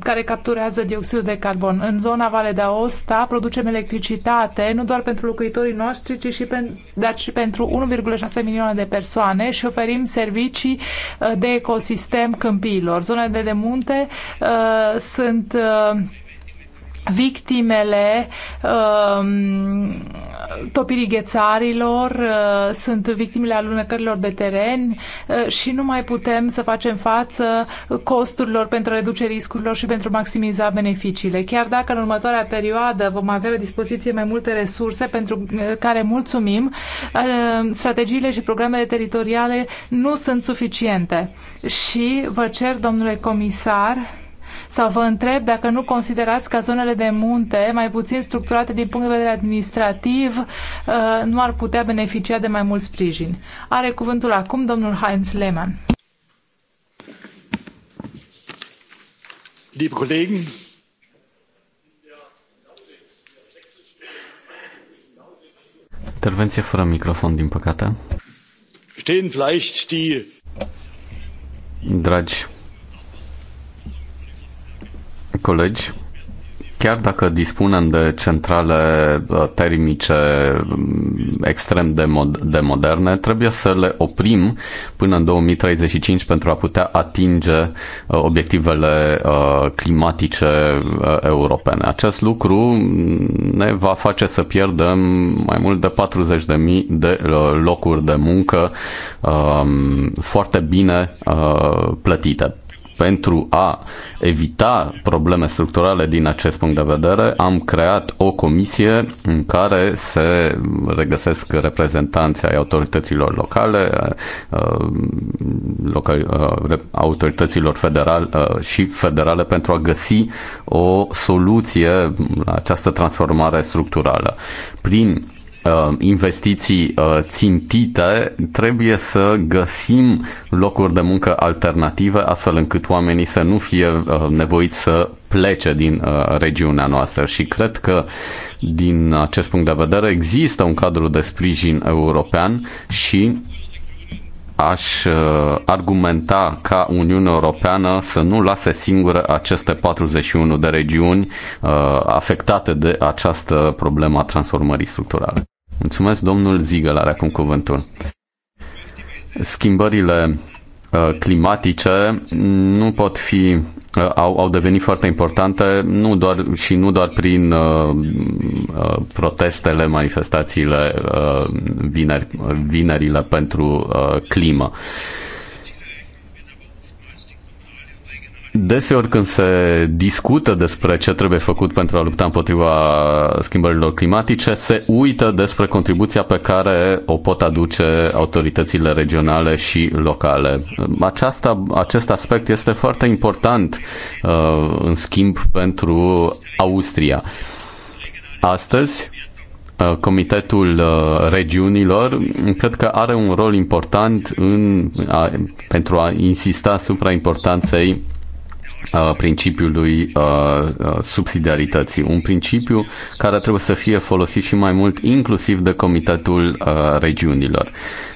care capturează dioxidul de carbon. În zona Vale de Aosta, producem electricitate, nu doar pentru locuitorii noștri, ci și pen, dar și pentru 1,6 milioane de persoane și oferim servicii uh, de ecosistem câmpiilor. Zonele de munte uh, sunt uh, victimele uh, um, topirii ghețarilor, uh, sunt victimele alunecărilor de teren uh, și nu mai putem să facem față costurilor pentru a reduce riscurilor și pentru a maximiza beneficiile. Chiar dacă în următoarea perioadă vom avea la dispoziție mai multe resurse pentru uh, care mulțumim, uh, strategiile și programele teritoriale nu sunt suficiente. Și vă cer, domnule comisar, sau vă întreb dacă nu considerați că zonele de munte, mai puțin structurate din punct de vedere administrativ, uh, nu ar putea beneficia de mai mult sprijin. Are cuvântul acum domnul Heinz Lehmann. Liebe Kollegen, Intervenție fără microfon, din păcate. Stehen vielleicht die Dragi colegi, chiar dacă dispunem de centrale uh, termice mm, extrem de, mod- de moderne, trebuie să le oprim până în 2035 pentru a putea atinge uh, obiectivele uh, climatice europene. Acest lucru mm, ne va face să pierdem mai mult de 40.000 de locuri de muncă um, foarte bine plătite pentru a evita probleme structurale din acest punct de vedere, am creat o comisie în care se regăsesc reprezentanții ai autorităților locale, autorităților federal și federale pentru a găsi o soluție la această transformare structurală. Prin Uh, investiții uh, țintite, trebuie să găsim locuri de muncă alternative, astfel încât oamenii să nu fie uh, nevoiți să plece din regiunea noastră și cred că din acest punct de vedere există un cadru de sprijin european și aș uh, argumenta ca Uniunea Europeană să nu lase singură aceste 41 de regiuni uh, afectate de această problemă a transformării structurale. Mulțumesc, domnul Zigăl are acum cuvântul. Schimbările Uh, climatice nu pot fi uh, au, au devenit foarte importante nu doar și nu doar prin uh, uh protestele, manifestațiile uh, vineri, vinerile pentru uh, climă. Uh, Deseori când se discută despre ce trebuie făcut pentru a lupta împotriva schimbărilor climatice, se uită despre contribuția pe care o pot aduce autoritățile regionale și locale. Aceasta, acest aspect este foarte important, uh, în schimb, pentru Austria. Astăzi, uh, Comitetul uh, Regiunilor cred că are un rol important în, a, pentru a insista asupra importanței Uh, principiului uh, uh, subsidiarității, un principiu care trebuie să fie folosit și mai mult inclusiv de Comitetul Regiunilor.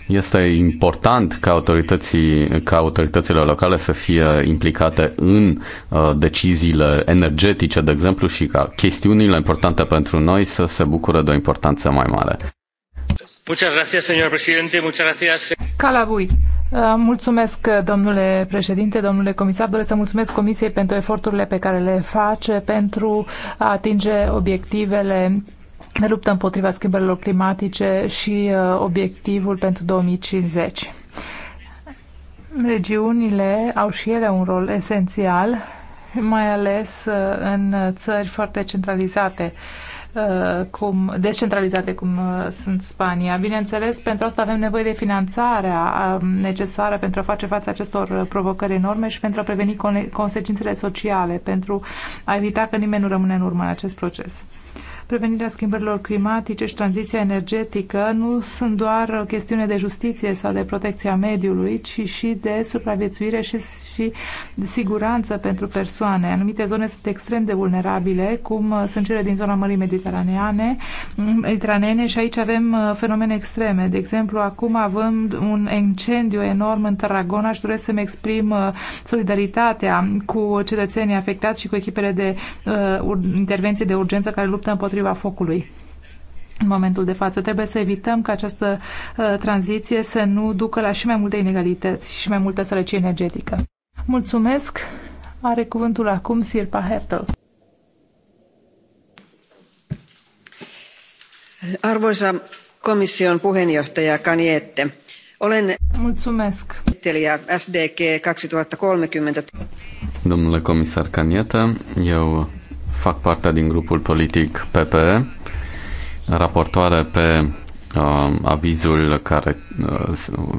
Este important ca, autorității, ca autoritățile locale să fie implicate în uh, deciziile energetice, de exemplu, și ca chestiunile importante pentru noi să se bucure de o importanță mai mare. Muchas gracias, señor presidente. Muchas gracias. Calabui. Uh, mulțumesc, domnule președinte, domnule comisar. Doresc să mulțumesc Comisiei pentru eforturile pe care le face pentru a atinge obiectivele de luptă împotriva schimbărilor climatice și uh, obiectivul pentru 2050. Regiunile au și ele un rol esențial, mai ales uh, în țări foarte centralizate Uh, cum, descentralizate cum uh, sunt Spania. Bineînțeles, pentru asta avem nevoie de finanțarea um, necesară pentru a face față acestor provocări enorme și pentru a preveni consecințele sociale, pentru a evita că nimeni nu rămâne în urmă în acest proces. Prevenirea schimbărilor climatice și tranziția energetică nu sunt doar o chestiune de justiție sau de protecția mediului, ci și de supraviețuire și, și de siguranță pentru persoane. Anumite zone sunt extrem de vulnerabile, cum uh, sunt cele din zona Mării Mediteraneane, mm, Mediteraneene și aici avem uh, fenomene extreme. De exemplu, acum avem un incendiu enorm în Tarragona și doresc să-mi exprim uh, solidaritatea cu cetățenii afectați și cu echipele de uh, intervenție de urgență care luptă împotriva împotriva focului în momentul de față. Trebuie să evităm ca această uh, tranziție să nu ducă la și mai multe inegalități și mai multă sărăcie energetică. Mulțumesc! Are cuvântul acum Sirpa Hertel. Arvoisa komission puheenjohtaja Kaniette, olen Mulțumesc. SDG 2030. Domnule comisar Canieta, eu fac parte din grupul politic PPE, raportoare pe uh, avizul care uh,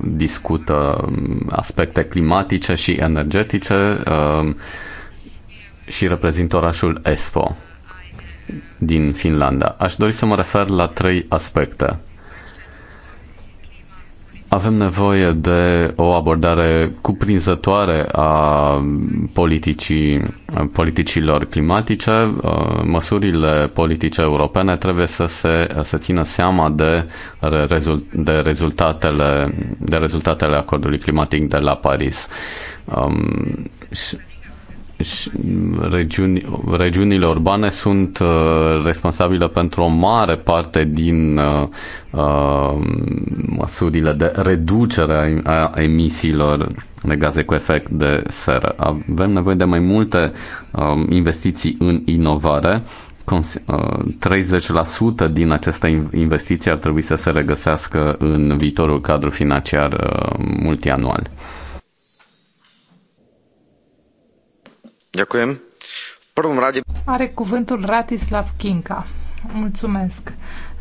discută um, aspecte climatice și energetice uh, și reprezint orașul ESPO din Finlanda. Aș dori să mă refer la trei aspecte avem nevoie de o abordare cuprinzătoare a politicii, politicilor climatice. Uh, măsurile politice europene trebuie să se să țină seama de, de, rezultatele, de rezultatele acordului climatic de la Paris. Um, regiuni, regiunile urbane sunt uh, responsabile pentru o mare parte din uh, uh, măsurile de reducere a emisiilor de gaze cu efect de seră. Avem nevoie de mai multe uh, investiții în inovare. 30% uh, din aceste investiții ar trebui să se regăsească în viitorul cadru financiar uh, multianual. Are cuvântul Ratislav Kinka. Mulțumesc.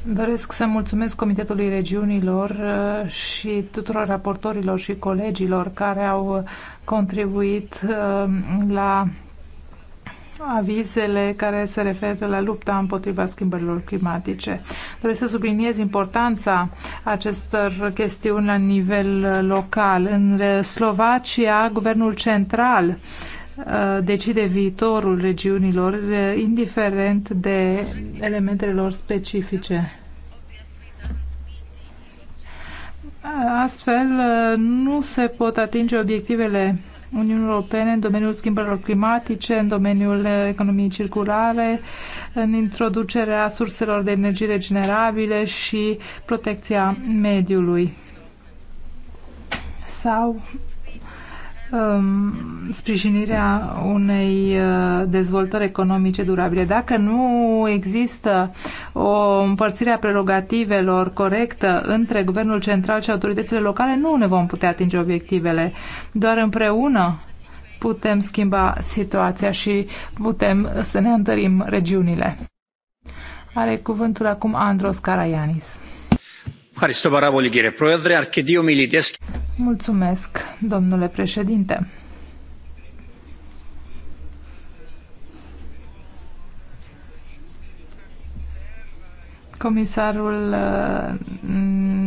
Doresc să mulțumesc Comitetului Regiunilor uh, și tuturor raportorilor și colegilor care au contribuit uh, la avizele care se referă la lupta împotriva schimbărilor climatice. Doresc să subliniez importanța acestor chestiuni la nivel local. În Slovacia, guvernul central uh, Uh, decide viitorul regiunilor, uh, indiferent de elementele lor specifice. Astfel, uh, nu se pot atinge obiectivele Uniunii Europene în domeniul schimbărilor climatice, în domeniul economiei circulare, în introducerea surselor de energie regenerabile și protecția mediului. Sau Um, sprijinirea unei uh, dezvoltări economice durabile. Dacă nu există o împărțire a prerogativelor corectă între Guvernul Central și autoritățile locale, nu ne vom putea atinge obiectivele. Doar împreună putem schimba situația și putem să ne întărim regiunile. Are cuvântul acum Andros Karaianis. Mulțumesc, domnule președinte. Comisarul uh,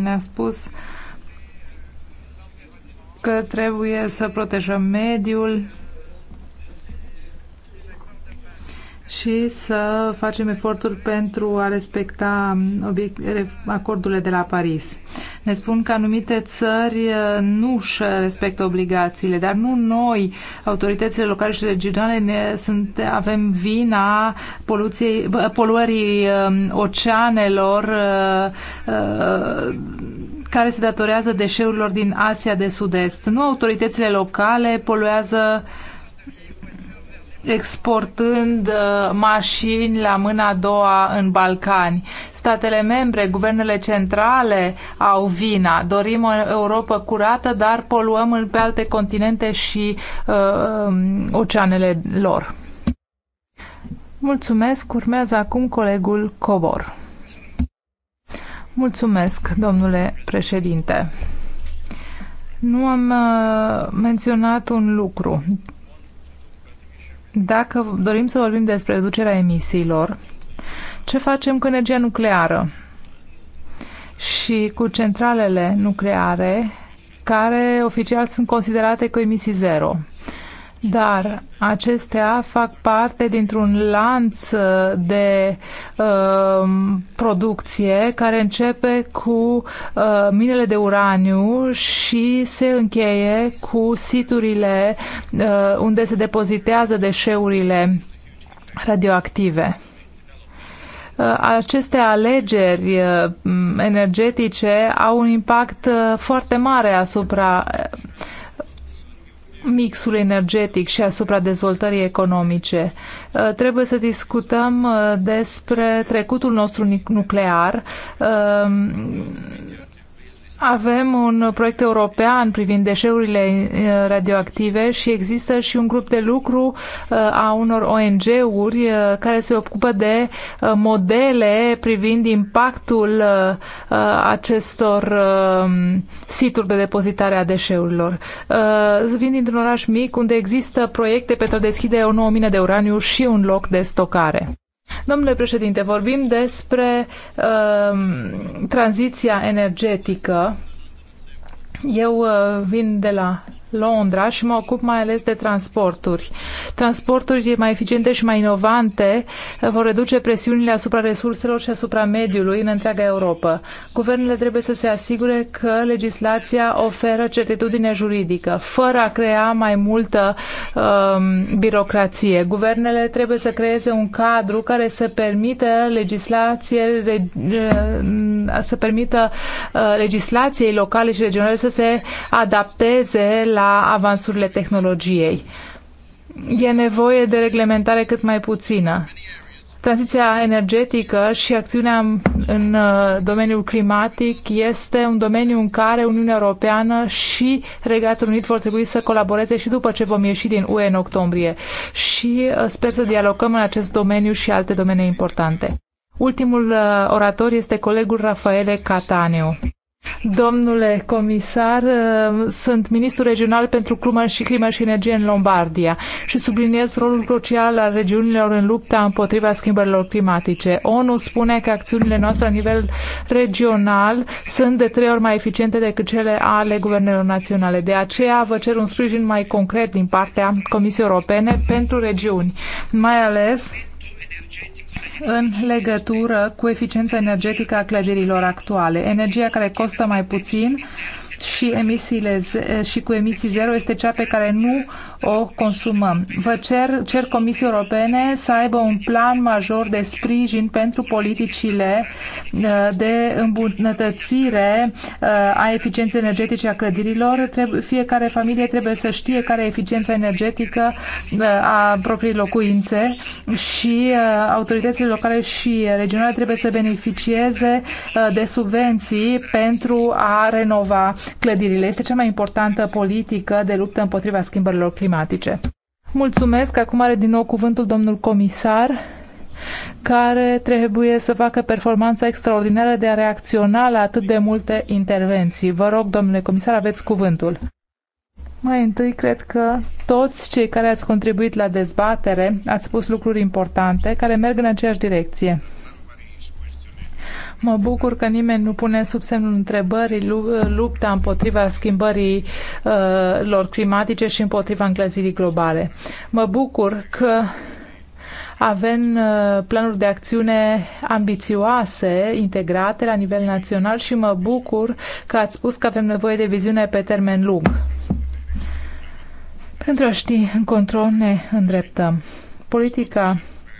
ne-a spus că trebuie să protejăm mediul, și să facem eforturi pentru a respecta acordurile de la Paris. Ne spun că anumite țări uh, nu își respectă obligațiile, dar nu noi, autoritățile locale și regionale, ne sunt, avem vina poluției, poluării um, oceanelor uh, uh, care se datorează deșeurilor din Asia de Sud-Est. Nu autoritățile locale poluează exportând uh, mașini la mâna a doua în Balcani. Statele membre, guvernele centrale au vina. Dorim o Europa curată, dar poluăm pe alte continente și uh, um, oceanele lor. Mulțumesc. Urmează acum colegul Cobor. Mulțumesc, domnule președinte. Nu am uh, menționat un lucru. Dacă dorim să vorbim despre reducerea emisiilor, ce facem cu energia nucleară și cu centralele nucleare care oficial sunt considerate cu emisii zero? dar acestea fac parte dintr-un lanț de uh, producție care începe cu uh, minele de uraniu și se încheie cu siturile uh, unde se depozitează deșeurile radioactive uh, aceste alegeri uh, energetice au un impact uh, foarte mare asupra mixul energetic și asupra dezvoltării economice. Uh, trebuie să discutăm uh, despre trecutul nostru nuclear uh, avem un proiect european privind deșeurile eh, radioactive și există și un grup de lucru eh, a unor ONG-uri eh, care se ocupă de modele privind impactul acestor situri de depozitare a deșeurilor. Vin dintr-un oraș mic unde există proiecte pentru a deschide o nouă mină de uraniu și un loc de stocare. Domnule președinte, vorbim despre uh, tranziția energetică. Eu uh, vin de la Londra și mă ocup mai ales de transporturi. Transporturi mai eficiente și mai inovante eh, vor reduce presiunile asupra resurselor și asupra mediului în întreaga Europa. Guvernele trebuie să se asigure că legislația oferă certitudine juridică, fără a crea mai multă um, birocrație. Guvernele trebuie să creeze un cadru care să permită legislație, re, eh, să permită uh, legislației locale și regionale să se adapteze la avansurile tehnologiei. E nevoie de reglementare cât mai puțină. Tranziția energetică și acțiunea în uh, domeniul climatic este un domeniu în care Uniunea Europeană și Regatul Unit vor trebui să colaboreze și după ce vom ieși din UE în octombrie. Și uh, sper să dialogăm în acest domeniu și alte domenii importante. Ultimul uh, orator este colegul Rafaele Cataneu. Domnule comisar, uh, sunt ministru regional pentru climă și, și energie în Lombardia și subliniez rolul crucial al regiunilor în lupta împotriva schimbărilor climatice. ONU spune că acțiunile noastre la nivel regional sunt de trei ori mai eficiente decât cele ale guvernelor naționale. De aceea vă cer un sprijin mai concret din partea Comisiei Europene pentru regiuni, mai ales în legătură cu eficiența energetică a clădirilor actuale. Energia care costă mai puțin și emisiile și cu emisii zero este cea pe care nu o consumăm. Vă cer, cer Comisiei Europene să aibă un plan major de sprijin pentru politicile uh, de îmbunătățire uh, a eficienței energetice a clădirilor. Fiecare familie trebuie să știe care e eficiența energetică uh, a propriei locuințe și autoritățile locale și regionale trebuie să beneficieze de subvenții pentru a renova clădirile. Este cea mai importantă politică de luptă împotriva schimbărilor climatice climatice. Mulțumesc. Acum are din nou cuvântul domnul comisar care trebuie să facă performanța extraordinară de a reacționa la atât de multe intervenții. Vă rog, domnule comisar, aveți cuvântul. Mai întâi, cred că toți cei care ați contribuit la dezbatere ați spus lucruri importante care merg în aceeași direcție. Mă bucur că nimeni nu pune sub semnul întrebării lupta împotriva schimbării uh, lor climatice și împotriva înclăzirii globale. Mă bucur că avem uh, planuri de acțiune ambițioase, integrate la nivel național și mă bucur că ați spus că avem nevoie de viziune pe termen lung. Pentru a ști în control ne îndreptăm. Politica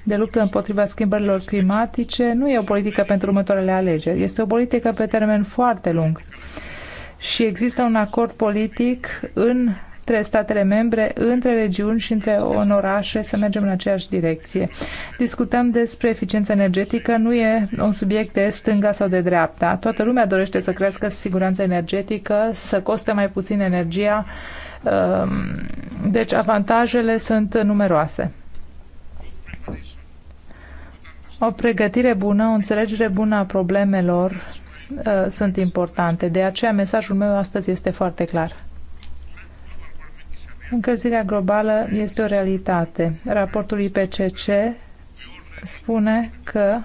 de luptă împotriva schimbărilor climatice nu e o politică pentru următoarele alegeri, este o politică pe termen foarte lung. Și există un acord politic în între statele membre, între regiuni și între în orașe să mergem în aceeași direcție. Discutăm despre eficiență energetică, nu e un subiect de stânga sau de dreapta. Toată lumea dorește să crească siguranța energetică, să coste mai puțin energia, um, deci avantajele sunt numeroase. O pregătire bună, o înțelegere bună a problemelor uh, sunt importante. De aceea mesajul meu astăzi este foarte clar. Încălzirea globală este o realitate. Raportul IPCC spune că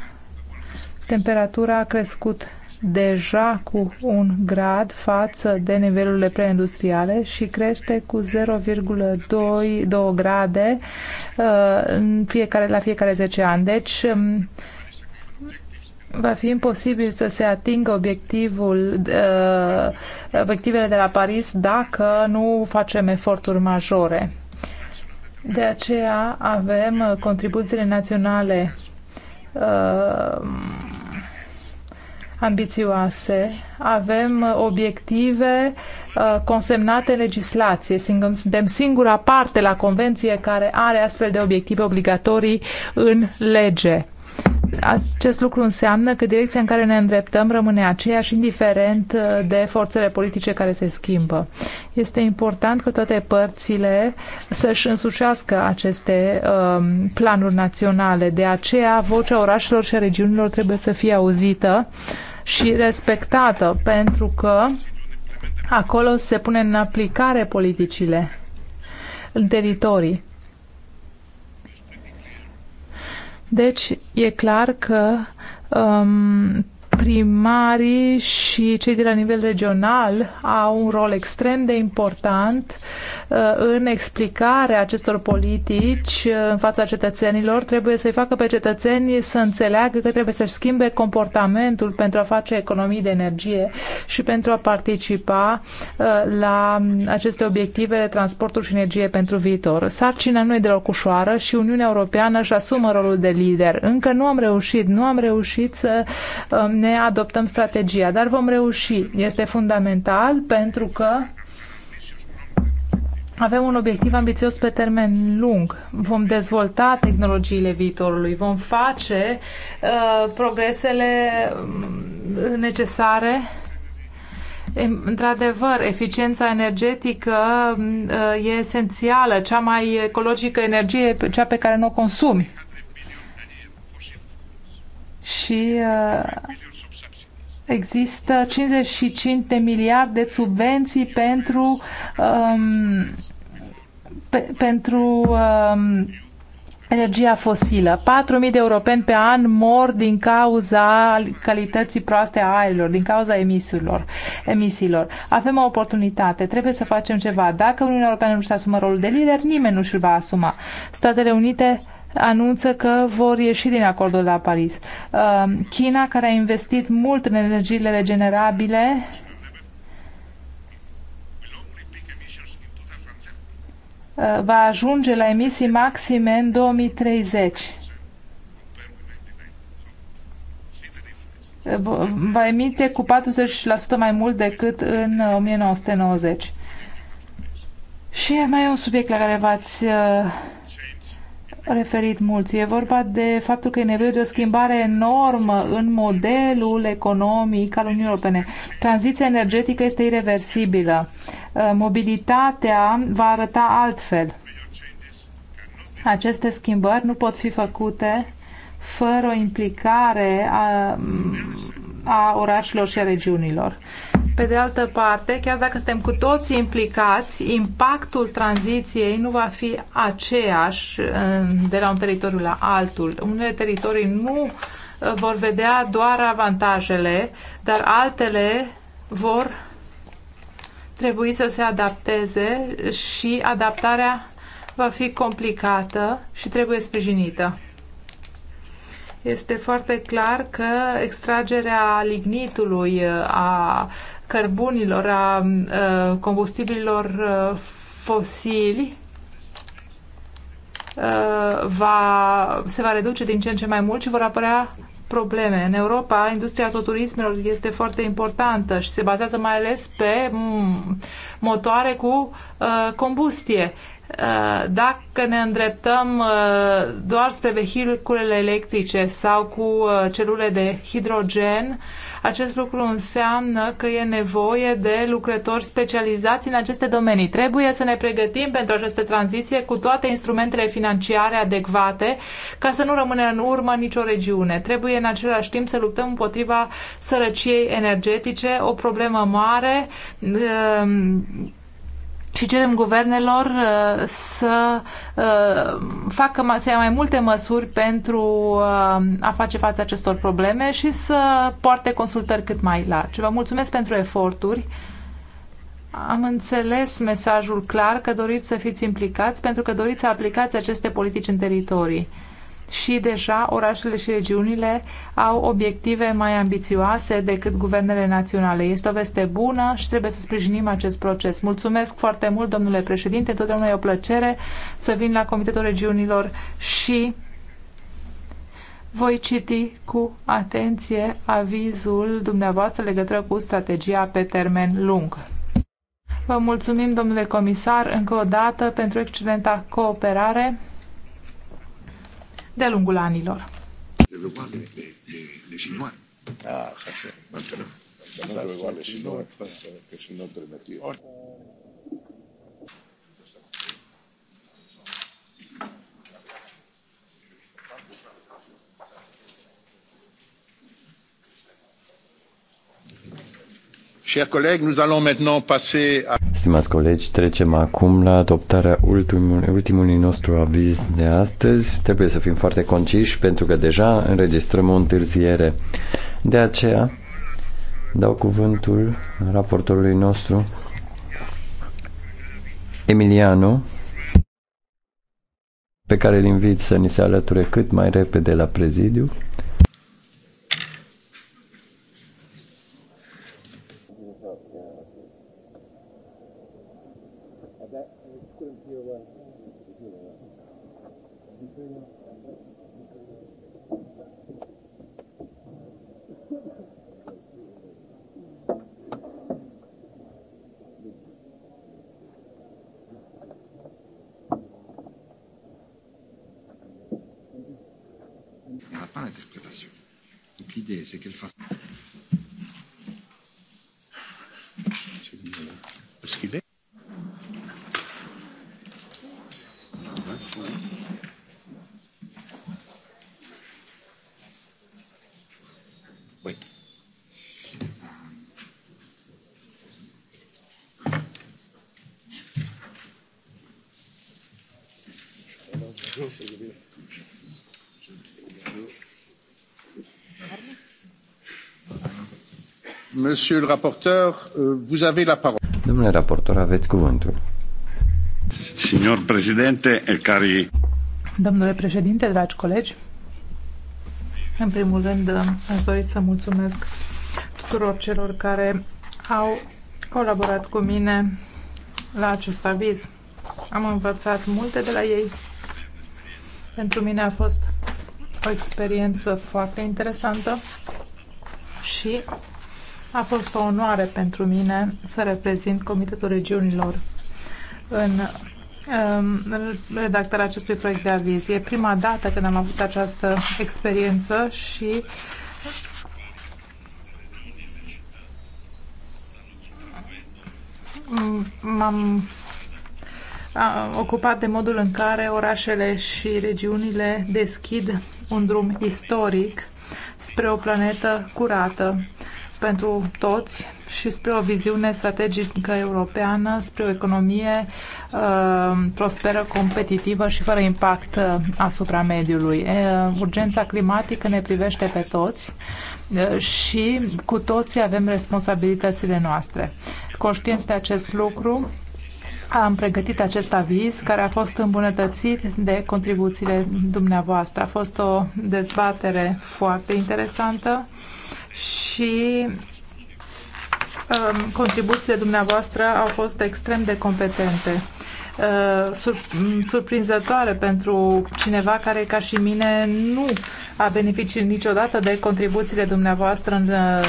temperatura a crescut deja cu un grad față de nivelurile preindustriale și crește cu 0,2 grade uh, în fiecare, la fiecare 10 ani. Deci, um, va fi imposibil să se atingă obiectivul, uh, obiectivele de la Paris dacă nu facem eforturi majore. De aceea avem contribuțiile naționale uh, ambițioase. Avem uh, obiective uh, consemnate în legislație. Suntem singura parte la convenție care are astfel de obiective obligatorii în lege. Acest lucru înseamnă că direcția în care ne îndreptăm rămâne aceeași, indiferent uh, de forțele politice care se schimbă. Este important că toate părțile să-și însușească aceste um, planuri naționale. De aceea, vocea orașelor și a regiunilor trebuie să fie auzită uh, și respectată, pentru că acolo se pune în aplicare politicile în teritorii. Deci, e clar că um, primarii și cei de la nivel regional au un rol extrem de important Uh, în explicarea acestor politici uh, în fața cetățenilor, trebuie să-i facă pe cetățeni să înțeleagă că trebuie să-și schimbe comportamentul pentru a face economii de energie și pentru a participa uh, la aceste obiective de transportul și energie pentru viitor. Sarcina nu e deloc ușoară și Uniunea Europeană își asumă rolul de lider. Încă nu am reușit, nu am reușit să ne adoptăm strategia, dar vom reuși. Este fundamental pentru că avem un obiectiv ambițios pe termen lung. Vom dezvolta tehnologiile viitorului, vom face uh, progresele um, necesare. Într-adevăr, eficiența energetică um, uh, e esențială, cea mai ecologică energie, cea pe care nu o consumi. Și uh, există 55 de miliarde de subvenții pentru, um, pe, pentru um, energia fosilă. 4.000 de europeni pe an mor din cauza calității proaste a aerilor, din cauza emisiilor. emisiilor. Avem o oportunitate, trebuie să facem ceva. Dacă Uniunea Europeană nu-și asumă rolul de lider, nimeni nu și-l va asuma. Statele Unite anunță că vor ieși din acordul la Paris. Uh, China, care a investit mult în energiile regenerabile, uh, va ajunge la emisii maxime în 2030. Va emite cu 40% mai mult decât în 1990. Uh, Și mai e un subiect la care v-ați referit mulți. E vorba de faptul că e nevoie de o schimbare enormă în modelul economic al Uniunii Europene. Tranziția energetică este irreversibilă. Uh, mobilitatea va arăta altfel. Aceste schimbări nu pot fi făcute fără o implicare a, a orașelor și a regiunilor. Pe de altă parte, chiar dacă suntem cu toți implicați, impactul tranziției nu va fi aceeași de la un teritoriu la altul. Unele teritorii nu uh, vor vedea doar avantajele, dar altele vor trebui să se adapteze și adaptarea va fi complicată și trebuie sprijinită. Este foarte clar că extragerea lignitului uh, a cărbunilor, a combustibililor fosili va, se va reduce din ce în ce mai mult și vor apărea probleme. În Europa, industria autoturismelor este foarte importantă și se bazează mai ales pe motoare cu uh, combustie. dacă ne îndreptăm doar spre vehiculele electrice sau cu celule de hidrogen, acest lucru înseamnă că e nevoie de lucrători specializați în aceste domenii. Trebuie să ne pregătim pentru această tranziție cu toate instrumentele financiare adecvate ca să nu rămâne în urmă nicio regiune. Trebuie în același timp să luptăm împotriva sărăciei energetice, o problemă mare și cerem guvernelor uh, să uh, facă să ia mai multe măsuri pentru uh, a face față acestor probleme și să poarte consultări cât mai largi. Vă mulțumesc pentru eforturi. Am înțeles mesajul clar că doriți să fiți implicați pentru că doriți să aplicați aceste politici în teritorii și deja orașele și regiunile au obiective mai ambițioase decât guvernele naționale. Este o veste bună și trebuie să sprijinim acest proces. Mulțumesc foarte mult, domnule președinte, întotdeauna e o plăcere să vin la Comitetul Regiunilor și voi citi cu atenție avizul dumneavoastră legătură cu strategia pe termen lung. Vă mulțumim, domnule comisar, încă o dată pentru excelenta cooperare de-a lungul anilor. Ah, Stimați colegi, trecem acum la adoptarea ultimului, ultimului nostru aviz de astăzi. Trebuie să fim foarte conciși pentru că deja înregistrăm o întârziere. De aceea, dau cuvântul raportorului nostru, Emiliano, pe care îl invit să ni se alăture cât mai repede la prezidiu. canadese che fa... Scrive? Oui. Euh, Domnule raportor, aveți cuvântul. Signor președinte, Domnule președinte, dragi colegi, în primul rând uh, aș dori să mulțumesc tuturor celor care au colaborat cu mine la acest aviz. Am învățat multe de la ei. Pentru mine a fost o experiență foarte interesantă și a fost o onoare pentru mine să reprezint Comitetul Regiunilor um, în redactarea acestui proiect de aviz. E prima dată când am avut această experiență și m-am ocupat de modul în care orașele și regiunile deschid un drum istoric spre o planetă curată, pentru toți și spre o viziune strategică europeană, spre o economie uh, prosperă, competitivă și fără impact uh, asupra mediului. Uh, urgența climatică ne privește pe toți uh, și cu toții avem responsabilitățile noastre. Conștienți de acest lucru, am pregătit acest aviz care a fost îmbunătățit de contribuțiile dumneavoastră. A fost o dezbatere foarte interesantă și um, contribuțiile dumneavoastră au fost extrem de competente. Uh, sur, mm, surprinzătoare pentru cineva care, ca și mine, nu a beneficiat niciodată de contribuțiile dumneavoastră în uh, uh,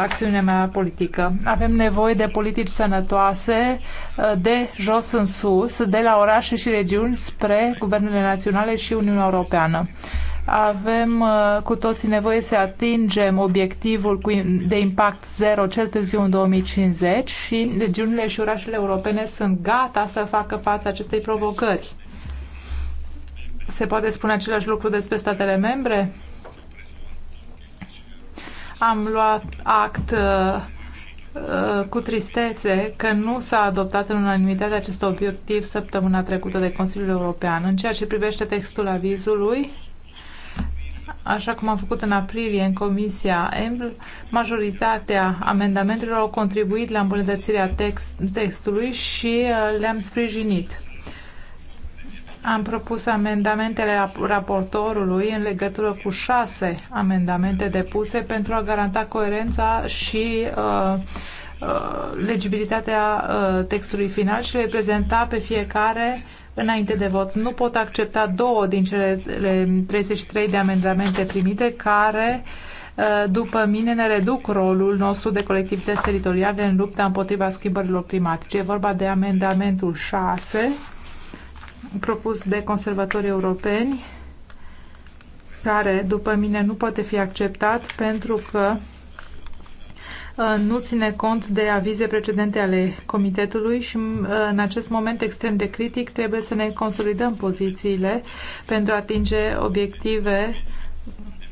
acțiunea mea politică. Avem nevoie de politici sănătoase, de jos în sus, de la orașe și regiuni spre guvernele naționale și Uniunea Europeană. Avem uh, cu toții nevoie să atingem obiectivul de impact zero cel târziu în 2050 și regiunile și orașele europene sunt gata să facă față acestei provocări. Se poate spune același lucru despre statele membre? Am luat act uh, uh cu tristețe că nu s-a adoptat în unanimitate acest obiectiv săptămâna trecută de Consiliul European. În ceea ce privește textul avizului, Așa cum am făcut în aprilie în Comisia EMBL, majoritatea amendamentelor au contribuit la îmbunătățirea text, textului și uh, le-am sprijinit. Am propus amendamentele raportorului în legătură cu șase amendamente depuse pentru a garanta coerența și uh, uh, legibilitatea uh, textului final și le prezenta pe fiecare uh, înainte de vot. Nu pot accepta două din cele 33 de amendamente primite care uh, după mine ne reduc rolul nostru de colectivități teritoriale în lupta împotriva schimbărilor climatice. E vorba de amendamentul 6 propus de conservatorii europeni care, după mine, nu poate fi acceptat pentru că Uh, nu ține cont de avize precedente ale comitetului și uh, în acest moment extrem de critic trebuie să ne consolidăm pozițiile pentru a atinge obiective,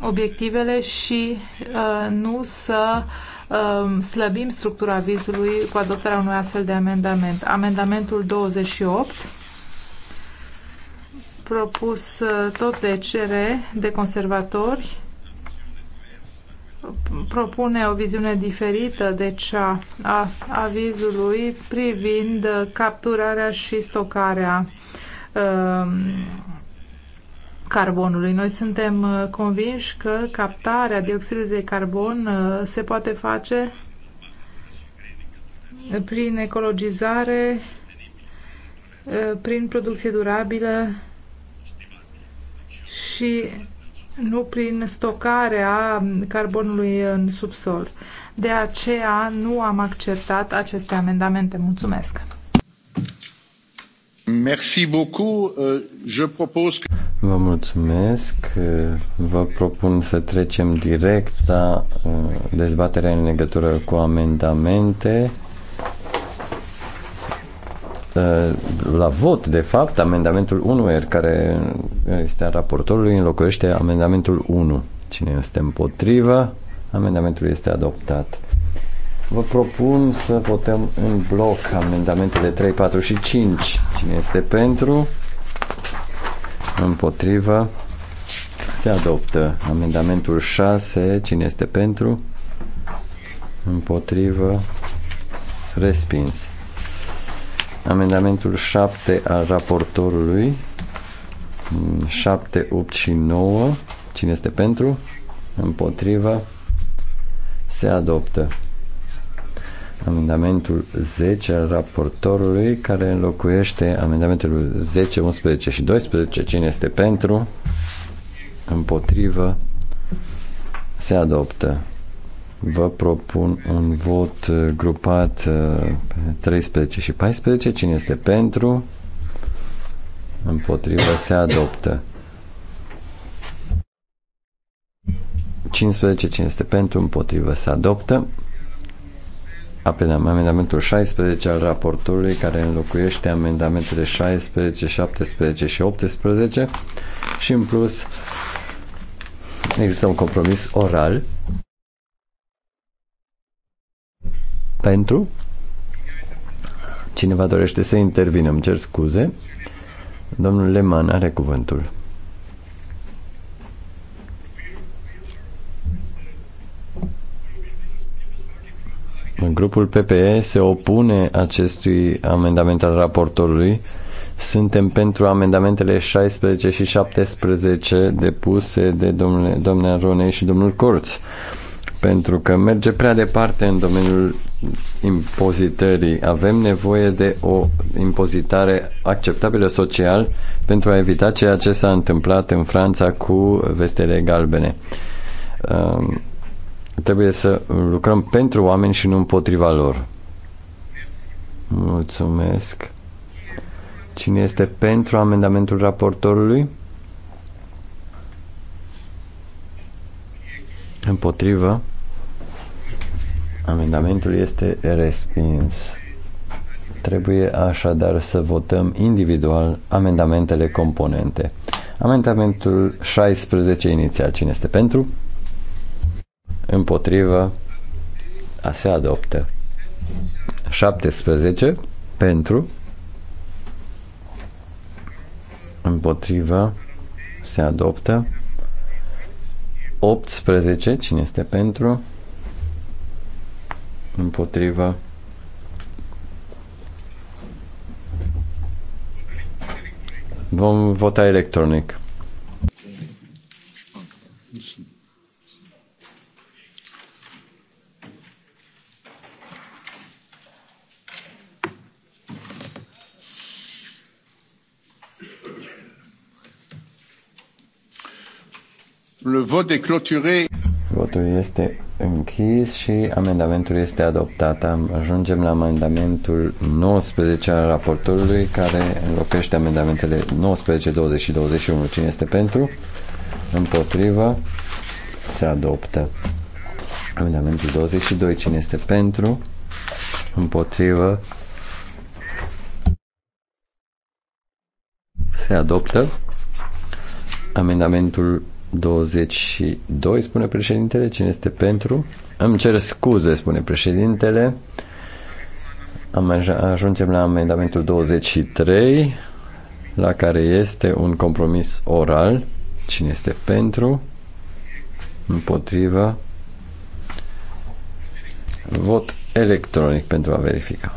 obiectivele și uh, nu să slăbim structura avizului cu adoptarea unui astfel de amendament. Amendamentul 28 propus tot de cere de conservatori propune o viziune diferită de deci, cea a avizului privind capturarea și stocarea um, carbonului. Noi suntem uh, convinși că captarea dioxidului de carbon uh, se poate face prin ecologizare, uh, prin producție durabilă și nu prin stocarea carbonului în subsol. De aceea nu am acceptat aceste amendamente. Mulțumesc! Merci beaucoup. Euh, je propose... Vă mulțumesc. Vă propun să trecem direct la uh, dezbaterea în legătură cu amendamente. Uh, la vot, de fapt, amendamentul 1 care este a raportorului înlocuiește amendamentul 1. Cine este împotrivă, amendamentul este adoptat. Vă propun să votăm în bloc amendamentele 3, 4 și 5. Cine este pentru? Împotrivă. Se adoptă amendamentul 6. Cine este pentru? Împotrivă. Respins. Amendamentul 7 al raportorului. 7, mm, 8 și 9. Cine este pentru? Împotriva? Se adoptă. Amendamentul 10 al raportorului care înlocuiește amendamentul 10, 11 și 12. Cine este pentru? Împotrivă? Se adoptă vă propun un vot uh, grupat 13 uh, și 14. Cine este pentru? Împotrivă se adoptă. 15. Cine este pentru? Împotrivă se adoptă. Amendamentul 16 al raportului care înlocuiește amendamentele 16, 17 și 18 și în plus există un compromis oral Pentru? Cineva dorește să intervină, îmi cer scuze. Domnul Leman are cuvântul. Grupul PPE se opune acestui amendament al raportorului. Suntem pentru amendamentele 16 și 17 depuse de domnule, domnul Ronei și domnul Corț pentru că merge prea departe în domeniul impozitării. Avem nevoie de o impozitare acceptabilă social pentru a evita ceea ce s-a întâmplat în Franța cu vestele galbene. Um, trebuie să lucrăm pentru oameni și nu împotriva lor. Mulțumesc. Cine este pentru amendamentul raportorului? Împotrivă. Amendamentul este respins. Trebuie așadar să votăm individual amendamentele componente. Amendamentul 16 inițial. Cine este pentru? Împotrivă. A se adoptă. 17 pentru împotrivă se adoptă 18. Cine este pentru? Împotriva. Vom vota electronic. Le vote est clôturé. Votul este închis și amendamentul este adoptat. Ajungem la amendamentul 19 al raportorului care înlocuiește amendamentele 19, 20 și 21. Cine este pentru? Împotrivă? Se adoptă. Amendamentul 22. Cine este pentru? Împotrivă? Se adoptă. Amendamentul 22, spune președintele. Cine este pentru? Îmi cer scuze, spune președintele. Am ajungem la amendamentul 23, la care este un compromis oral. Cine este pentru? Împotriva? Vot electronic pentru a verifica.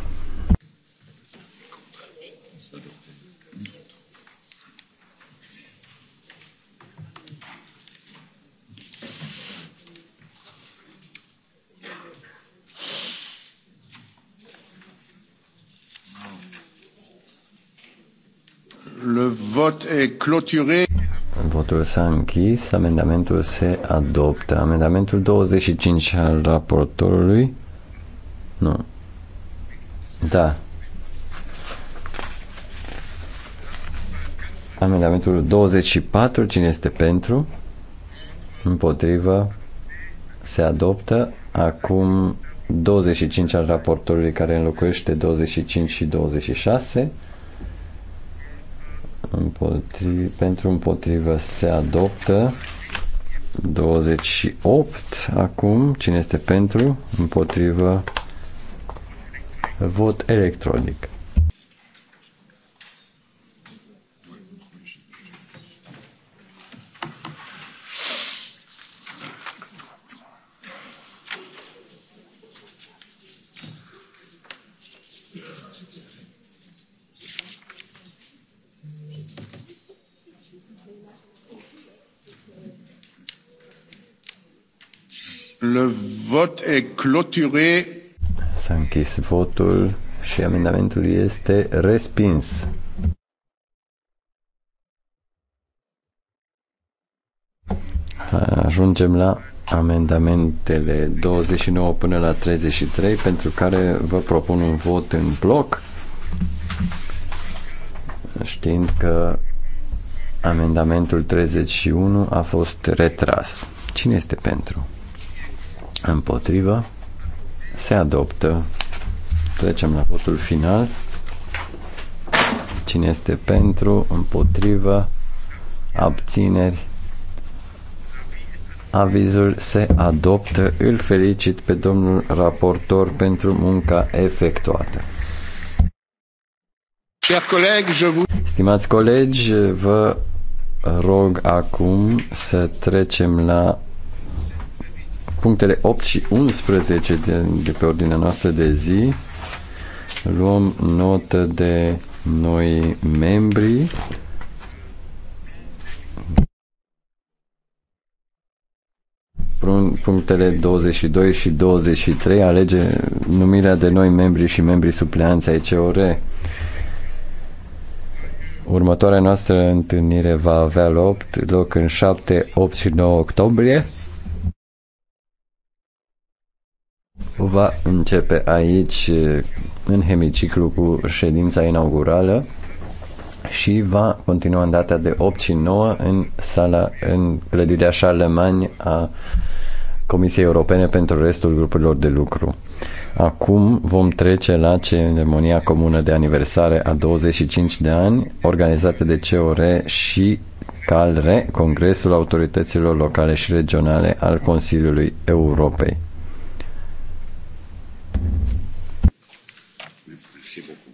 clôturé. Votul s-a închis, amendamentul se adoptă. Amendamentul 25 al raportorului. Nu. Da. Amendamentul 24, cine este pentru? Împotrivă. Se adoptă. Acum 25 al raportorului care înlocuiește 25 și 26 împotri, pentru împotrivă se adoptă 28 acum cine este pentru împotrivă vot electronic Le vot est clôturé. S-a închis votul și amendamentul este respins. Ajungem la amendamentele 29 până la 33 pentru care vă propun un vot în bloc știind că amendamentul 31 a fost retras. Cine este pentru? împotriva, se adoptă. Trecem la votul final. Cine este pentru, împotriva, abțineri, avizul se adoptă. Îl felicit pe domnul raportor pentru munca efectuată. Stimați colegi, vă rog acum să trecem la punctele 8 și 11 de, de pe ordinea noastră de zi. Luăm notă de noi membri. punctele 22 și 23 alege numirea de noi membri și membri supleanți ai COR. Următoarea noastră întâlnire va avea loc, loc în 7, 8 și 9 octombrie. va începe aici, în hemiciclu, cu ședința inaugurală și va continua în data de 8 și 9 în sala, în clădirea Charlemagne a Comisiei Europene pentru restul grupurilor de lucru. Acum vom trece la ceremonia comună de aniversare a 25 de ani, organizată de COR și CALRE, Congresul Autorităților Locale și Regionale al Consiliului Europei. Merci beaucoup.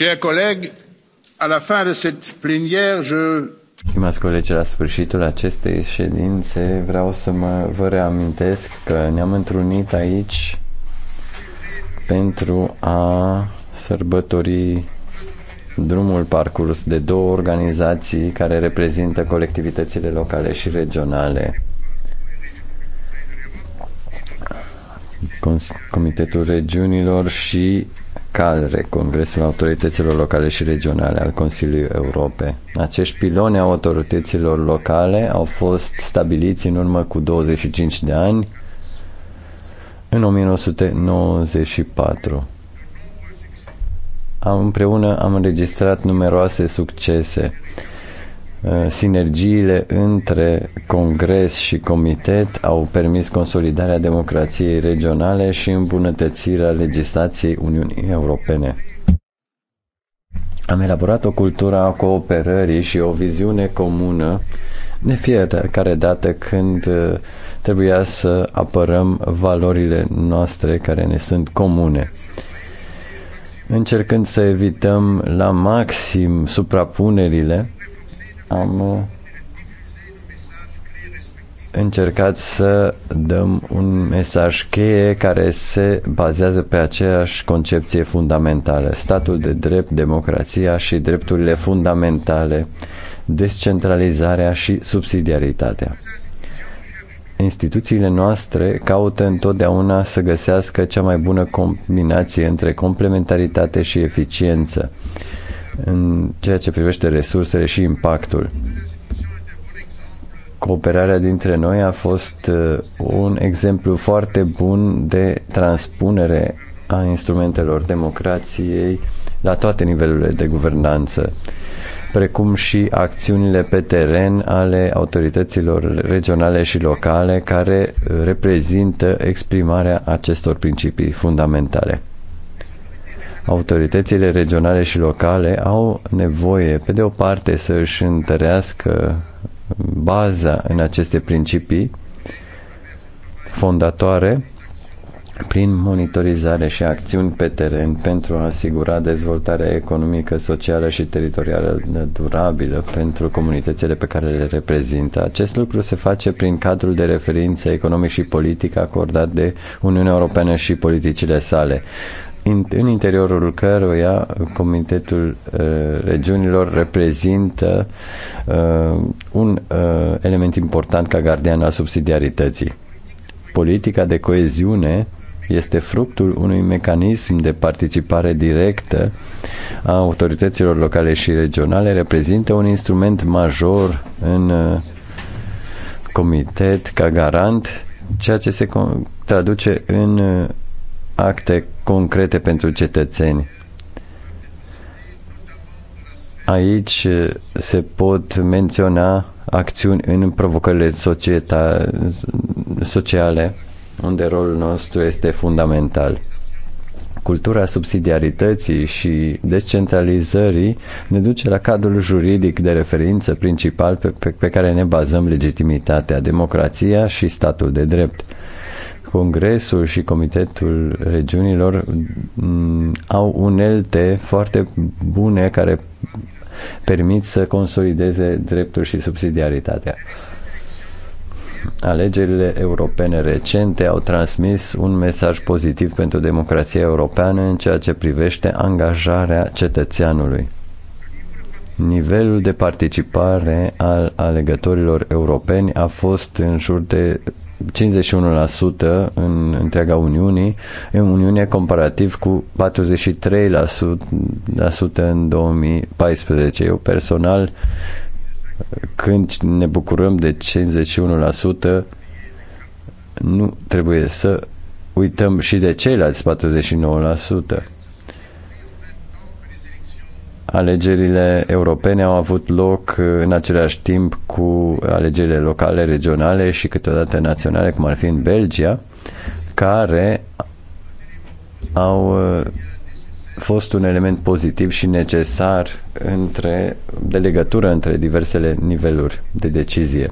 Chers collègues, à la fin de cette plénière, je Stimați colegi, la sfârșitul acestei ședințe vreau să mă, vă reamintesc că ne-am întrunit aici pentru a sărbători drumul parcurs de două organizații care reprezintă colectivitățile locale și regionale. Comitetul Regiunilor și CALRE, Congresul Autorităților Locale și Regionale al Consiliului Europei. Acești piloni a autorităților locale au fost stabiliți în urmă cu 25 de ani, în 1994. Am, împreună am înregistrat numeroase succese. Uh, sinergiile între Congres și Comitet au permis consolidarea democrației regionale și îmbunătățirea legislației Uniunii Europene. Am elaborat o cultură a cooperării și o viziune comună de fiecare dată când uh, trebuia să apărăm valorile noastre care ne sunt comune încercând să evităm la maxim suprapunerile am uh, încercat să dăm un mesaj cheie care se bazează pe aceeași concepție fundamentală. Statul de drept, democrația și drepturile fundamentale, descentralizarea și subsidiaritatea. Instituțiile noastre caută întotdeauna să găsească cea mai bună combinație între complementaritate și eficiență în ceea ce privește resursele și impactul. Cooperarea dintre noi a fost uh, un exemplu foarte bun de transpunere a instrumentelor democrației la toate nivelurile de guvernanță, precum și acțiunile pe teren ale autorităților regionale și locale care reprezintă exprimarea acestor principii fundamentale autoritățile regionale și locale au nevoie, pe de o parte, să își întărească baza în aceste principii fondatoare prin monitorizare și acțiuni pe teren pentru a asigura dezvoltarea economică, socială și teritorială durabilă pentru comunitățile pe care le reprezintă. Acest lucru se face prin cadrul de referință economic și politic acordat de Uniunea Europeană și politicile sale în interiorul căruia Comitetul uh, Regiunilor reprezintă uh, un uh, element important ca gardian al subsidiarității. Politica de coeziune este fructul unui mecanism de participare directă a autorităților locale și regionale, reprezintă un instrument major în uh, comitet ca garant, ceea ce se traduce în uh, acte concrete pentru cetățeni. Aici se pot menționa acțiuni în provocările societa, sociale, unde rolul nostru este fundamental. Cultura subsidiarității și descentralizării ne duce la cadrul juridic de referință principal pe, pe, pe care ne bazăm legitimitatea, democrația și statul de drept. Congresul și Comitetul Regiunilor mm, au unelte foarte bune care permit să consolideze dreptul și subsidiaritatea. Alegerile europene recente au transmis un mesaj pozitiv pentru democrația europeană în ceea ce privește angajarea cetățeanului. Nivelul de participare al alegătorilor europeni a fost în jur de 51% în întreaga Uniune, în Uniune comparativ cu 43% în 2014. Eu personal, când ne bucurăm de 51%, nu trebuie să uităm și de ceilalți 49%. Alegerile europene au avut loc uh, în același timp cu alegerile locale, regionale și câteodată naționale, cum ar fi în Belgia, care au uh, fost un element pozitiv și necesar între, de legătură între diversele niveluri de decizie.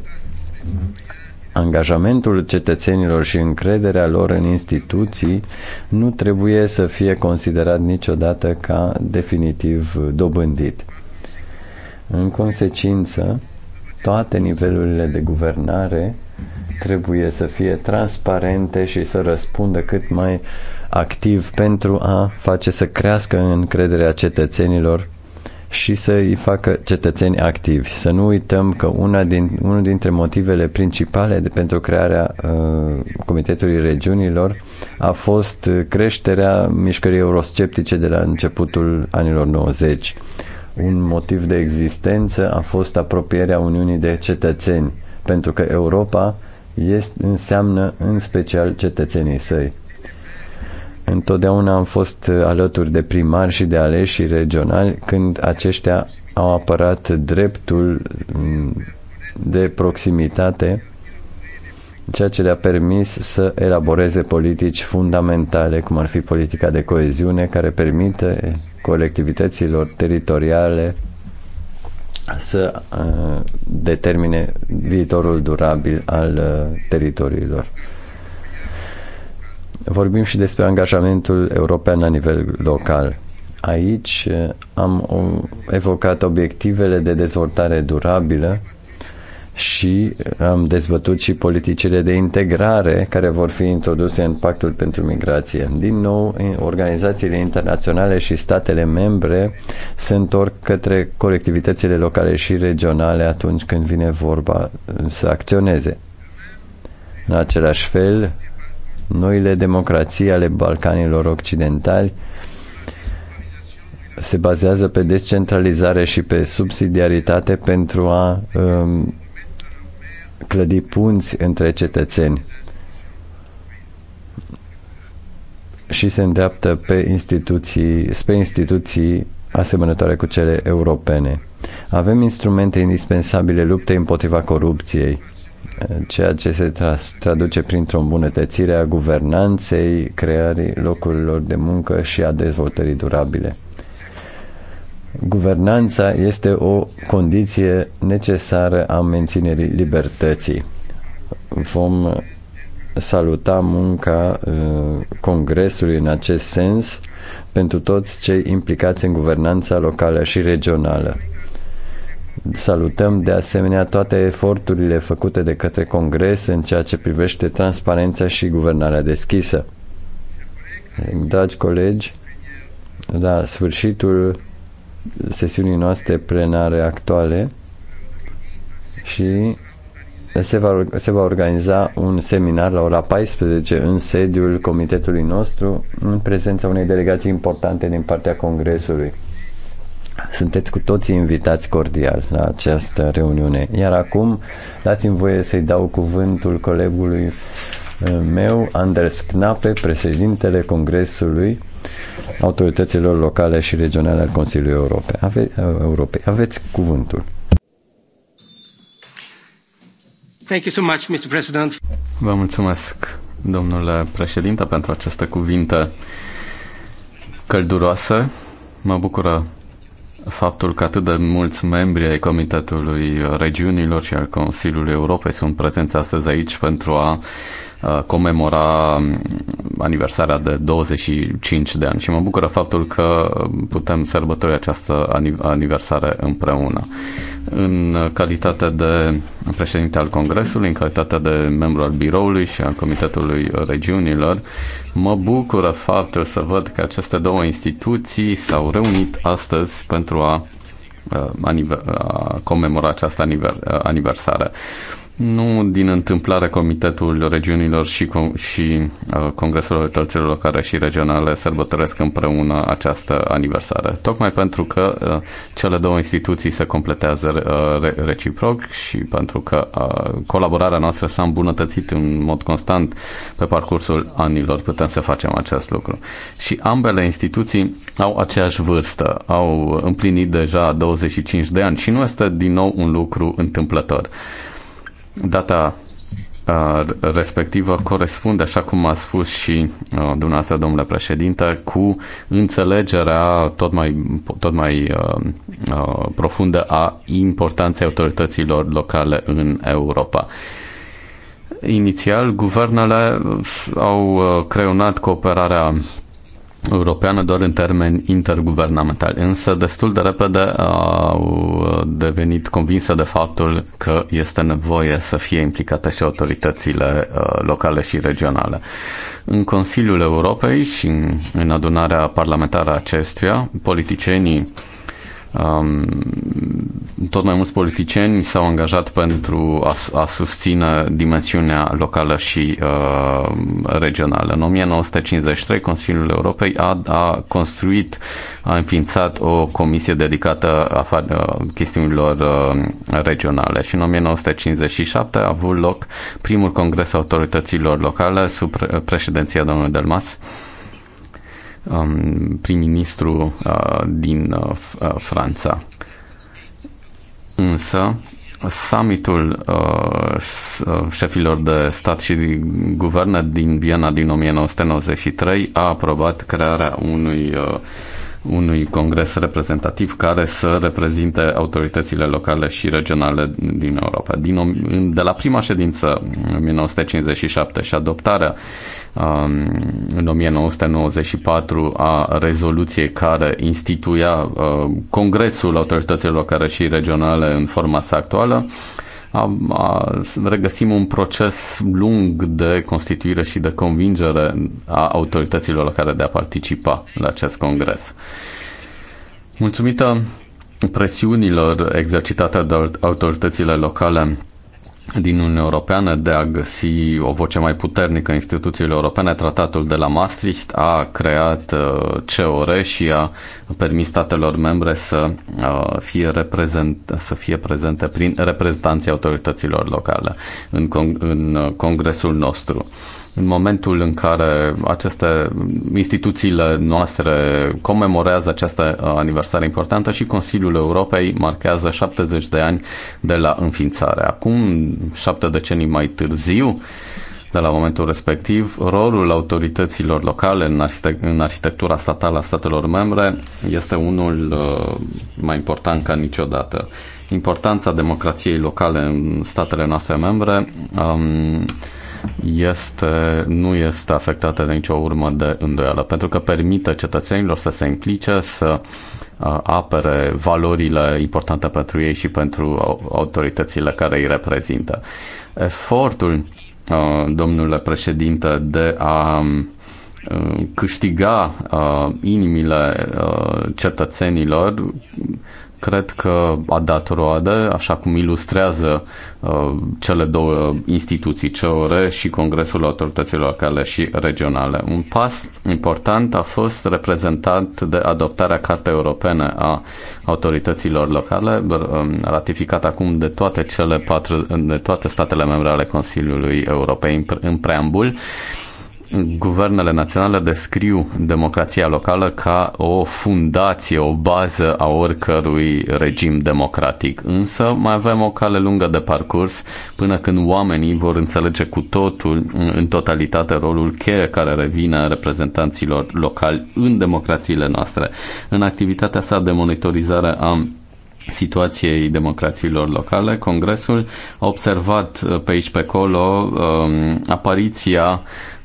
Angajamentul cetățenilor și încrederea lor în instituții nu trebuie să fie considerat niciodată ca definitiv dobândit. În consecință, toate nivelurile de guvernare trebuie să fie transparente și să răspundă cât mai activ pentru a face să crească încrederea cetățenilor și să îi facă cetățeni activi. Să nu uităm că una din, unul dintre motivele principale de, pentru crearea uh, Comitetului Regiunilor a fost uh, creșterea mișcării eurosceptice de la începutul anilor 90. Un motiv de existență a fost apropierea Uniunii de cetățeni, pentru că Europa este, înseamnă în special cetățenii săi. Întotdeauna am fost alături de primari și de aleși regionali când aceștia au apărat dreptul mm, de proximitate, ceea ce le-a permis să elaboreze politici fundamentale, cum ar fi politica de coeziune, care permite colectivităților teritoriale să uh, determine viitorul durabil al uh, teritoriilor vorbim și despre angajamentul european la nivel local. Aici eh, am evocat obiectivele de dezvoltare durabilă și am dezbătut și politicile de integrare care vor fi introduse în pactul pentru migrație. Din nou, eh, organizațiile internaționale și statele membre se întorc către colectivitățile locale și regionale atunci când vine vorba eh, să acționeze. În același fel, Noile democrații ale Balcanilor Occidentali se bazează pe descentralizare și pe subsidiaritate pentru a um, clădi punți între cetățeni și se îndreaptă pe instituții, spre instituții asemănătoare cu cele europene. Avem instrumente indispensabile luptei împotriva corupției, ceea ce se traduce printr-o îmbunătățire a guvernanței, creării locurilor de muncă și a dezvoltării durabile. Guvernanța este o condiție necesară a menținerii libertății. Vom saluta munca uh, Congresului în acest sens pentru toți cei implicați în guvernanța locală și regională. Salutăm de asemenea toate eforturile făcute de către Congres în ceea ce privește transparența și guvernarea deschisă. Dragi colegi, la sfârșitul sesiunii noastre plenare actuale și se va, se va organiza un seminar la ora 14 în sediul comitetului nostru în prezența unei delegații importante din partea Congresului. Sunteți cu toții invitați cordial la această reuniune. Iar acum dați-mi voie să-i dau cuvântul colegului uh, meu, Anders Knape, președintele Congresului Autorităților Locale și Regionale al Consiliului Europei. Ave- uh, Europei. Aveți cuvântul. Thank you so much, Mr. President. Vă mulțumesc, domnule președinte, pentru această cuvinte călduroasă. Mă bucură faptul că atât de mulți membri ai Comitetului Regiunilor și al Consiliului Europei sunt prezenți astăzi aici pentru a Uh, comemora um, aniversarea de 25 de ani și mă bucură faptul că putem sărbători această aniversare împreună. În calitate de președinte al Congresului, în calitate de membru al biroului și al Comitetului Regiunilor, mă bucură faptul să văd că aceste două instituții s-au reunit astăzi pentru a, uh, a, a comemora această aniver, uh, aniversare. Nu din întâmplare Comitetul Regiunilor și, con- și uh, Congresul Celor care și regionale sărbătoresc împreună această aniversare. Tocmai pentru că uh, cele două instituții se completează uh, reciproc și pentru că uh, colaborarea noastră s-a îmbunătățit în mod constant pe parcursul anilor, putem să facem acest lucru. Și ambele instituții au aceeași vârstă, au împlinit deja 25 de ani și nu este din nou un lucru întâmplător. Uh, Data uh, respectivă corespunde, așa cum a spus și uh, dumneavoastră, domnule președinte, cu înțelegerea tot mai, tot mai uh, uh, profundă a importanței autorităților locale în Europa. Inițial, guvernele au uh, creionat cooperarea europeană doar în termeni interguvernamentali, însă destul de repede au devenit convinsă de faptul că este nevoie să fie implicate și autoritățile uh, locale și regionale. În Consiliul Europei și în adunarea parlamentară acestuia, politicienii Um, tot mai mulți politicieni s-au angajat pentru a, a susține dimensiunea locală și uh, regională. În 1953, Consiliul Europei a, a construit, a înființat o comisie dedicată afar, uh, chestiunilor uh, regionale și în 1957 a avut loc primul congres autorităților locale sub președinția domnului Delmas. Uh, Um, prim-ministru uh, din uh, uh, Franța. Însă, summitul uh, șefilor de stat și de guverne din Viena din 1993 a aprobat crearea unui uh, unui congres reprezentativ care să reprezinte autoritățile locale și regionale din Europa. Din, de la prima ședință în 1957 și adoptarea um, în 1994 a rezoluției care instituia uh, Congresul Autorităților Locale și Regionale în forma sa actuală, regăsim un proces lung de constituire și de convingere a autorităților locale de a participa la acest congres. Mulțumită presiunilor exercitate de autoritățile locale din Uniunea Europeană de a găsi o voce mai puternică în instituțiile europene. Tratatul de la Maastricht a creat uh, COR și a permis statelor membre să uh, fie, reprezent, să fie prezente prin reprezentanții autorităților locale în, con- în uh, congresul nostru. În momentul în care aceste instituțiile noastre comemorează această uh, aniversare importantă și Consiliul Europei marchează 70 de ani de la înființare. Acum, șapte decenii mai târziu, de la momentul respectiv, rolul autorităților locale în, arhite- în arhitectura statală a statelor membre este unul uh, mai important ca niciodată. Importanța democrației locale în statele noastre membre um, este, nu este afectată de nicio urmă de îndoială, pentru că permite cetățenilor să se implice, să apere valorile importante pentru ei și pentru autoritățile care îi reprezintă. Efortul, domnule președinte, de a câștiga inimile cetățenilor cred că a dat roade, așa cum ilustrează uh, cele două instituții, COR și Congresul Autorităților Locale și Regionale. Un pas important a fost reprezentat de adoptarea Cartei Europene a Autorităților Locale, um, ratificată acum de toate cele patru, de toate statele membre ale Consiliului Europei în preambul. Uh, guvernele naționale descriu democrația locală ca o fundație, o bază a oricărui regim democratic. Însă mai avem o cale lungă de parcurs până când oamenii vor înțelege cu totul, în totalitate, rolul cheie care revine reprezentanților locali în democrațiile noastre. În activitatea sa de monitorizare am situației democrațiilor locale, Congresul a observat uh, pe aici pe acolo um, apariția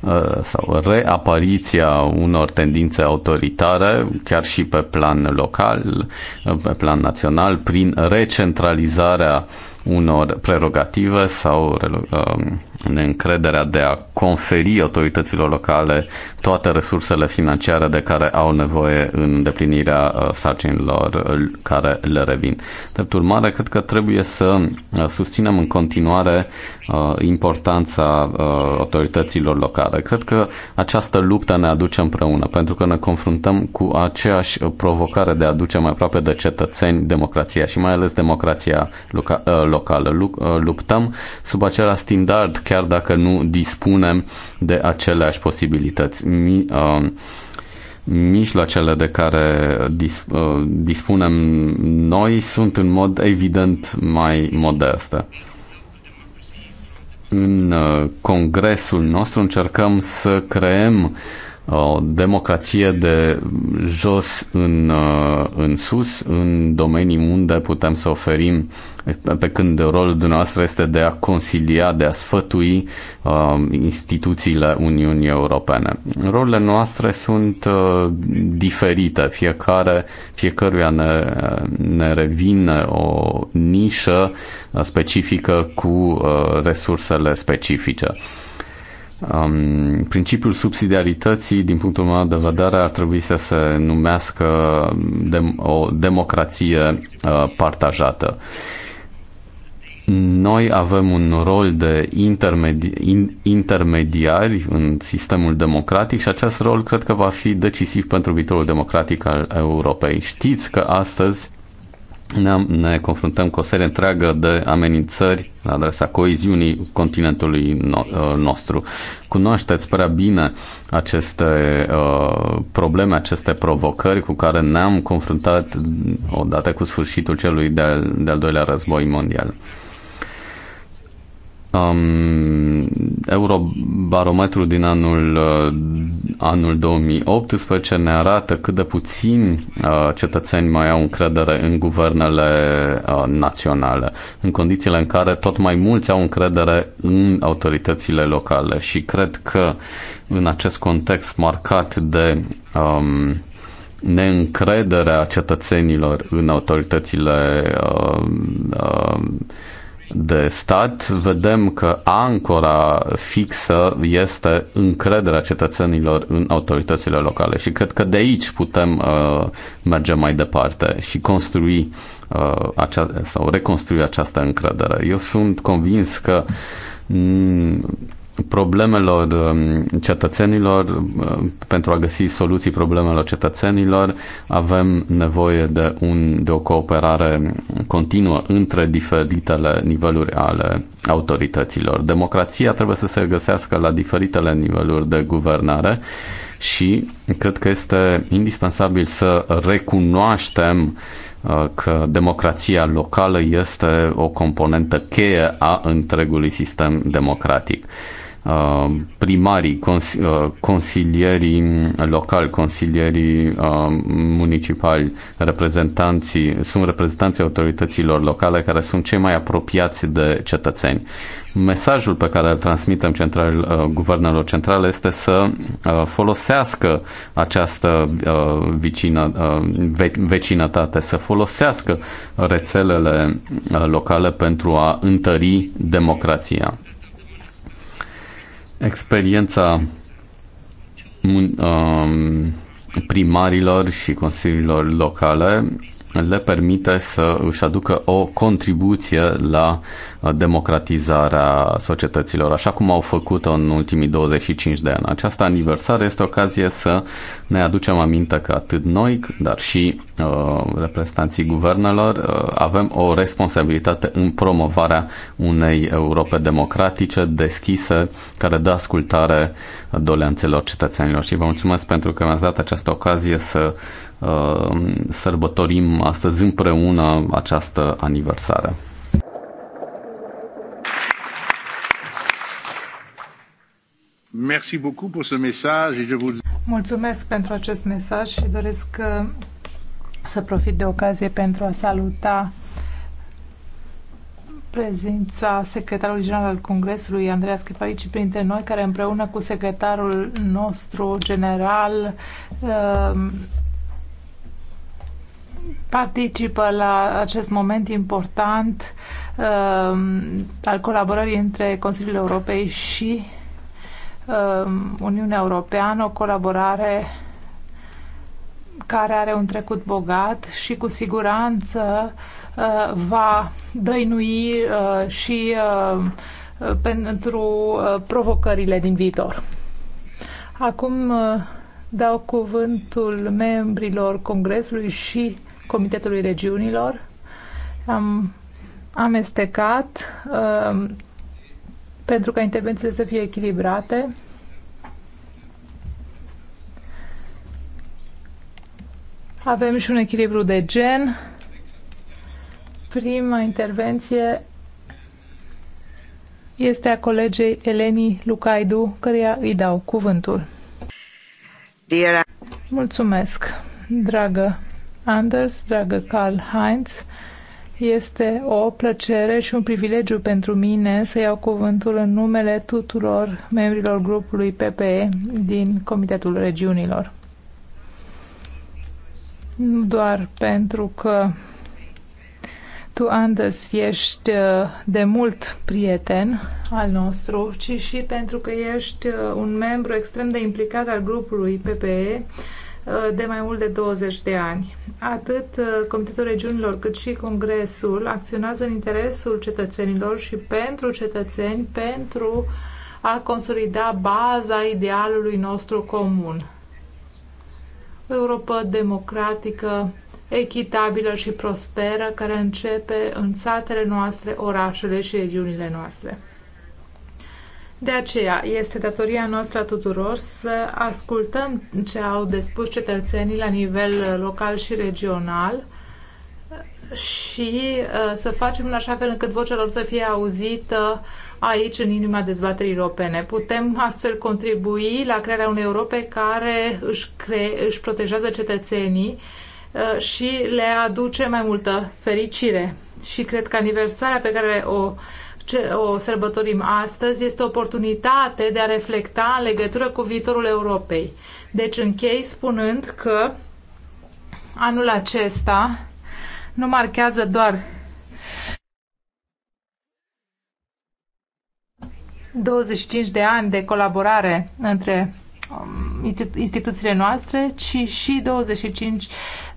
Uh, sau reapariția unor tendințe autoritare, chiar și pe plan local, uh, pe plan național, prin recentralizarea unor prerogative sau um, de încrederea de a conferi autorităților locale toate resursele financiare de care au nevoie în îndeplinirea uh, sarcinilor uh, care le revin. Drept urmare, cred că trebuie să uh, susținem în continuare importanța autorităților locale. Cred că această luptă ne aduce împreună, pentru că ne confruntăm cu aceeași provocare de a aduce mai aproape de cetățeni democrația și mai ales democrația loca- locală. Luptăm sub același standard chiar dacă nu dispunem de aceleași posibilități. Mi, uh, mijloacele de care dis, uh, dispunem noi sunt în mod evident mai modeste. În uh, congresul nostru încercăm să creăm uh, o democrație de jos în, uh, în sus, în domenii unde putem să oferim, pe când rolul dumneavoastră este de a consilia, de a sfătui uh, instituțiile Uniunii Europene. Rolurile noastre sunt uh, diferite, fiecare, fiecăruia ne, ne revine o nișă specifică cu resursele specifice. Um, principiul subsidiarității, din punctul meu de vedere, ar trebui să se numească dem- o democrație uh, partajată. Noi avem un rol de intermedi- in- intermediari în sistemul democratic și acest rol cred că va fi decisiv pentru viitorul democratic al Europei. Știți că astăzi ne, ne confruntăm cu o serie întreagă de amenințări la adresa coeziunii continentului no- uh, nostru. Cunoașteți prea bine aceste uh, probleme, aceste provocări cu care ne-am confruntat odată cu sfârșitul celui de-al, de-al doilea război mondial um, Eurobarometrul din anul, uh, anul 2018 ne arată cât de puțin uh, cetățeni mai au încredere în guvernele uh, naționale, în condițiile în care tot mai mulți au încredere în autoritățile locale și cred că în acest context marcat de um, neîncrederea cetățenilor în autoritățile uh, uh, de stat, vedem că ancora fixă este încrederea cetățenilor în autoritățile locale și cred că de aici putem uh, merge mai departe și construi uh, acea, sau reconstrui această încredere. Eu sunt convins că mm, problemelor um, cetățenilor, uh, pentru a găsi soluții problemelor cetățenilor, avem nevoie de, un, de o cooperare continuă între diferitele niveluri ale autorităților. Democrația trebuie să se găsească la diferitele niveluri de guvernare și cred că este indispensabil să recunoaștem uh, că democrația locală este o componentă cheie a întregului sistem democratic. Uh, primarii, cons- uh, consilierii locali, consilierii uh, municipali, reprezentanții, sunt reprezentanții autorităților locale care sunt cei mai apropiați de cetățeni. Mesajul pe care îl transmitem central, guvernelor centrale este să folosească această vicină, ve, vecinătate, să folosească rețelele locale pentru a întări democrația. Experiența um, primarilor și consiliilor locale le permite să își aducă o contribuție la uh, democratizarea societăților, așa cum au făcut-o în ultimii 25 de ani. Această aniversare este ocazie să ne aducem aminte că atât noi, dar și uh, reprezentanții guvernelor uh, avem o responsabilitate în promovarea unei Europe democratice, deschise, care dă ascultare doleanțelor cetățenilor. Și vă mulțumesc pentru că mi-ați dat această ocazie să uh, Uh, sărbătorim astăzi împreună această aniversare. Mulțumesc pentru acest mesaj și doresc uh, să profit de ocazie pentru a saluta prezența secretarului general al Congresului, Andreea Schifarici, printre noi, care împreună cu secretarul nostru general uh, participă la acest moment important uh, al colaborării între Consiliul Europei și uh, Uniunea Europeană, o colaborare care are un trecut bogat și cu siguranță uh, va dăinui uh, și uh, pentru uh, provocările din viitor. Acum uh, dau cuvântul membrilor Congresului și uh, Comitetului Regiunilor. Am amestecat uh, pentru ca intervențiile să fie echilibrate. Avem și un echilibru de gen. Prima intervenție este a colegei Eleni Lucaidu, căreia îi dau cuvântul. Mulțumesc, dragă Anders, dragă Karl Heinz, este o plăcere și un privilegiu pentru mine să iau cuvântul în numele tuturor membrilor grupului PPE din Comitetul Regiunilor. Nu doar pentru că tu, Anders, ești uh, de mult prieten al nostru, ci și pentru că ești uh, un membru extrem de implicat al grupului PPE Uh, de mai mult de 20 de ani. Atât uh, Comitetul Regiunilor cât și Congresul acționează în interesul cetățenilor și pentru cetățeni pentru a consolida baza idealului nostru comun. O Europa democratică, echitabilă și prosperă care începe în satele noastre, orașele și regiunile noastre. De aceea este datoria noastră a tuturor să ascultăm ce au de spus cetățenii la nivel uh, local și regional și uh, să facem în așa fel încât vocea lor să fie auzită aici, în inima dezbaterii europene. Putem astfel contribui la crearea unei Europe care își, cre- își protejează cetățenii uh, și le aduce mai multă fericire. Și cred că aniversarea pe care o ce o sărbătorim astăzi este o oportunitate de a reflecta în legătură cu viitorul Europei. Deci închei spunând că anul acesta nu marchează doar 25 de ani de colaborare între um, instituțiile noastre, ci și 25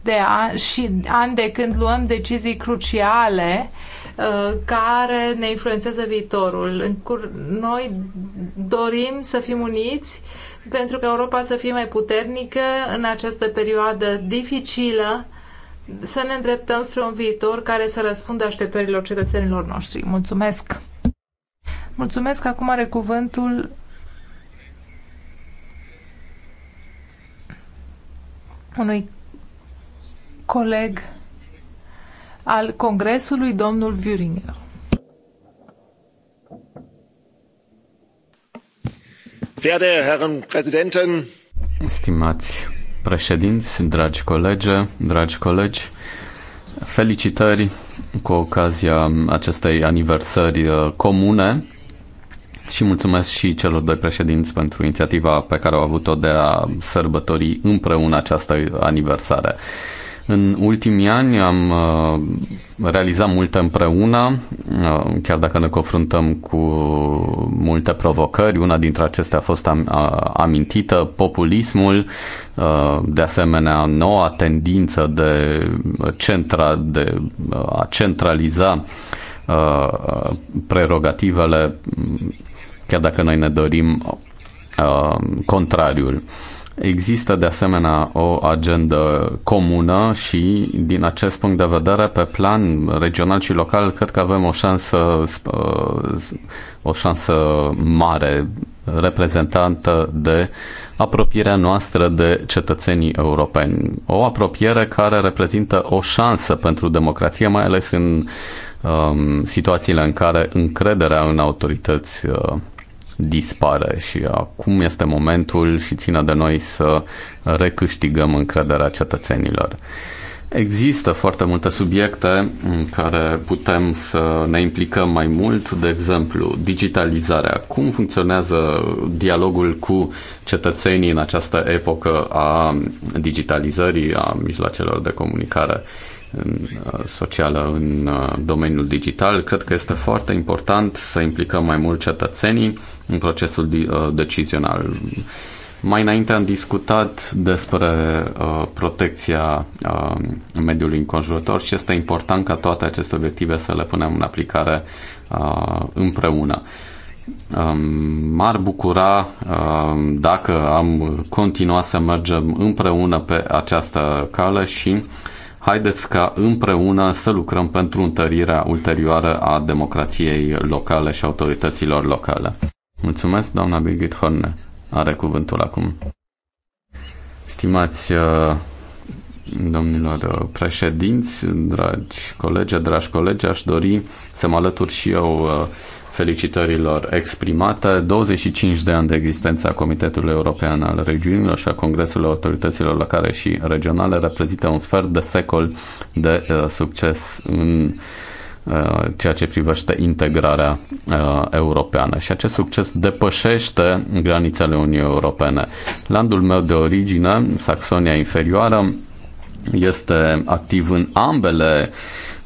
de ani, și ani de când luăm decizii cruciale Uh, care ne influențează viitorul. Noi dorim să fim uniți pentru că Europa să fie mai puternică în această perioadă dificilă, să ne îndreptăm spre un viitor care să răspundă așteptărilor cetățenilor noștri. Mulțumesc! Mulțumesc! Acum are cuvântul unui coleg al Congresului, domnul Vuringer. Verehrte Herren Präsidenten, Stimați președinți, dragi colegi, dragi colegi, felicitări cu ocazia acestei aniversări uh, comune și mulțumesc și celor doi președinți pentru inițiativa pe care au avut-o de a sărbători împreună această aniversare. În ultimii ani am uh, realizat multe împreună, uh, chiar dacă ne confruntăm cu multe provocări. Una dintre acestea a fost amintită, populismul, uh, de asemenea noua tendință de, centra, de a centraliza prerogativele, chiar dacă noi ne dorim contrariul. Există de asemenea o agendă comună și din acest punct de vedere, pe plan regional și local, cred că avem o șansă, o șansă mare reprezentantă de apropierea noastră de cetățenii europeni. O apropiere care reprezintă o șansă pentru democrație, mai ales în um, situațiile în care încrederea în autorități uh, dispare și acum este momentul și ține de noi să recâștigăm încrederea cetățenilor. Există foarte multe subiecte în care putem să ne implicăm mai mult, de exemplu, digitalizarea. Cum funcționează dialogul cu cetățenii în această epocă a digitalizării, a mijloacelor de comunicare uh, socială în uh, domeniul digital? Cred că este foarte important să implicăm mai mult cetățenii în procesul uh, decizional. Mai înainte am discutat despre uh, protecția uh, mediului înconjurător și este important ca toate aceste obiective să le punem în aplicare uh, împreună. Um, m-ar bucura uh, dacă am continuat să mergem împreună pe această cale și haideți ca împreună să lucrăm pentru întărirea ulterioară a democrației locale și autorităților locale. Mulțumesc, doamna Birgit Horne. Are cuvântul acum. Stimați uh, domnilor uh, președinți, dragi colegi, dragi colegi, aș dori să mă alătur și eu uh, felicitărilor exprimate. 25 de ani de existență a Comitetului European al Regiunilor și a Congresului Autorităților Locale și Regionale reprezintă un sfert de secol de succes în Uh, ceea ce privește integrarea uh, europeană și acest succes depășește granițele Uniunii Europene. Landul meu de origine, Saxonia Inferioară, este activ în ambele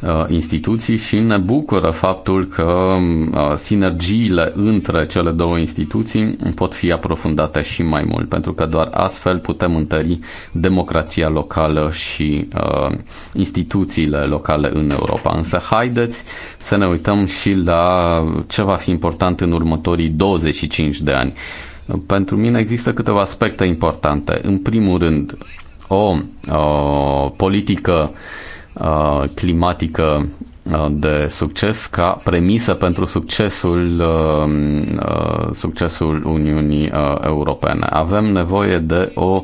Uh, instituții și ne bucură faptul că uh, sinergiile între cele două instituții pot fi aprofundate și mai mult, pentru că doar astfel putem întări democrația locală și uh, instituțiile locale în Europa. Însă haideți să ne uităm și la ce va fi important în următorii 25 de ani. Pentru mine există câteva aspecte importante. În primul rând, o, o uh, politică uh, Uh, climatică uh, de succes ca premisă pentru succesul, uh, succesul Uniunii Europene. Avem nevoie de o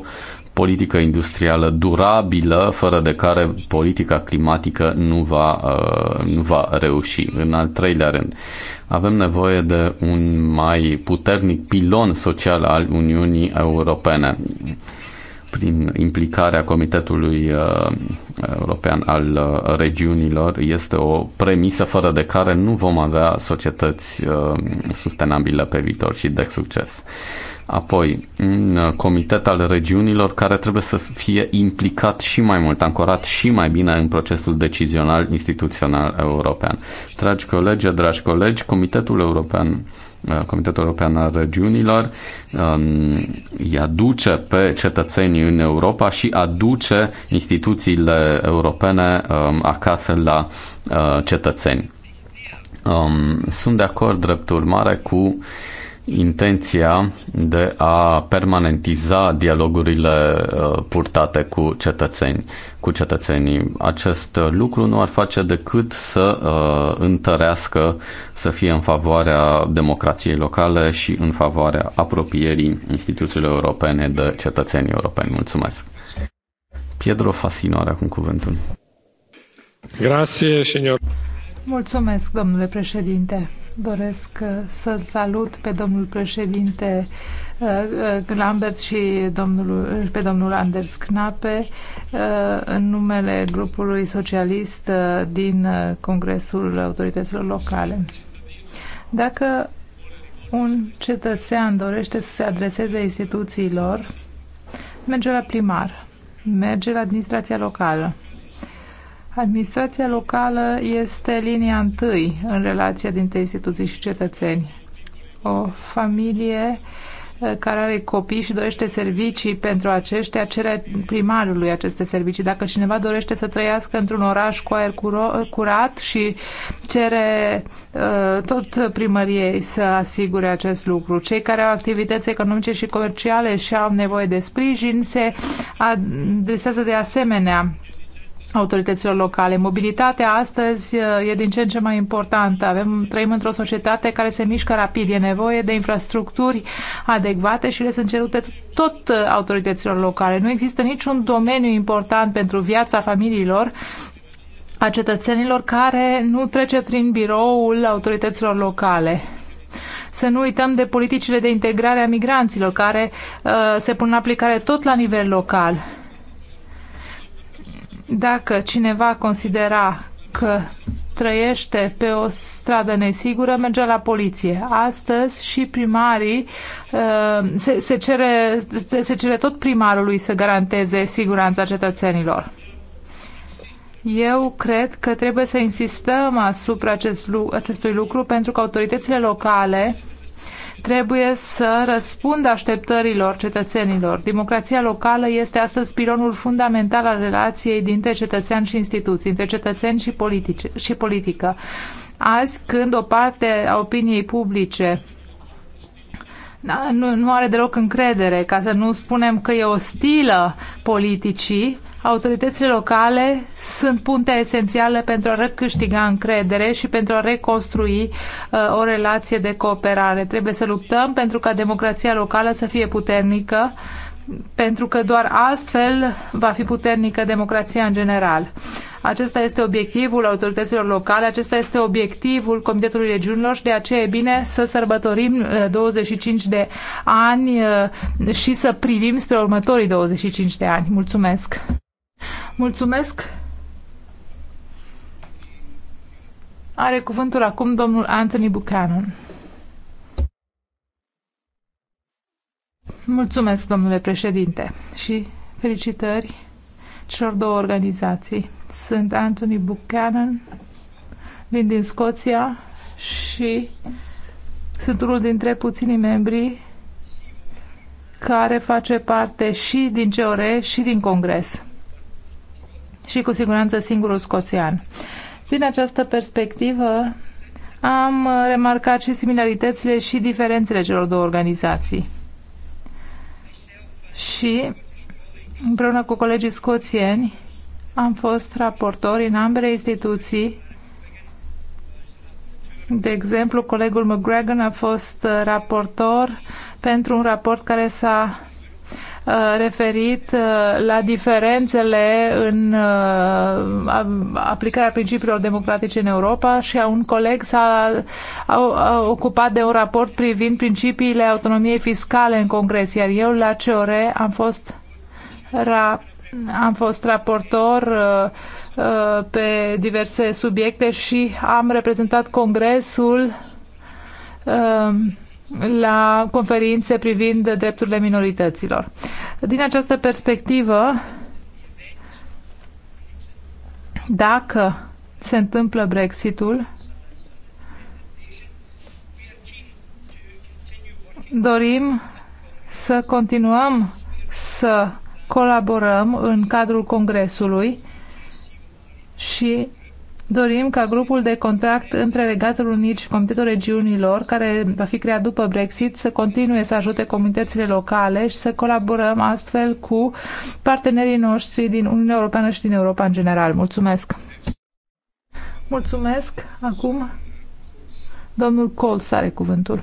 politică industrială durabilă, fără de care politica climatică nu va, nu va reuși. În al treilea rând, avem nevoie de un mai puternic pilon social al Uniunii Europene prin implicarea Comitetului uh, European al uh, Regiunilor este o premisă fără de care nu vom avea societăți uh, sustenabile pe viitor și de succes. Apoi, un comitet al regiunilor care trebuie să fie implicat și mai mult, ancorat și mai bine în procesul decizional instituțional european. Dragi colegi, dragi colegi, Comitetul European Comitetul European al Regiunilor, um, îi aduce pe cetățenii în Europa și aduce instituțiile europene um, acasă la uh, cetățeni. Um, sunt de acord, drept urmare, cu uh, intenția de a permanentiza dialogurile uh, purtate cu cetățeni, cu cetățenii. Acest uh, lucru nu ar face decât să uh, întărească, să fie în favoarea democrației locale și în favoarea apropierii instituțiilor europene de cetățenii europeni. Mulțumesc. Pietro Fasino are acum cuvântul. Grazie, signor. Mulțumesc, domnule președinte. Doresc uh, să-l salut pe domnul președinte uh, uh, Lambert și domnul, pe domnul Anders Knape în numele grupului socialist din Congresul Autorităților Locale. Dacă un cetățean dorește să se adreseze instituțiilor, merge la primar, merge la administrația locală, Administrația locală este linia întâi în relația dintre instituții și cetățeni. O familie eh, care are copii și dorește servicii pentru aceștia, cere primarului aceste servicii. Dacă cineva dorește să trăiască într-un oraș cu aer eh, curat și cere eh, tot primăriei să asigure acest lucru. Cei care au activități economice și comerciale și au nevoie de sprijin se adresează de asemenea autorităților locale. Mobilitatea astăzi uh, e din ce în ce mai importantă. Avem, trăim într-o societate care se mișcă rapid. E nevoie de infrastructuri adecvate și le sunt cerute tot uh, autorităților locale. Nu există niciun domeniu important pentru viața familiilor a cetățenilor care nu trece prin biroul autorităților locale. Să nu uităm de politicile de integrare a migranților care uh, se pun în aplicare tot la nivel local dacă cineva considera că trăiește pe o stradă nesigură, merge la poliție. Astăzi și primarii uh, se, se, cere, se, se cere tot primarului să garanteze siguranța cetățenilor. Eu cred că trebuie să insistăm asupra acest, acestui lucru pentru că autoritățile locale trebuie să răspundă așteptărilor cetățenilor. Democrația locală este astăzi pilonul fundamental al relației dintre cetățean și instituții, între cetățeni și, politici, și politică. Azi, când o parte a opiniei publice nu, nu are deloc încredere, ca să nu spunem că e ostilă politicii, Autoritățile locale sunt puntea esențială pentru a recâștiga încredere și pentru a reconstrui uh, o relație de cooperare. Trebuie să luptăm pentru ca democrația locală să fie puternică, pentru că doar astfel va fi puternică democrația în general. Acesta este obiectivul autorităților locale, acesta este obiectivul Comitetului Regiunilor și de aceea e bine să sărbătorim 25 uh, de ani uh, și să privim spre următorii 25 de ani. Mulțumesc! Mulțumesc! Are cuvântul acum domnul Anthony Buchanan. Mulțumesc, domnule președinte, și felicitări celor două organizații. Sunt Anthony Buchanan, vin din Scoția și sunt unul dintre puținii membri care face parte și din CEORE și din Congres și cu siguranță singurul scoțian. Din această perspectivă am remarcat și similaritățile și diferențele celor două organizații. Și împreună cu colegii scoțieni am fost raportori în ambele instituții de exemplu, colegul McGregor a fost raportor pentru un raport care s-a Uh, referit uh, la diferențele în uh, aplicarea principiilor democratice în Europa și a un coleg s-a ocupat de un raport privind principiile autonomiei fiscale în Congres, iar eu la CEOR am fost ra am fost raportor uh, uh, pe diverse subiecte și am reprezentat Congresul uh, la conferințe privind drepturile minorităților. Din această perspectivă, dacă se întâmplă Brexitul, dorim să continuăm să colaborăm în cadrul Congresului și Dorim ca grupul de contact între Regatul Unit și Comitetul Regiunilor, care va fi creat după Brexit, să continue să ajute comunitățile locale și să colaborăm astfel cu partenerii noștri din Uniunea Europeană și din Europa în general. Mulțumesc! Mulțumesc! Acum domnul Colț are cuvântul.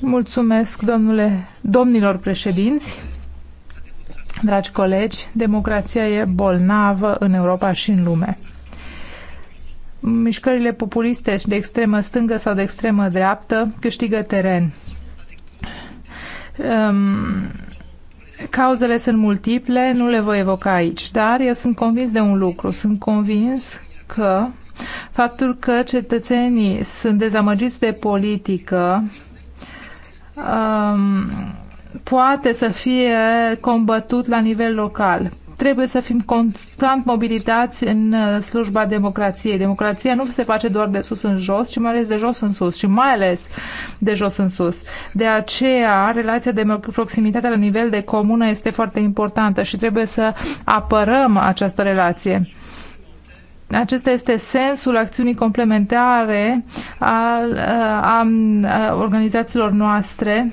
Mulțumesc, domnule, domnilor președinți! Dragi colegi, democrația e bolnavă în Europa și în lume. Mișcările populiste de extremă stângă sau de extremă dreaptă câștigă teren. Um, cauzele sunt multiple, nu le voi evoca aici, dar eu sunt convins de un lucru. Sunt convins că faptul că cetățenii sunt dezamăgiți de politică um, poate să fie combătut la nivel local. Trebuie să fim constant mobilitați în uh, slujba democrației. Democrația nu se face doar de sus în jos, ci mai ales de jos în sus și mai ales de jos în sus. De aceea, relația de proximitate la nivel de comună este foarte importantă și trebuie să apărăm această relație. Acesta este sensul acțiunii complementare al, uh, a, a uh, organizațiilor noastre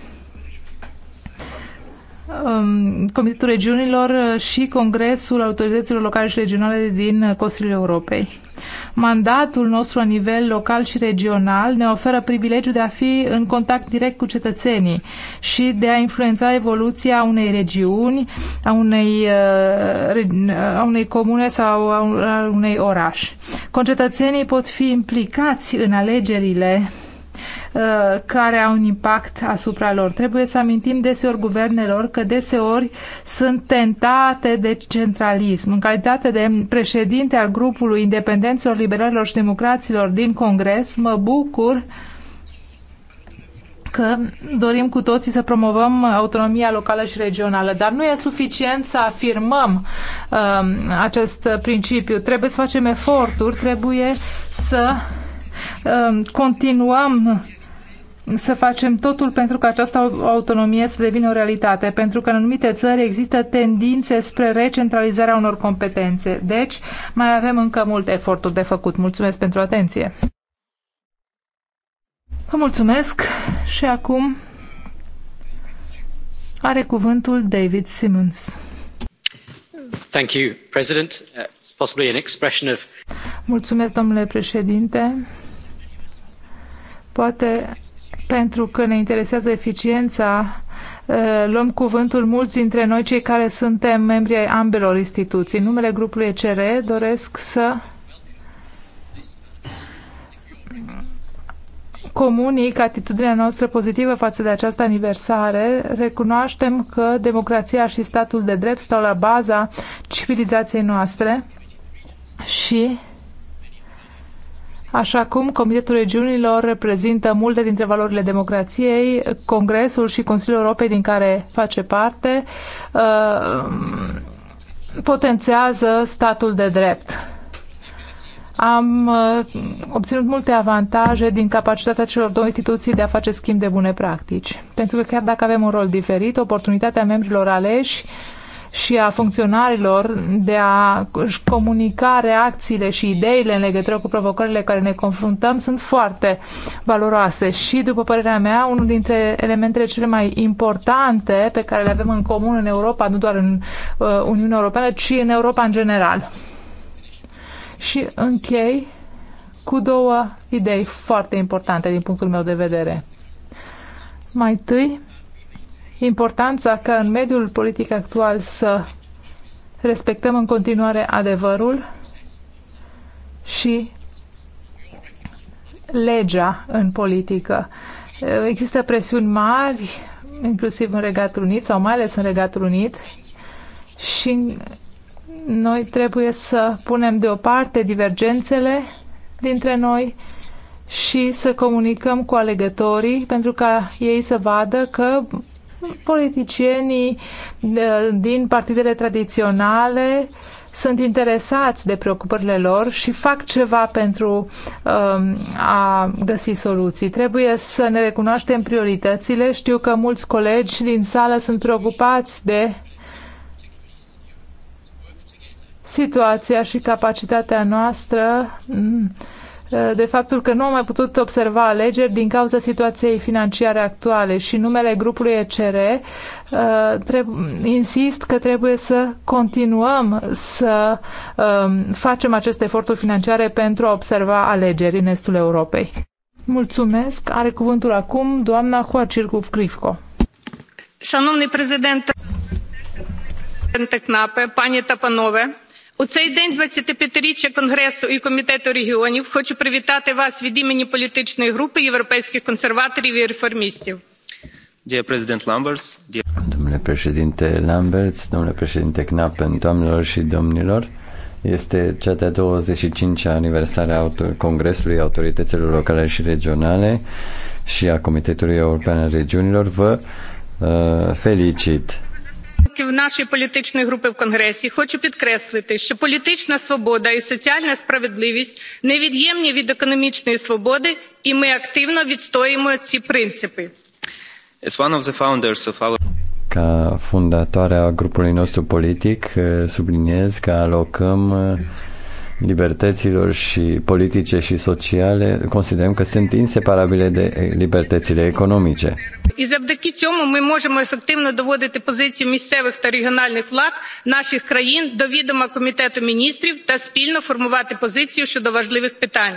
Um, Comitetul Regiunilor și Congresul Autorităților Locale și Regionale din Consiliul Europei. Mandatul nostru la nivel local și regional ne oferă privilegiul de a fi în contact direct cu cetățenii și de a influența evoluția unei regiuni, a unei, uh, a unei comune sau a unei oraș. Concetățenii pot fi implicați în alegerile Uh, care au un impact asupra lor. Trebuie să amintim deseori guvernelor că deseori sunt tentate de centralism. În calitate de președinte al grupului independenților, liberalilor și democraților din Congres, mă bucur că dorim cu toții să promovăm autonomia locală și regională, dar nu e suficient să afirmăm uh, acest principiu. Trebuie să facem eforturi, trebuie să uh, continuăm să facem totul pentru ca această autonomie să devină o realitate, pentru că în anumite țări există tendințe spre recentralizarea unor competențe. Deci, mai avem încă multe eforturi de făcut. Mulțumesc pentru atenție! Vă mulțumesc și acum are cuvântul David Simmons. Thank you, President. It's possibly an expression of... Mulțumesc, domnule președinte. Poate pentru că ne interesează eficiența, uh, luăm cuvântul mulți dintre noi, cei care suntem membri ai ambelor instituții. În numele grupului ECR doresc să comunic atitudinea noastră pozitivă față de această aniversare, recunoaștem că democrația și statul de drept stau la baza civilizației noastre și Așa cum Comitetul Regiunilor reprezintă multe dintre valorile democrației, Congresul și Consiliul Europei din care face parte uh, potențează statul de drept. Am uh, obținut multe avantaje din capacitatea celor două instituții de a face schimb de bune practici. Pentru că chiar dacă avem un rol diferit, oportunitatea membrilor aleși și a funcționarilor de a comunica reacțiile și ideile în legătură cu provocările care ne confruntăm sunt foarte valoroase și, după părerea mea, unul dintre elementele cele mai importante pe care le avem în comun în Europa, nu doar în uh, Uniunea Europeană, ci în Europa în general. Și închei cu două idei foarte importante din punctul meu de vedere. Mai întâi, importanța ca în mediul politic actual să respectăm în continuare adevărul și legea în politică. Există presiuni mari, inclusiv în Regatul Unit sau mai ales în Regatul Unit și noi trebuie să punem deoparte divergențele dintre noi și să comunicăm cu alegătorii pentru ca ei să vadă că politicienii eh, din partidele tradiționale sunt interesați de preocupările lor și fac ceva pentru um, a găsi soluții. Trebuie să ne recunoaștem prioritățile. Știu că mulți colegi din sală sunt preocupați de situația și capacitatea noastră mm, de faptul că nu am mai putut observa alegeri din cauza situației financiare actuale și numele grupului ECR uh, insist că trebuie să continuăm să um, facem aceste eforturi financiare pentru a observa alegeri în estul Europei. Mulțumesc. Are cuvântul acum doamna Hoacircuf Crivco. Шановний президенте, президенте КНАПе, пані та У цей день 25-річчя Конгресу і Комітету регіонів хочу привітати вас від імені політичної групи європейських консерваторів і реформістів. Dear President Lambers, dear... Domnule președinte Lambert, domnule președinte Knappen, doamnelor și domnilor, este cea de-a 25-a aniversare a Congresului Autorităților Locale și Regionale și a Comitetului European al Regiunilor. Vă uh, felicit! нашої політичної групи в конгресі хочу підкреслити що політична свобода і соціальна справедливість невід'ємні від економічної свободи і ми активно відстоюємо ці принципи. Ca fundatoarea grupului nostru politic, subliniez că alocăm libertăților și politice și sociale considerăm că sunt inseparabile de eh, libertățile economice. І завдяки цьому ми можемо ефективно доводити позиції місцевих та регіональних влад наших країн до відома Комітету міністрів та спільно формувати позицію щодо важливих питань.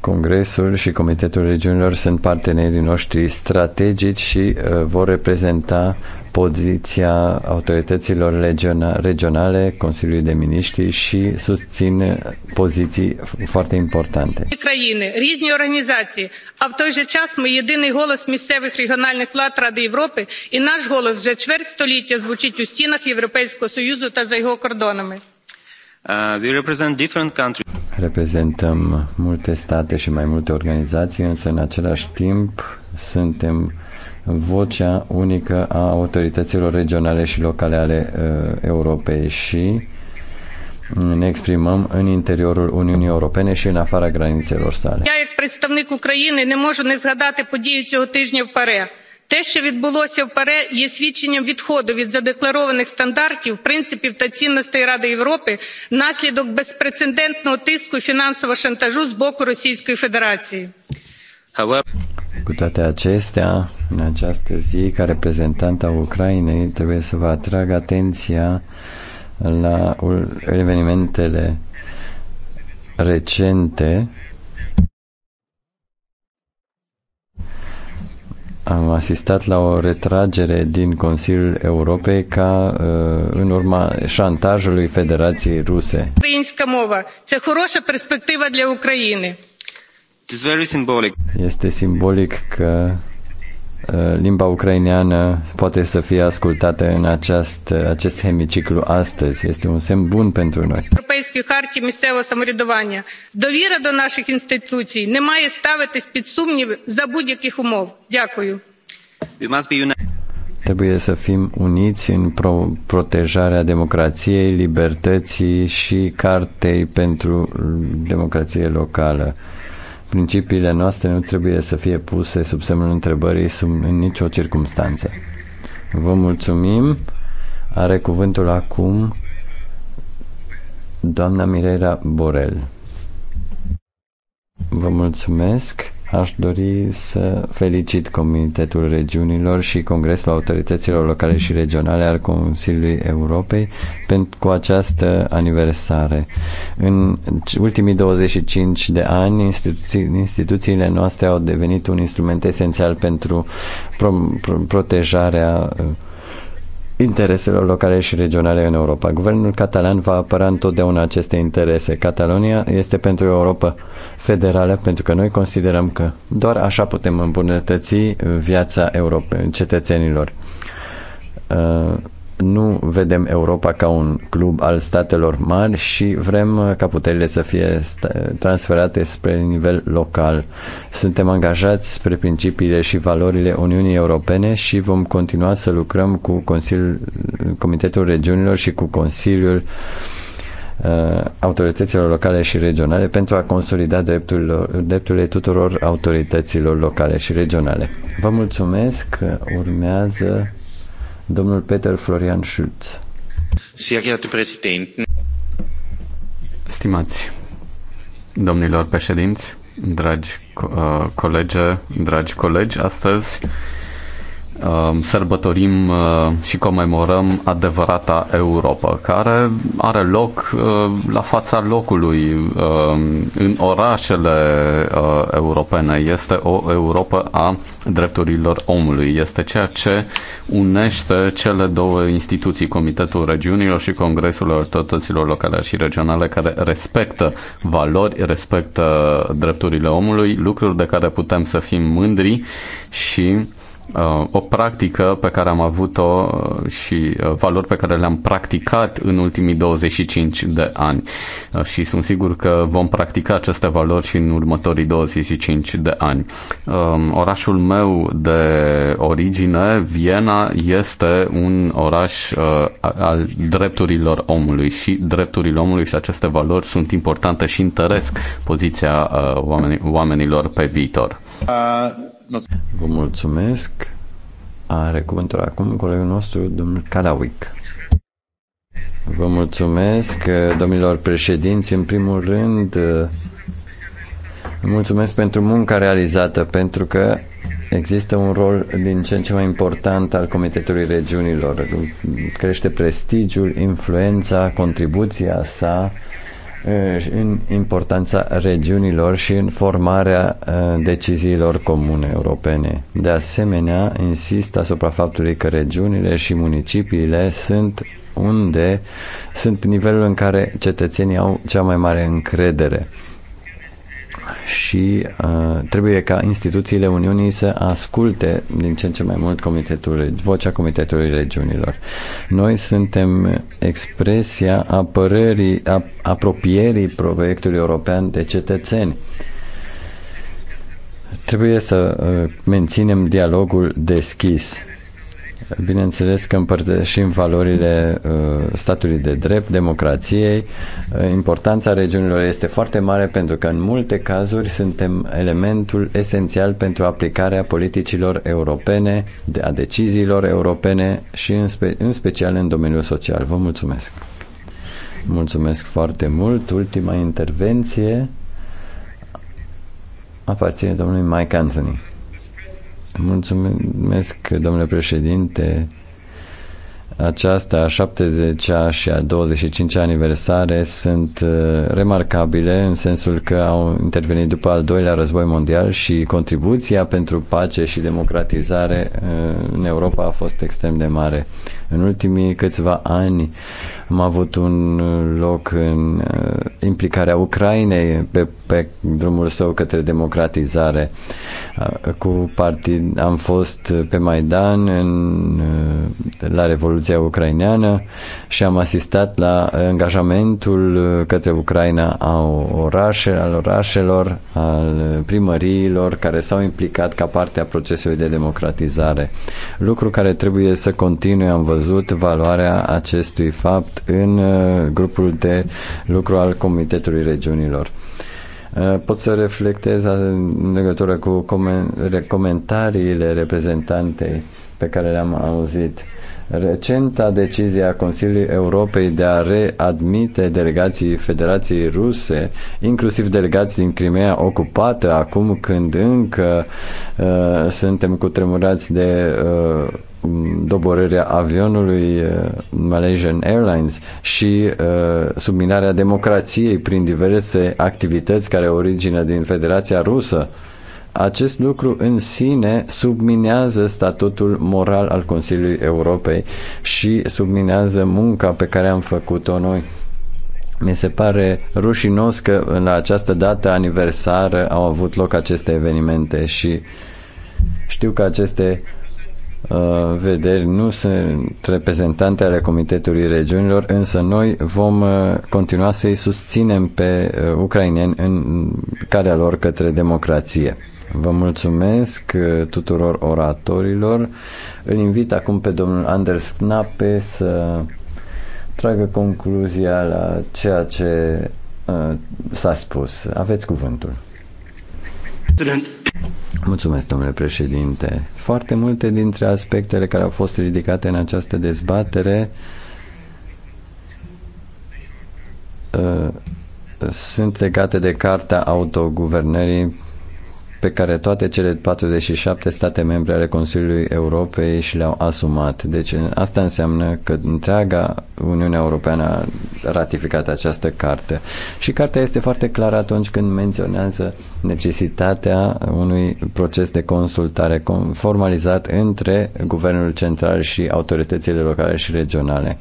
Congresul și Comitetul Regiunilor sunt partenerii noștri strategici și eh, vor reprezenta poziția autorităților regionale, Consiliului de Miniștri și susțin poziții foarte importante. Ucraine, різні organizații, а в той же час ми єдиний голос місцевих регіональних влад Ради Європи і наш голос вже чверть століття звучить у стінах Європейського Союзу та за його кордонами. Uh, we represent different countries. Reprezentăm multe state și mai multe organizații, însă în același timp suntem uh, vocea unică a autorităților regionale și locale ale uh, Europei și ne exprimăm în interiorul Uniunii Europene și în afara granițelor sale. Я, як представник України, не можу не згадати подію цього тижня в ПАРЕ. Те, що відбулося в ПАРЕ, є свідченням відходу від задекларованих стандартів, принципів та цінностей Ради Європи внаслідок безпрецедентного тиску і фінансового шантажу з боку Російської Федерації. Cu toate acestea, în această zi, ca reprezentant a Ucrainei, trebuie să vă atrag atenția la evenimentele recente. Am asistat la o retragere din Consiliul Europei ca uh, în urma șantajului Federației Ruse. Ucrainska mova, це хороша перспектива для України. Este simbolic că uh, limba ucraineană poate să fie ascultată în acest uh, acest hemiciclu astăzi. Este un semn bun pentru noi. Європейської харті місцевого самоврядування. Dovira до наших instituții. Nu mai este під сумнів за будь-яких умов. Дякую. Trebuie să fim uniți în pro- protejarea democrației, libertății și cartei pentru democrație locală principiile noastre nu trebuie să fie puse sub semnul întrebării sub, în nicio circunstanță. Vă mulțumim. Are cuvântul acum doamna Mirela Borel. Vă mulțumesc. Aș dori să felicit Comitetul Regiunilor și Congresul Autorităților Locale și Regionale al Consiliului Europei pentru cu această aniversare. În ultimii 25 de ani, instituții, instituțiile noastre au devenit un instrument esențial pentru pro, pro, protejarea uh, intereselor locale și regionale în Europa. Guvernul catalan va apăra întotdeauna aceste interese. Catalonia este pentru Europa federală pentru că noi considerăm că doar așa putem îmbunătăți viața Europei, cetățenilor. Uh, nu vedem Europa ca un club al statelor mari și vrem uh, ca puterile să fie transferate spre nivel local. Suntem angajați spre principiile și valorile Uniunii Europene și vom continua să lucrăm cu Consiliul, Comitetul Regiunilor și cu Consiliul uh, autorităților locale și regionale pentru a consolida drepturile, drepturile tuturor autorităților locale și regionale. Vă mulțumesc. Urmează domnul Peter Florian Schulz. Stimați domnilor președinți, dragi uh, colege, dragi colegi, astăzi Um, sărbătorim uh, și comemorăm adevărata Europa, care are loc uh, la fața locului um, în orașele uh, europene. Este o Europa a drepturilor omului. Este ceea ce unește cele două instituții, Comitetul Regiunilor și Congresul Autorităților Locale și Regionale, care respectă valori, respectă drepturile omului, lucruri de care putem să fim mândri și Uh, o practică pe care am avut-o uh, și uh, valori pe care le-am practicat în ultimii 25 de ani. Și sunt sigur că vom practica aceste valori și în următorii 25 de ani. Um, orașul meu de origine, Viena, este un oraș al drepturilor omului și drepturile omului și aceste valori sunt importante și întăresc poziția oamenilor pe viitor. Uh Vă mulțumesc. Are cuvântul acum colegul nostru, domnul Calawic. Vă mulțumesc, domnilor președinți. În primul rând, mulțumesc pentru munca realizată, pentru că există un rol din ce în ce mai important al Comitetului Regiunilor. Crește prestigiul, influența, contribuția sa Eh, în importanța regiunilor și în formarea eh, deciziilor comune europene. De asemenea, insist asupra faptului că regiunile și municipiile sunt unde sunt nivelul în care cetățenii au cea mai mare încredere și uh, trebuie ca instituțiile Uniunii să asculte din ce în ce mai mult comitetul, vocea Comitetului Regiunilor. Noi suntem expresia apărării, ap- apropierii proiectului european de cetățeni. Trebuie să uh, menținem dialogul deschis Bineînțeles că împărtășim valorile uh, statului de drept, democrației. Uh, importanța regiunilor este foarte mare pentru că în multe cazuri suntem elementul esențial pentru aplicarea politicilor europene, a deciziilor europene și în, spe- în special în domeniul social. Vă mulțumesc! Mulțumesc foarte mult! Ultima intervenție aparține domnului Mike Anthony. Mulțumesc, domnule președinte. Aceasta a 70-a și a 25-a aniversare sunt uh, remarcabile în sensul că au intervenit după al doilea război mondial și contribuția pentru pace și democratizare uh, în Europa a fost extrem de mare. În ultimii câțiva ani am avut un loc în uh, implicarea Ucrainei pe, pe drumul său către democratizare. Uh, cu partid am fost pe Maidan în, uh, la Revoluția Ucraineană și am asistat la angajamentul către Ucraina a orașe, al orașelor, al primăriilor care s-au implicat ca parte a procesului de democratizare. Lucru care trebuie să continue, am văzut văzut valoarea acestui fapt în uh, grupul de lucru al Comitetului Regiunilor. Uh, pot să reflectez în legătură cu comentariile reprezentantei pe care le-am auzit. Recenta decizie a Consiliului Europei de a readmite delegații Federației Ruse, inclusiv delegații din Crimea ocupată, acum când încă uh, suntem cutremurați de uh, doborârea avionului Malaysian Airlines și subminarea democrației prin diverse activități care origină din Federația Rusă. Acest lucru în sine subminează statutul moral al Consiliului Europei și subminează munca pe care am făcut-o noi. Mi se pare rușinos că la această dată aniversară au avut loc aceste evenimente și știu că aceste Uh, vederi, nu sunt reprezentante ale Comitetului Regiunilor, însă noi vom uh, continua să-i susținem pe uh, ucraineni în calea lor către democrație. Vă mulțumesc tuturor oratorilor. Îl invit acum pe domnul Anders Knape să tragă concluzia la ceea ce uh, s-a spus. Aveți cuvântul. Student. Mulțumesc, domnule președinte. Foarte multe dintre aspectele care au fost ridicate în această dezbatere uh, sunt legate de Carta Autoguvernării pe care toate cele 47 state membre ale Consiliului Europei și le-au asumat. Deci asta înseamnă că întreaga Uniunea Europeană a ratificat această carte. Și cartea este foarte clară atunci când menționează necesitatea unui proces de consultare formalizat între Guvernul Central și autoritățile locale și regionale.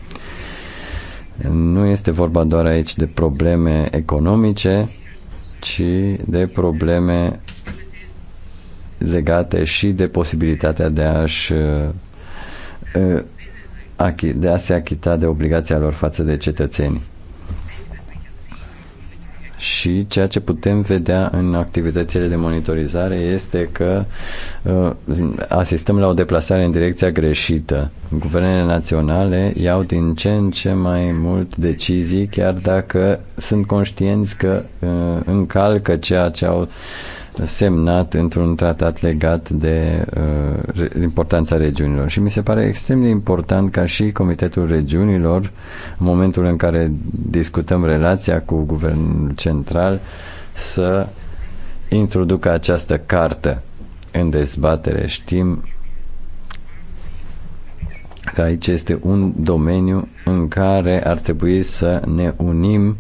Nu este vorba doar aici de probleme economice, ci de probleme legate și de posibilitatea de a-și uh, uh, de a se achita de obligația lor față de cetățeni. Și ceea ce putem vedea în activitățile de monitorizare este că uh, asistăm la o deplasare în direcția greșită. Guvernele naționale iau din ce în ce mai mult decizii, chiar dacă sunt conștienți că uh, încalcă ceea ce au uh, semnat într-un tratat legat de uh, importanța regiunilor. Și mi se pare extrem de important ca și Comitetul Regiunilor, în momentul în care discutăm relația cu Guvernul Central, să introducă această carte în dezbatere. Știm că aici este un domeniu în care ar trebui să ne unim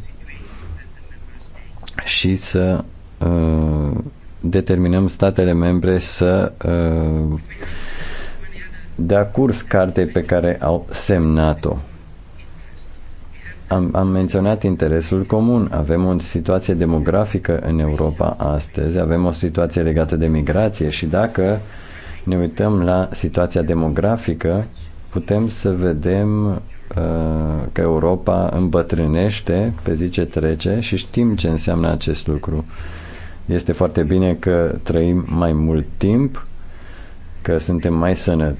și să uh, determinăm statele membre să uh, dea curs cartei pe care au semnat-o. Am, am menționat interesul comun. Avem o situație demografică în Europa astăzi, avem o situație legată de migrație și dacă ne uităm la situația demografică, putem să vedem uh, că Europa îmbătrânește pe zi ce trece și știm ce înseamnă acest lucru. Uh, este foarte bine că trăim mai mult timp, că suntem mai sănă,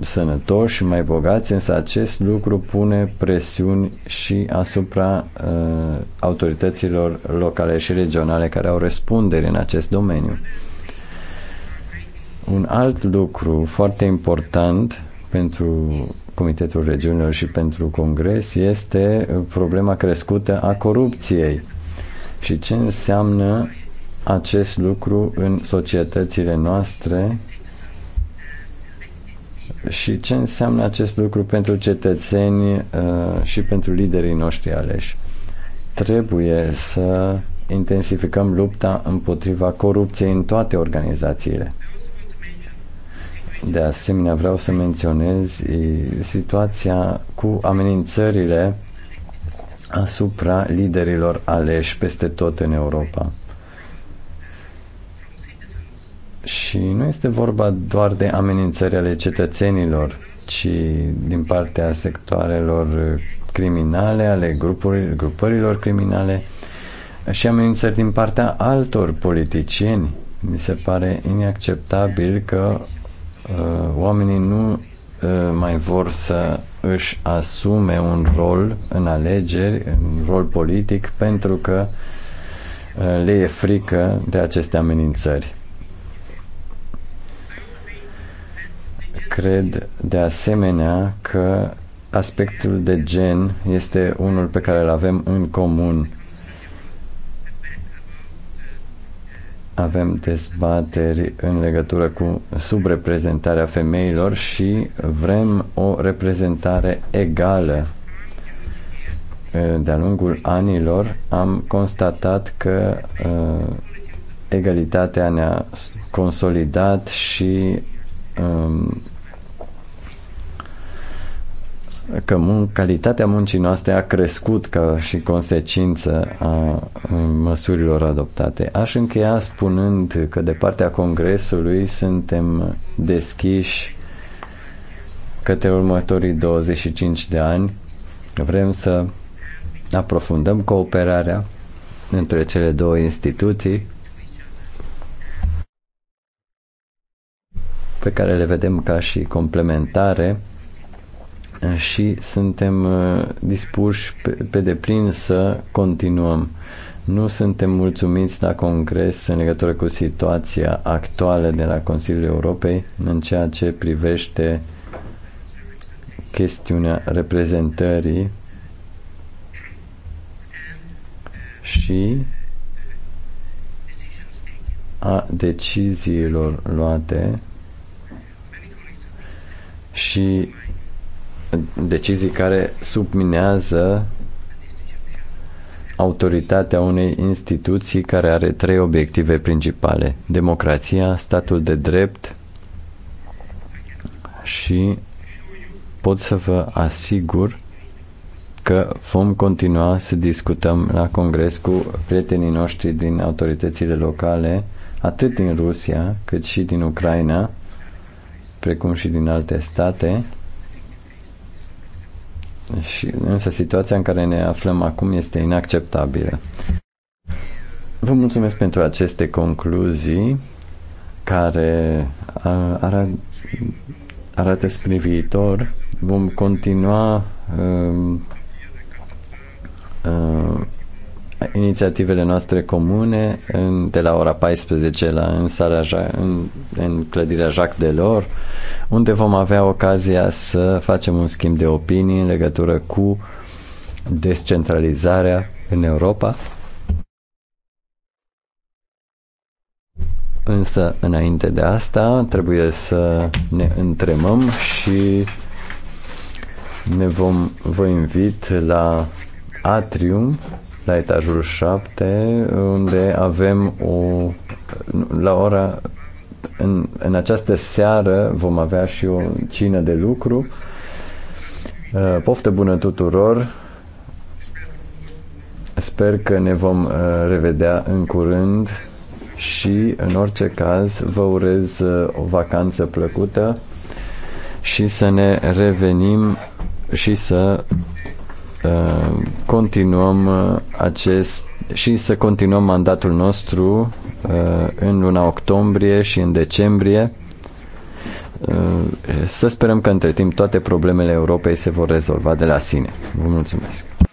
sănătoși, mai bogați, însă acest lucru pune presiuni și asupra uh, autorităților locale și regionale care au răspundere în acest domeniu. Un alt lucru foarte important pentru Comitetul Regiunilor și pentru Congres este problema crescută a corupției și ce înseamnă acest lucru în societățile noastre și ce înseamnă acest lucru pentru cetățeni uh, și pentru liderii noștri aleși. Trebuie să intensificăm lupta împotriva corupției în toate organizațiile. De asemenea, vreau să menționez situația cu amenințările asupra liderilor aleși peste tot în Europa. Și nu este vorba doar de amenințări ale cetățenilor, ci din partea sectoarelor criminale, ale grupurilor, grupărilor criminale și amenințări din partea altor politicieni. Mi se pare inacceptabil că uh, oamenii nu uh, mai vor să își asume un rol în alegeri, un rol politic, pentru că uh, le e frică de aceste amenințări. Cred de asemenea că aspectul de gen este unul pe care îl avem în comun. Avem dezbateri în legătură cu subreprezentarea femeilor și vrem o reprezentare egală. De-a lungul anilor am constatat că uh, egalitatea ne-a consolidat și Um, că mun- calitatea muncii noastre a crescut ca și consecință a măsurilor adoptate. Aș încheia spunând că de partea Congresului suntem deschiși către următorii 25 de ani. Vrem să aprofundăm cooperarea între cele două instituții pe care le vedem ca și complementare și suntem uh, dispuși pe deplin să continuăm. Nu suntem mulțumiți la Congres în legătură cu situația actuală de la Consiliul Europei în ceea ce privește chestiunea reprezentării și a deciziilor luate și decizii care subminează autoritatea unei instituții care are trei obiective principale. Democrația, statul de drept și pot să vă asigur că vom continua să discutăm la congres cu prietenii noștri din autoritățile locale, atât din Rusia cât și din Ucraina, precum și din alte state. Și, însă situația în care ne aflăm acum este inacceptabilă. Vă mulțumesc pentru aceste concluzii care arată arată spre viitor. Vom continua um, uh, uh, inițiativele noastre comune în, de la ora 14 la, în, sala, în, în clădirea Jacques Delors, unde vom avea ocazia să facem un schimb de opinii în legătură cu descentralizarea în Europa. Însă, înainte de asta, trebuie să ne întremăm și ne vom, vă invit la atrium la etajul 7, unde avem o... la ora... În, în această seară vom avea și o cină de lucru. Uh, poftă bună tuturor! Sper că ne vom uh, revedea în curând și, în orice caz, vă urez uh, o vacanță plăcută și să ne revenim și să continuăm uh, acest și să continuăm mandatul nostru uh, în luna octombrie și în decembrie. Uh, să sperăm că între timp toate problemele Europei se vor rezolva de la sine. Vă mulțumesc!